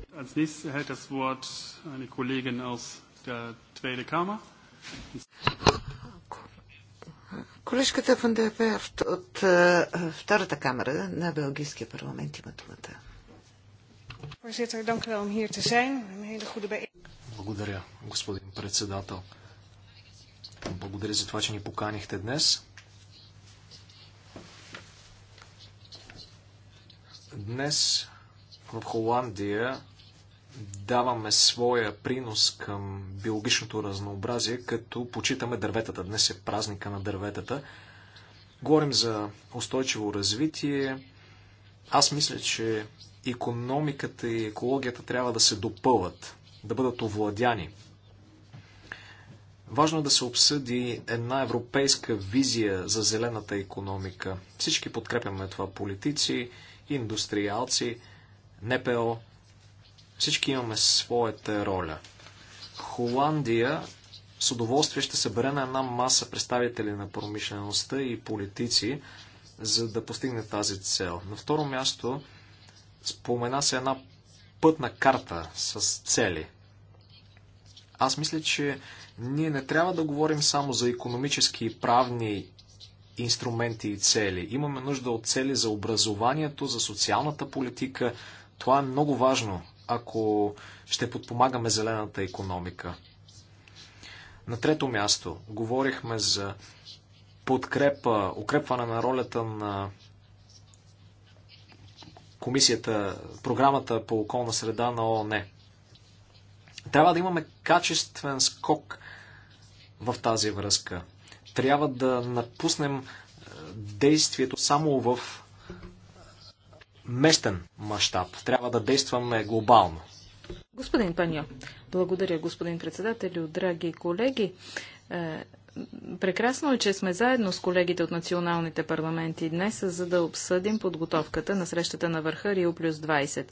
Speaker 3: Колежката Фандепер от Втората камера на Белгийския парламент има думата.
Speaker 4: Благодаря, господин председател. Благодаря за това, че ни поканихте днес. Днес в Холандия даваме своя принос към биологичното разнообразие, като почитаме дърветата. Днес е празника на дърветата. Говорим за устойчиво развитие. Аз мисля, че економиката и екологията трябва да се допълват, да бъдат овладяни. Важно е да се обсъди една европейска визия за зелената економика. Всички подкрепяме това политици, индустриалци, НПО. Всички имаме своята роля. Холандия с удоволствие ще събере на една маса представители на промишлеността и политици, за да постигне тази цел. На второ място, Спомена се една пътна карта с цели. Аз мисля, че ние не трябва да говорим само за економически и правни инструменти и цели. Имаме нужда от цели за образованието, за социалната политика. Това е много важно, ако ще подпомагаме зелената економика. На трето място говорихме за подкрепа, укрепване на ролята на комисията, програмата по околна среда на ООН. Трябва да имаме качествен скок в тази връзка. Трябва да напуснем е, действието само в местен мащаб. Трябва да действаме глобално.
Speaker 2: Господин Паньо, благодаря господин председател, драги колеги. Е, Прекрасно е, че сме заедно с колегите от националните парламенти днес, за да обсъдим подготовката на срещата на върха Рио плюс 20.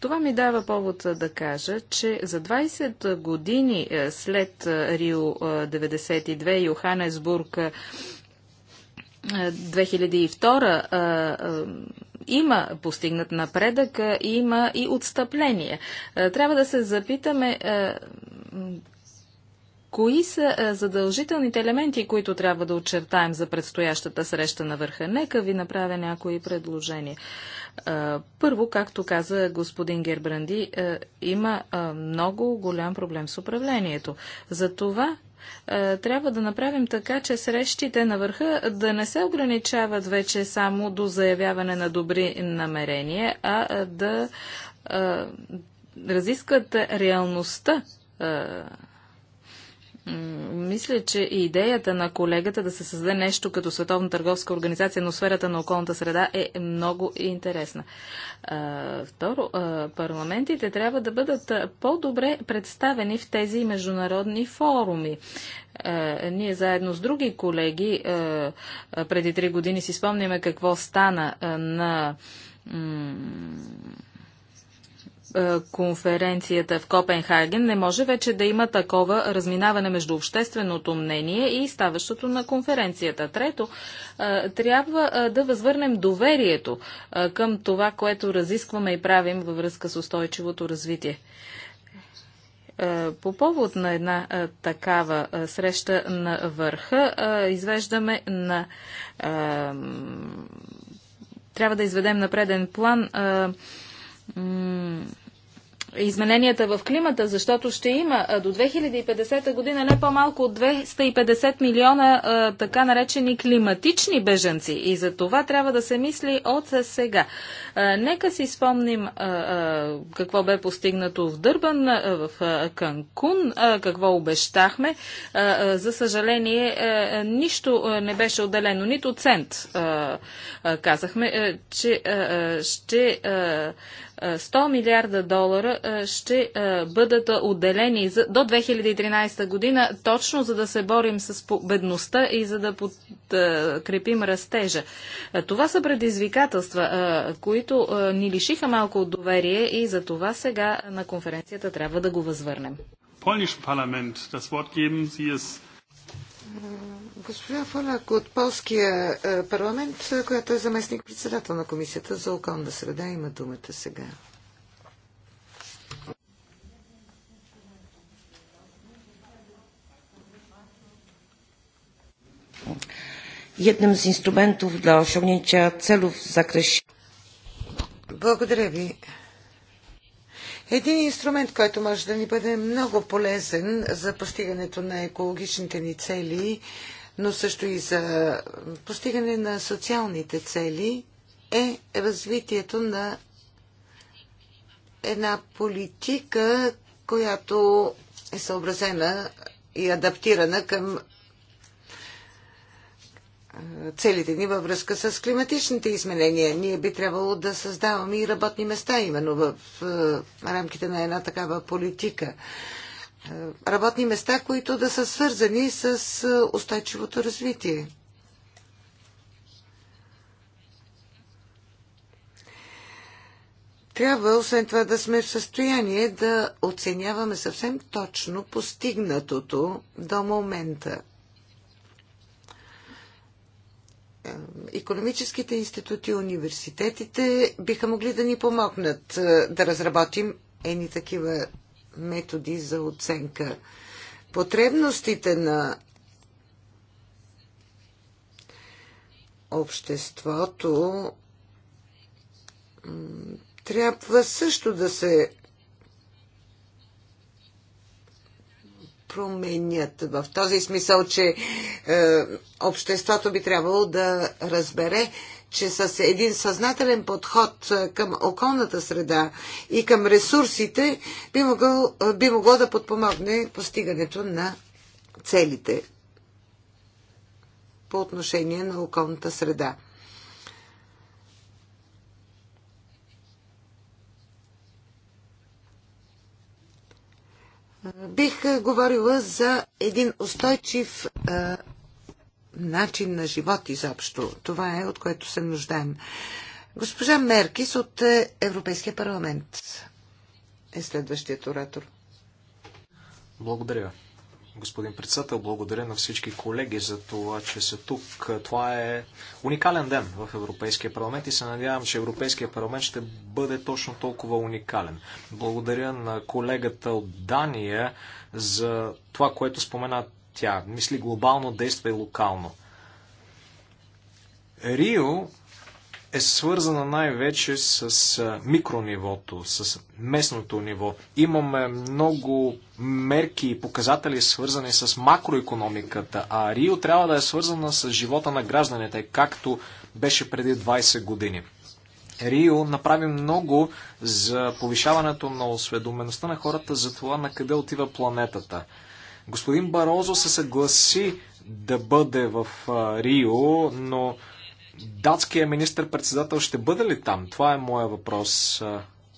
Speaker 2: Това ми дава повод да кажа, че за 20 години е, след Рио 92 и Йоханесбург 2002 има постигнат напредък, има и отстъпление. Трябва да се запитаме Кои са е, задължителните елементи, които трябва да очертаем за предстоящата среща на върха? Нека ви направя някои предложения. Е, първо, както каза господин Гербранди, е, има много голям проблем с управлението. За това трябва да направим така, че срещите на върха да не се ограничават вече само до заявяване на добри намерения, а да разискват реалността мисля, че и идеята на колегата да се създаде нещо като Световна търговска организация, но сферата на околната среда е много интересна. Второ, парламентите трябва да бъдат по-добре представени в тези международни форуми. Ние заедно с други колеги преди три години си спомняме какво стана на е, конференцията в Копенхаген не може вече да има такова разминаване между общественото мнение и ставащото на конференцията. Трето, е, трябва е, да възвърнем доверието към това, което разискваме и правим във връзка с устойчивото развитие. По повод на една такава среща на върха, извеждаме на трябва да изведем на преден план измененията в климата, защото ще има до 2050 година не по-малко от 250 милиона така наречени климатични бежанци. И за това трябва да се мисли от сега. нека си спомним какво бе постигнато в Дърбан, в Канкун, какво обещахме. За съжаление, нищо не беше отделено, нито цент. Казахме, че ще 100 милиарда долара ще бъдат отделени до 2013 година, точно за да се борим с бедността и за да подкрепим растежа. Това са предизвикателства, които ни лишиха малко от доверие и за това сега на конференцията трябва да го възвърнем.
Speaker 1: Полнишен парламент, das Wort geben. Sie
Speaker 3: Госпожа Фалак от Полския е, парламент, която е заместник председател на Комисията за околна среда, има думата сега. jednym z instrumentów dla osiągnięcia celów w zakresie. Благодаря ви. Един инструмент, който може да ни бъде много полезен за постигането на екологичните ни цели, но също и за постигане на социалните цели, е развитието на една политика, която е съобразена и адаптирана към целите ни във връзка с климатичните изменения. Ние би трябвало да създаваме и работни места именно в рамките на една такава политика. Е, работни места, които да са свързани с е, устойчивото развитие. Трябва, освен това, да сме в състояние да оценяваме съвсем точно постигнатото до момента. економическите институти, университетите биха могли да ни помогнат да разработим едни такива методи за оценка. Потребностите на обществото трябва също да се променят. В този смисъл, че е, обществото би трябвало да разбере, че с един съзнателен подход е, към околната среда и към ресурсите би могло, е, би могло да подпомогне постигането на целите по отношение на околната среда. Бих е, говорила за един устойчив а, е, начин на живот изобщо. Това е, от което се нуждаем. Госпожа Меркис от е, Европейския парламент е следващият оратор.
Speaker 4: Благодаря, господин председател. Благодаря на всички колеги за това, че са тук. Това е уникален ден в Европейския парламент и се надявам, че Европейския парламент ще бъде точно толкова уникален. Благодаря на колегата от Дания за това, което спомена тя. Мисли глобално, действа и локално. Рио е свързана най-вече с микронивото, с местното ниво. Имаме много мерки и показатели, свързани с макроекономиката, а Рио трябва да е свързана с живота на гражданите, както беше преди 20 години. Рио направи много за повишаването на осведомеността на хората за това на къде отива планетата. Господин Барозо се съгласи да бъде в Рио, но Датския министр-председател ще бъде ли там? Това е моя въпрос.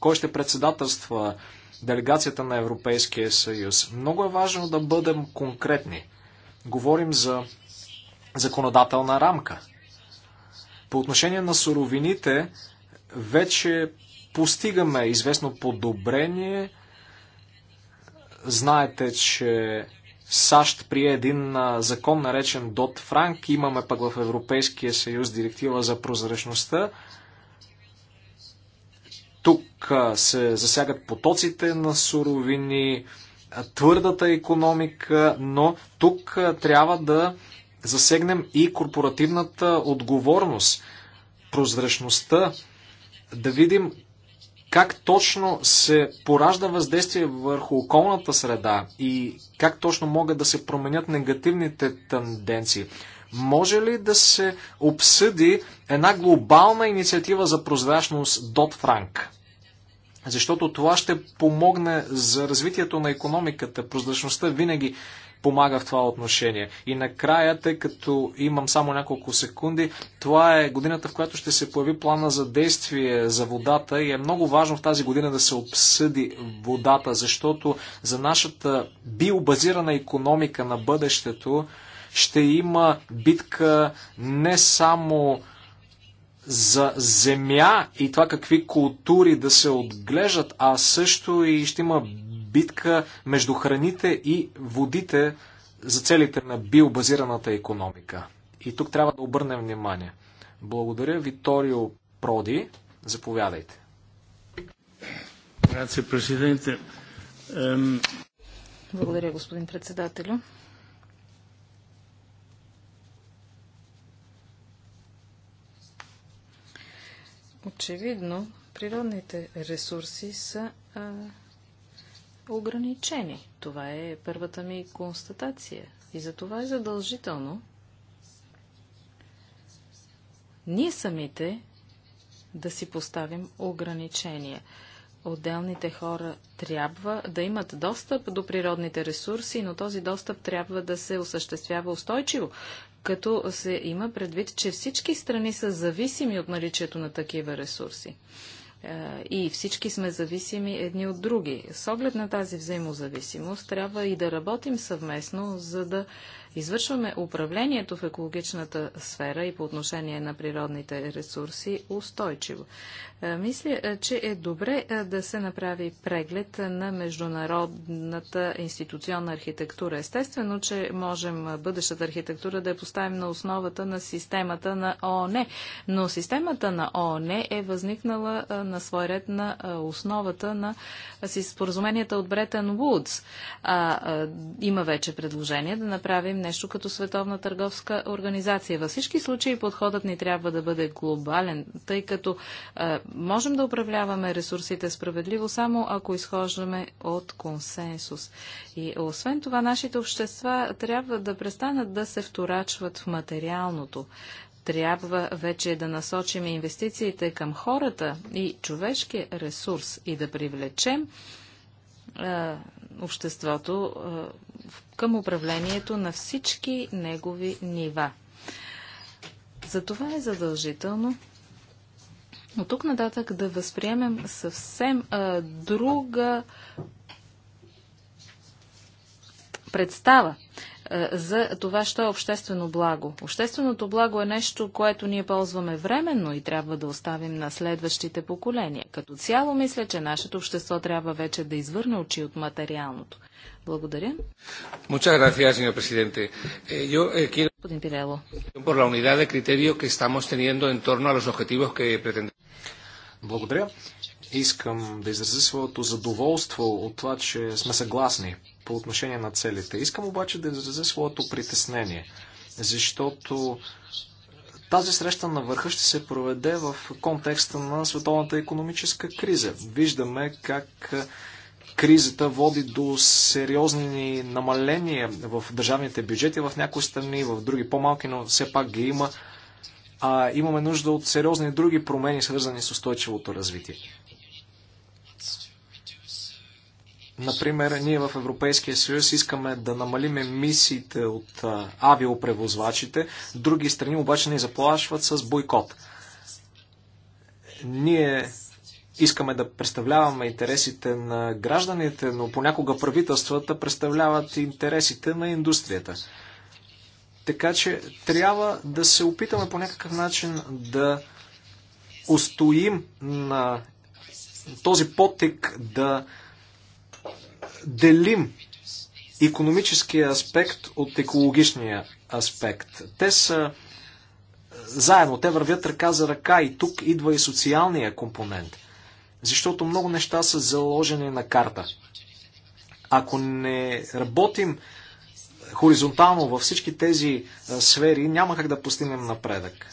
Speaker 4: Кой ще председателства делегацията на Европейския съюз? Много е важно да бъдем конкретни. Говорим за законодателна рамка. По отношение на суровините, вече постигаме известно подобрение. Знаете, че САЩ прие един закон, наречен Дот Франк. Имаме пък в Европейския съюз директива за прозрачността. Тук се засягат потоците на суровини, твърдата економика, но тук трябва да засегнем и корпоративната отговорност, прозрачността, да видим как точно се поражда въздействие върху околната среда и как точно могат да се променят негативните тенденции. Може ли да се обсъди една глобална инициатива за прозрачност Дот Франк? Защото това ще помогне за развитието на економиката. Прозрачността винаги помага в това отношение. И накрая, тъй като имам само няколко секунди, това е годината, в която ще се появи плана за действие за водата и е много важно в тази година да се обсъди водата, защото за нашата биобазирана економика на бъдещето ще има битка не само за земя и това какви култури да се отглеждат, а също и ще има битка между храните и водите за целите на биобазираната економика. И тук трябва да обърнем внимание. Благодаря, Виторио Проди. Заповядайте. Ehm,
Speaker 2: Благодаря, господин председателю. Очевидно, природните ресурси са а, ограничени. Това е първата ми констатация. И за това е задължително ние самите да си поставим ограничения. Отделните хора трябва да имат достъп до природните ресурси, но този достъп трябва да се осъществява устойчиво, като се има предвид, че всички страни са зависими от наличието на такива ресурси. Е, и всички сме зависими едни от други. С оглед на тази взаимозависимост трябва и да работим съвместно, за да извършваме управлението в екологичната сфера и по отношение на природните ресурси устойчиво. Е, мисля, е, че е добре е, да се направи преглед на международната институционна архитектура. Естествено, че можем бъдещата архитектура да я поставим на основата на системата на ООН, но системата на ООН е възникнала на свой ред на основата на споразуменията от Бретен Вудс. Има вече предложение да направим нещо като Световна търговска организация. Във всички случаи подходът ни трябва да бъде глобален, тъй като е, можем да управляваме ресурсите справедливо само ако изхождаме от консенсус. И освен това, нашите общества трябва да престанат да се вторачват в материалното трябва вече да насочим инвестициите към хората и човешкия ресурс и да привлечем е, обществото е, към управлението на всички негови нива. Затова е задължително от тук нататък да възприемем съвсем е, друга представа е, за това, що е обществено благо. Общественото благо е нещо, което ние ползваме временно и трябва да оставим на следващите поколения. Като цяло мисля, че нашето общество трябва вече да извърне очи от материалното. Благодаря.
Speaker 4: Muchas gracias, señor presidente. Eh, yo eh, quiero por la unidad de criterio que estamos teniendo en torno a los objetivos que pretendemos. Благодаря. Искам да изразя своето задоволство от това, че сме съгласни по отношение на целите. Искам обаче да изразя своето притеснение, защото тази среща на върха ще се проведе в контекста на световната економическа криза. Виждаме как кризата води до сериозни намаления в държавните бюджети в някои страни, в други по-малки, но все пак ги има. А имаме нужда от сериозни други промени, свързани с устойчивото развитие. Например, ние в Европейския съюз искаме да намалим емисиите от авиопревозвачите, други страни обаче ни заплашват с бойкот. Ние искаме да представляваме интересите на гражданите, но понякога правителствата представляват интересите на индустрията. Така че трябва да се опитаме по някакъв начин да устоим на този потик да делим економическия аспект от екологичния аспект. Те са заедно, те вървят ръка за ръка и тук идва и социалния компонент. Защото много неща са заложени на карта. Ако не работим хоризонтално във всички тези сфери, няма как да постигнем напредък.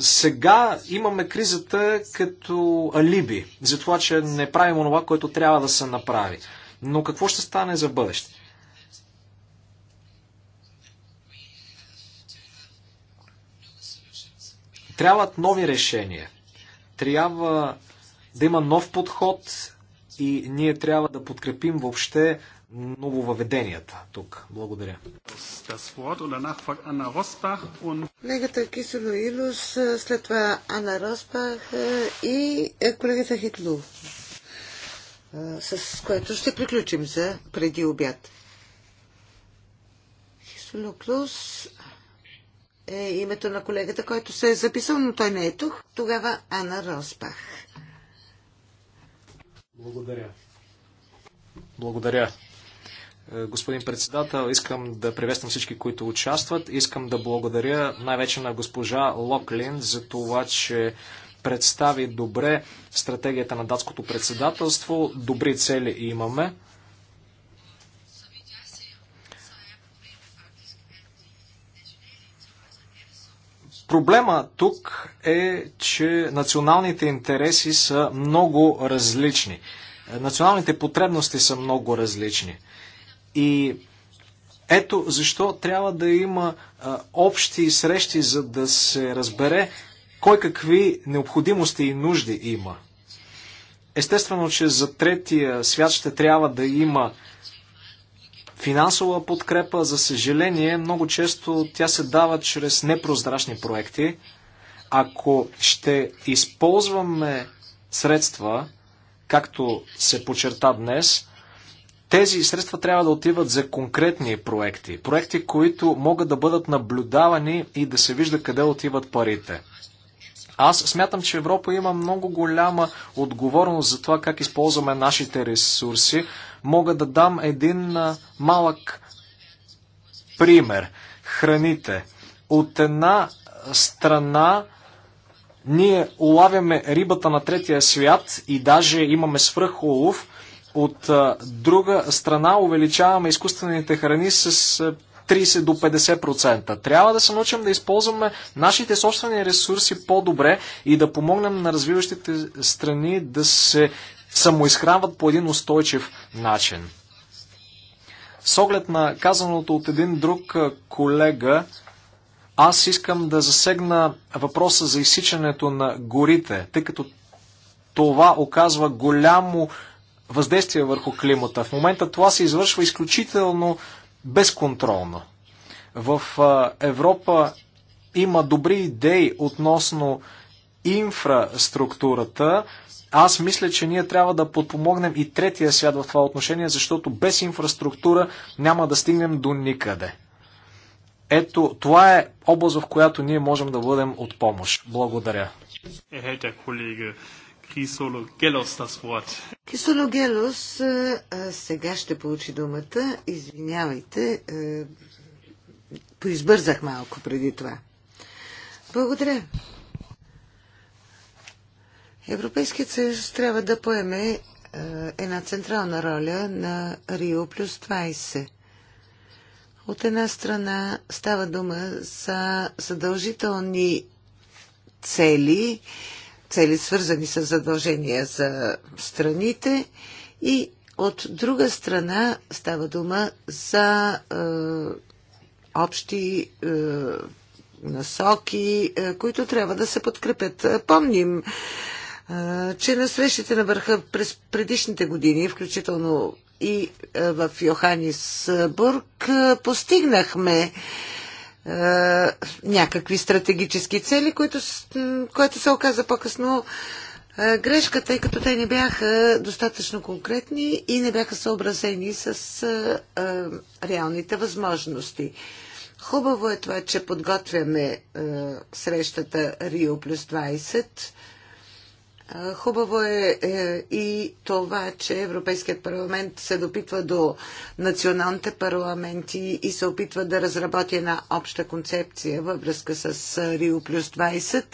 Speaker 4: Сега имаме кризата като алиби за това, че не правим онова, което трябва да се направи. Но какво ще стане за бъдеще? Трябват нови решения. Трябва да има нов подход и ние трябва да подкрепим въобще нововъведенията тук. Благодаря.
Speaker 1: Колегата Кисело Илус,
Speaker 3: след това Ана Роспах и колегата Хитлу, с което ще приключим за преди обяд. Кисело Клус е името на колегата, който се е записал, но той не е тук. Тогава Ана Роспах.
Speaker 4: Благодаря. Благодаря. Е, господин председател. Искам да приветствам всички, които участват. Искам да благодаря най-вече на госпожа Локлин за това, че представи добре стратегията на датското председателство. Добри цели имаме. Проблема тук е, че националните интереси са много различни. Е, националните потребности са много различни. И ето защо трябва да има а, общи срещи, за да се разбере кой какви необходимости и нужди има. Естествено, че за третия свят ще трябва да има финансова подкрепа. За съжаление, много често тя се дава чрез непрозрачни проекти. Ако ще използваме средства, както се почерта днес, тези средства трябва да отиват за конкретни проекти. Проекти, които могат да бъдат наблюдавани и да се вижда къде отиват парите. Аз смятам, че Европа има много голяма отговорност за това как използваме нашите ресурси. Мога да дам един малък пример. Храните. От една страна ние улавяме рибата на третия свят и даже имаме свръхолов, от друга страна увеличаваме изкуствените храни с 30 до 50%. Трябва да се научим да използваме нашите собствени ресурси по-добре и да помогнем на развиващите страни да се самоизхранват по един устойчив начин. С оглед на казаното от един друг колега, аз искам да засегна въпроса за изсичането на горите, тъй като това оказва голямо въздействие върху климата. В момента това се извършва изключително безконтролно. В Европа има добри идеи относно инфраструктурата. Аз мисля, че ние трябва да подпомогнем и третия свят в това отношение, защото без инфраструктура няма да стигнем до никъде. Ето, това е област, в която ние можем да бъдем от помощ. Благодаря.
Speaker 1: Е, Хрисологелос das Wort.
Speaker 3: Хрисологелос сега ще получи думата. Извинявайте, поизбързах малко преди това. Благодаря. Европейският съюз трябва да поеме една централна роля на Рио плюс 20. От една страна става дума за задължителни цели, цели свързани с задължения за страните и от друга страна става дума за е, общи е, насоки, е, които трябва да се подкрепят. Помним, е, че на срещите на върха през предишните години, включително и е, в Йоханисбург, е, постигнахме е, е, някакви стратегически цели, които, което се оказа по-късно е, грешка, тъй като те не бяха достатъчно конкретни и не бяха съобразени с а, е, реалните възможности. Хубаво е това, че подготвяме а, срещата Рио плюс 20 Хубаво е, е и това, че Европейският парламент се допитва до националните парламенти и се опитва да разработи една обща концепция във връзка с е, Рио плюс 20.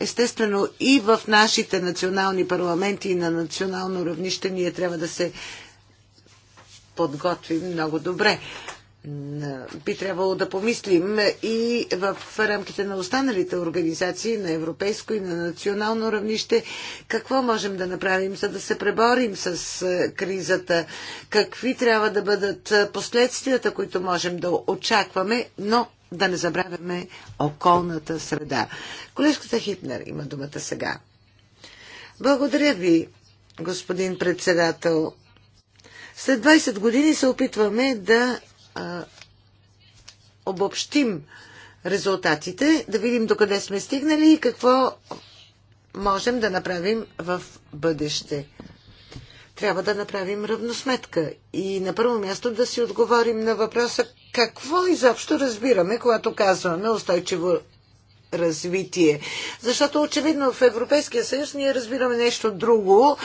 Speaker 3: Естествено и в нашите национални парламенти и на национално равнище ние трябва да се подготвим много добре би трябвало да помислим и в рамките на останалите организации на европейско и на национално равнище какво можем да направим, за да се преборим с е, кризата, какви трябва да бъдат е, последствията, които можем да очакваме, но да не забравяме околната среда. Колежката Хитнер има думата сега. Благодаря ви, господин председател. След 20 години се опитваме да обобщим резултатите, да видим докъде сме стигнали и какво можем да направим в бъдеще. Трябва да направим равносметка и на първо място да си отговорим на въпроса какво изобщо разбираме, когато казваме устойчиво развитие. Защото очевидно в Европейския съюз ние разбираме нещо друго,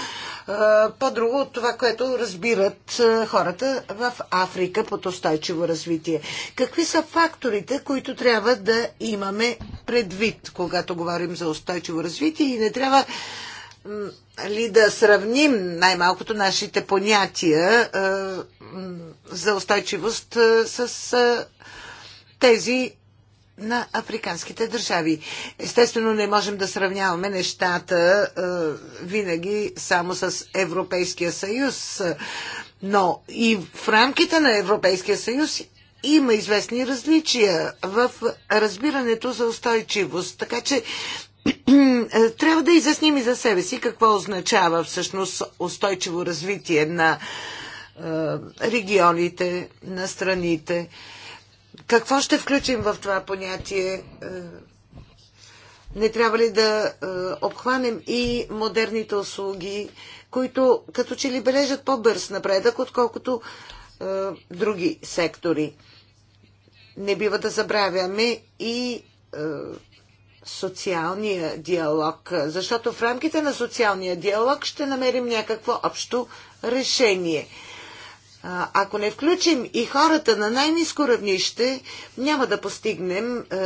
Speaker 3: по-друго от това, което разбират хората в Африка под устойчиво развитие. Какви са факторите, които трябва да имаме предвид, когато говорим за устойчиво развитие и не трябва ли да сравним най-малкото нашите понятия за устойчивост с тези на африканските държави. Естествено, не можем да сравняваме нещата е, винаги само с Европейския съюз, но и в рамките на Европейския съюз има известни различия в разбирането за устойчивост. Така че трябва да изясним и за себе си какво означава всъщност устойчиво развитие на е, регионите, на страните. Какво ще включим в това понятие? Е, не трябва ли да е, обхванем и модерните услуги, които като че ли бележат по-бърз напредък, отколкото е, други сектори? Не бива да забравяме и социалния диалог, защото в рамките на социалния диалог ще намерим някакво общо решение – ако не включим и хората на най-низко равнище, няма да постигнем е,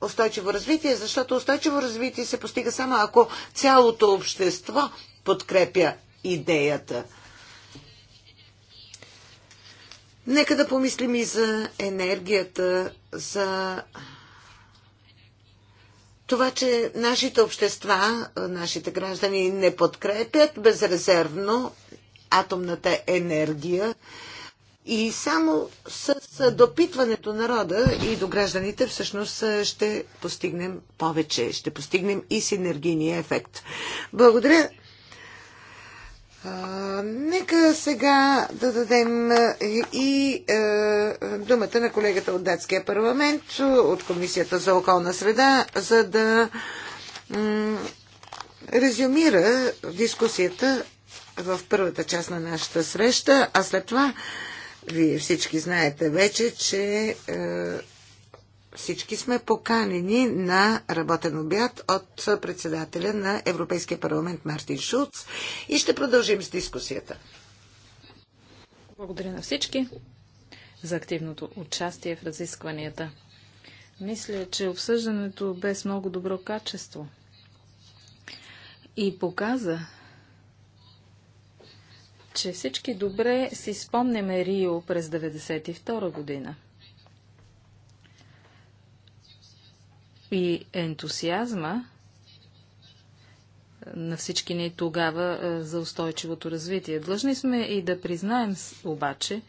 Speaker 3: устойчиво развитие, защото устойчиво развитие се постига само ако цялото общество подкрепя идеята. Нека да помислим и за енергията, за това, че нашите общества, нашите граждани не подкрепят безрезервно атомната енергия. И само с допитването народа и до гражданите всъщност ще постигнем повече. Ще постигнем и синергийния ефект. Благодаря. А, нека сега да дадем и а, думата на колегата от Датския парламент, от Комисията за околна среда, за да резюмира дискусията в първата част на нашата среща, а след това вие всички знаете вече, че е, всички сме поканени на работен обяд от председателя на Европейския парламент Мартин Шуц и ще продължим с дискусията.
Speaker 2: Благодаря на всички
Speaker 3: за активното
Speaker 2: участие в разискванията. Мисля, че обсъждането без много добро качество и показа, че всички добре си спомняме Рио през 1992 година. И ентусиазма е, на всички ни тогава е, за устойчивото развитие. Длъжни сме и да признаем обаче,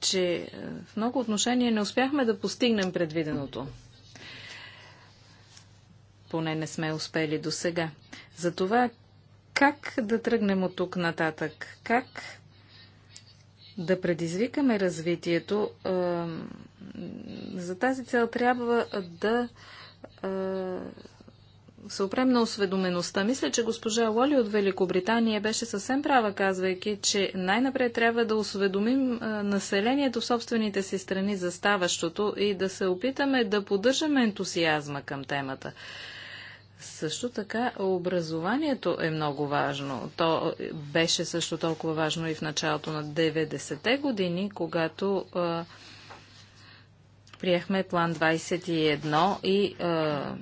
Speaker 2: че е, в много отношения не успяхме да постигнем предвиденото. Поне не сме успели до сега. Затова как да тръгнем от тук нататък? Как да предизвикаме развитието? За тази цел трябва да се опрем на осведомеността. Мисля, че госпожа Лоли от Великобритания беше съвсем права, казвайки, че най-напред трябва да осведомим населението в собствените си страни за ставащото и да се опитаме да поддържаме ентусиазма към темата. Също така образованието е много важно. То беше също толкова важно и в началото на 90-те години, когато а, приехме план 21 и а,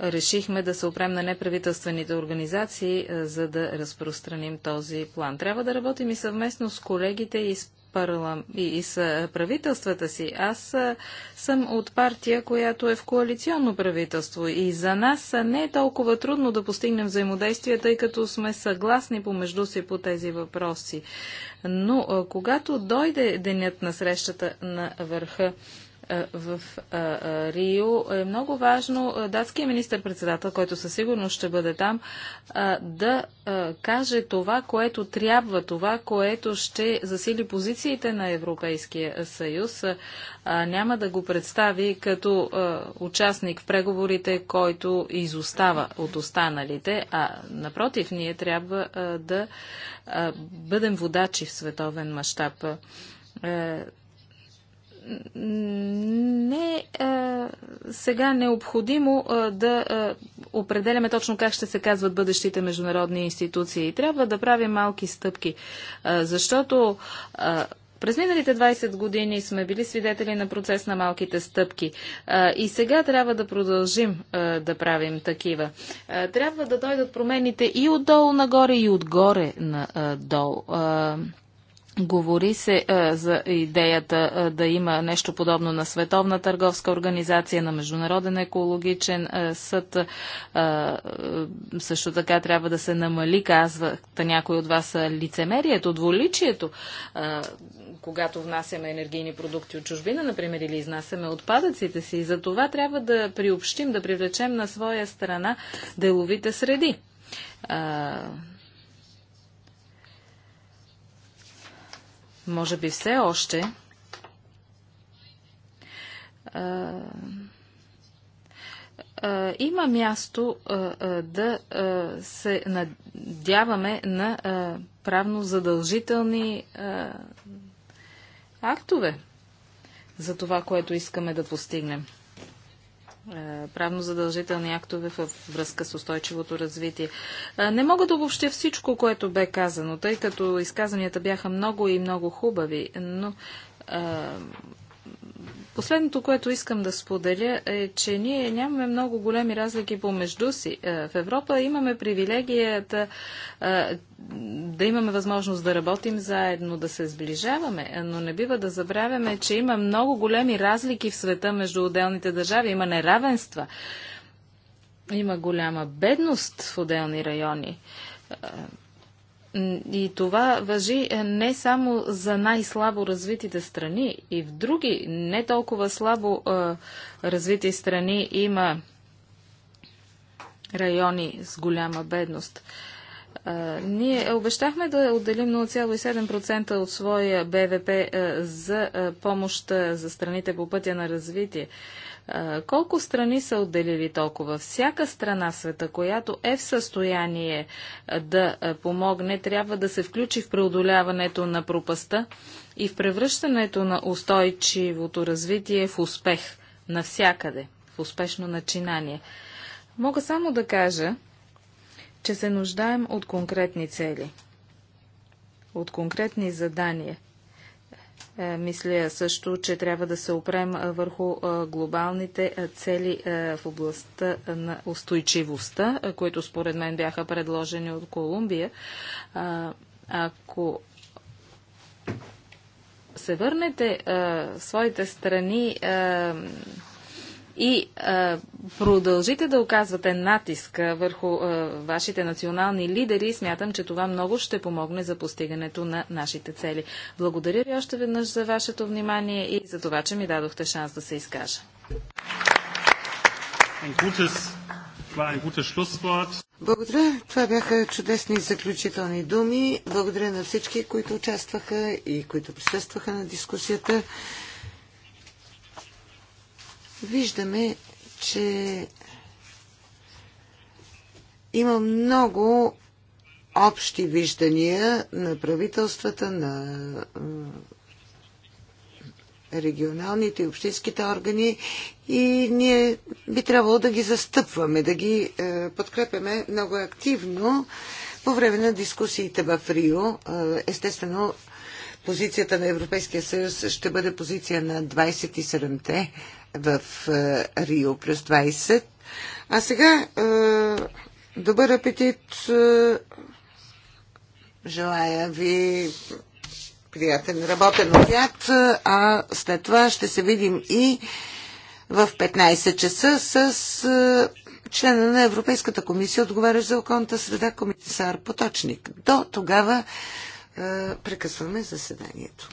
Speaker 2: решихме да се опрем на неправителствените организации, а, за да разпространим този план. Трябва да работим и съвместно с колегите и с и, и с правителствата си. Аз съм от партия, която е в коалиционно правителство и за нас не е толкова трудно да постигнем взаимодействие, тъй като сме съгласни помежду си по тези въпроси. Но когато дойде денят на срещата на върха, е, в е, е, Рио, е много важно датския министр-председател, който със сигурност ще бъде там, да каже това, което трябва, това, което ще засили позициите на Европейския съюз. Няма да го представи като участник в преговорите, който изостава от останалите, а напротив, ние трябва да бъдем водачи в световен мащаб не е сега необходимо е, да е, определяме точно как ще се казват бъдещите международни институции. Трябва да правим малки стъпки, е, защото през миналите 20 години сме били свидетели на процес на малките стъпки и сега трябва да продължим да правим такива. Трябва да дойдат промените и отдолу нагоре, и отгоре надолу. Говори се а, е, за идеята а, е, да има нещо подобно на Световна търговска организация, на Международен екологичен а, е, съд. А, също така трябва да се намали, та някой от вас, лицемерието, дволичието, а, когато внасяме енергийни продукти от чужбина, например, или изнасяме отпадъците си. И за това трябва да приобщим, да привлечем на своя страна деловите среди. А, Може би все още а, а, има място а, да се надяваме на правно задължителни актове за това, което искаме да постигнем. Е, правно задължителни актове във връзка с устойчивото развитие. Е, не мога да обобщя всичко, което бе казано, тъй като изказанията бяха много и много хубави, но е, Последното, което искам да споделя е, че ние нямаме много големи разлики помежду си. Е, в Европа имаме привилегията е, да имаме възможност да работим заедно, да се сближаваме, но не бива да забравяме, че има много големи разлики в света между отделните държави. Има неравенства, има голяма бедност в отделни райони е, и това въжи е, не само за най-слабо развитите страни. И в други не толкова слабо а, е, развити страни има райони с голяма бедност. А, е, ние обещахме да отделим 0,7% от своя БВП а, за помощ за страните по пътя на развитие. Колко страни са отделили толкова? Всяка страна света, която е в състояние да помогне, трябва да се включи в преодоляването на пропаста и в превръщането на устойчивото развитие в успех навсякъде, в успешно начинание. Мога само да кажа, че се нуждаем от конкретни цели, от конкретни задания. Е, мисля също, че трябва да се опрем върху глобалните цели е, в областта на устойчивостта, които според мен бяха предложени от Колумбия. Ако се върнете в своите страни и а, продължите да оказвате натиск върху а, вашите национални лидери, смятам, че това много ще помогне за постигането на нашите цели. Благодаря ви още веднъж за вашето внимание и за това, че ми дадохте шанс да се изкажа.
Speaker 3: Благодаря. Това бяха чудесни заключителни думи. Благодаря на всички, които участваха и които присъстваха на дискусията виждаме, че има много общи виждания на правителствата, на регионалните и общинските органи и ние би трябвало да ги застъпваме, да ги е, подкрепяме много активно по време на дискусиите в Рио. Е, естествено, позицията на Европейския съюз ще бъде позиция на 27-те в е, Рио плюс 20. А сега е, добър апетит. Е, желая ви приятен работен обяд, а след това ще се видим и в 15 часа с члена на Европейската комисия, отговаря за околната среда, комисар Поточник. До тогава е, прекъсваме заседанието.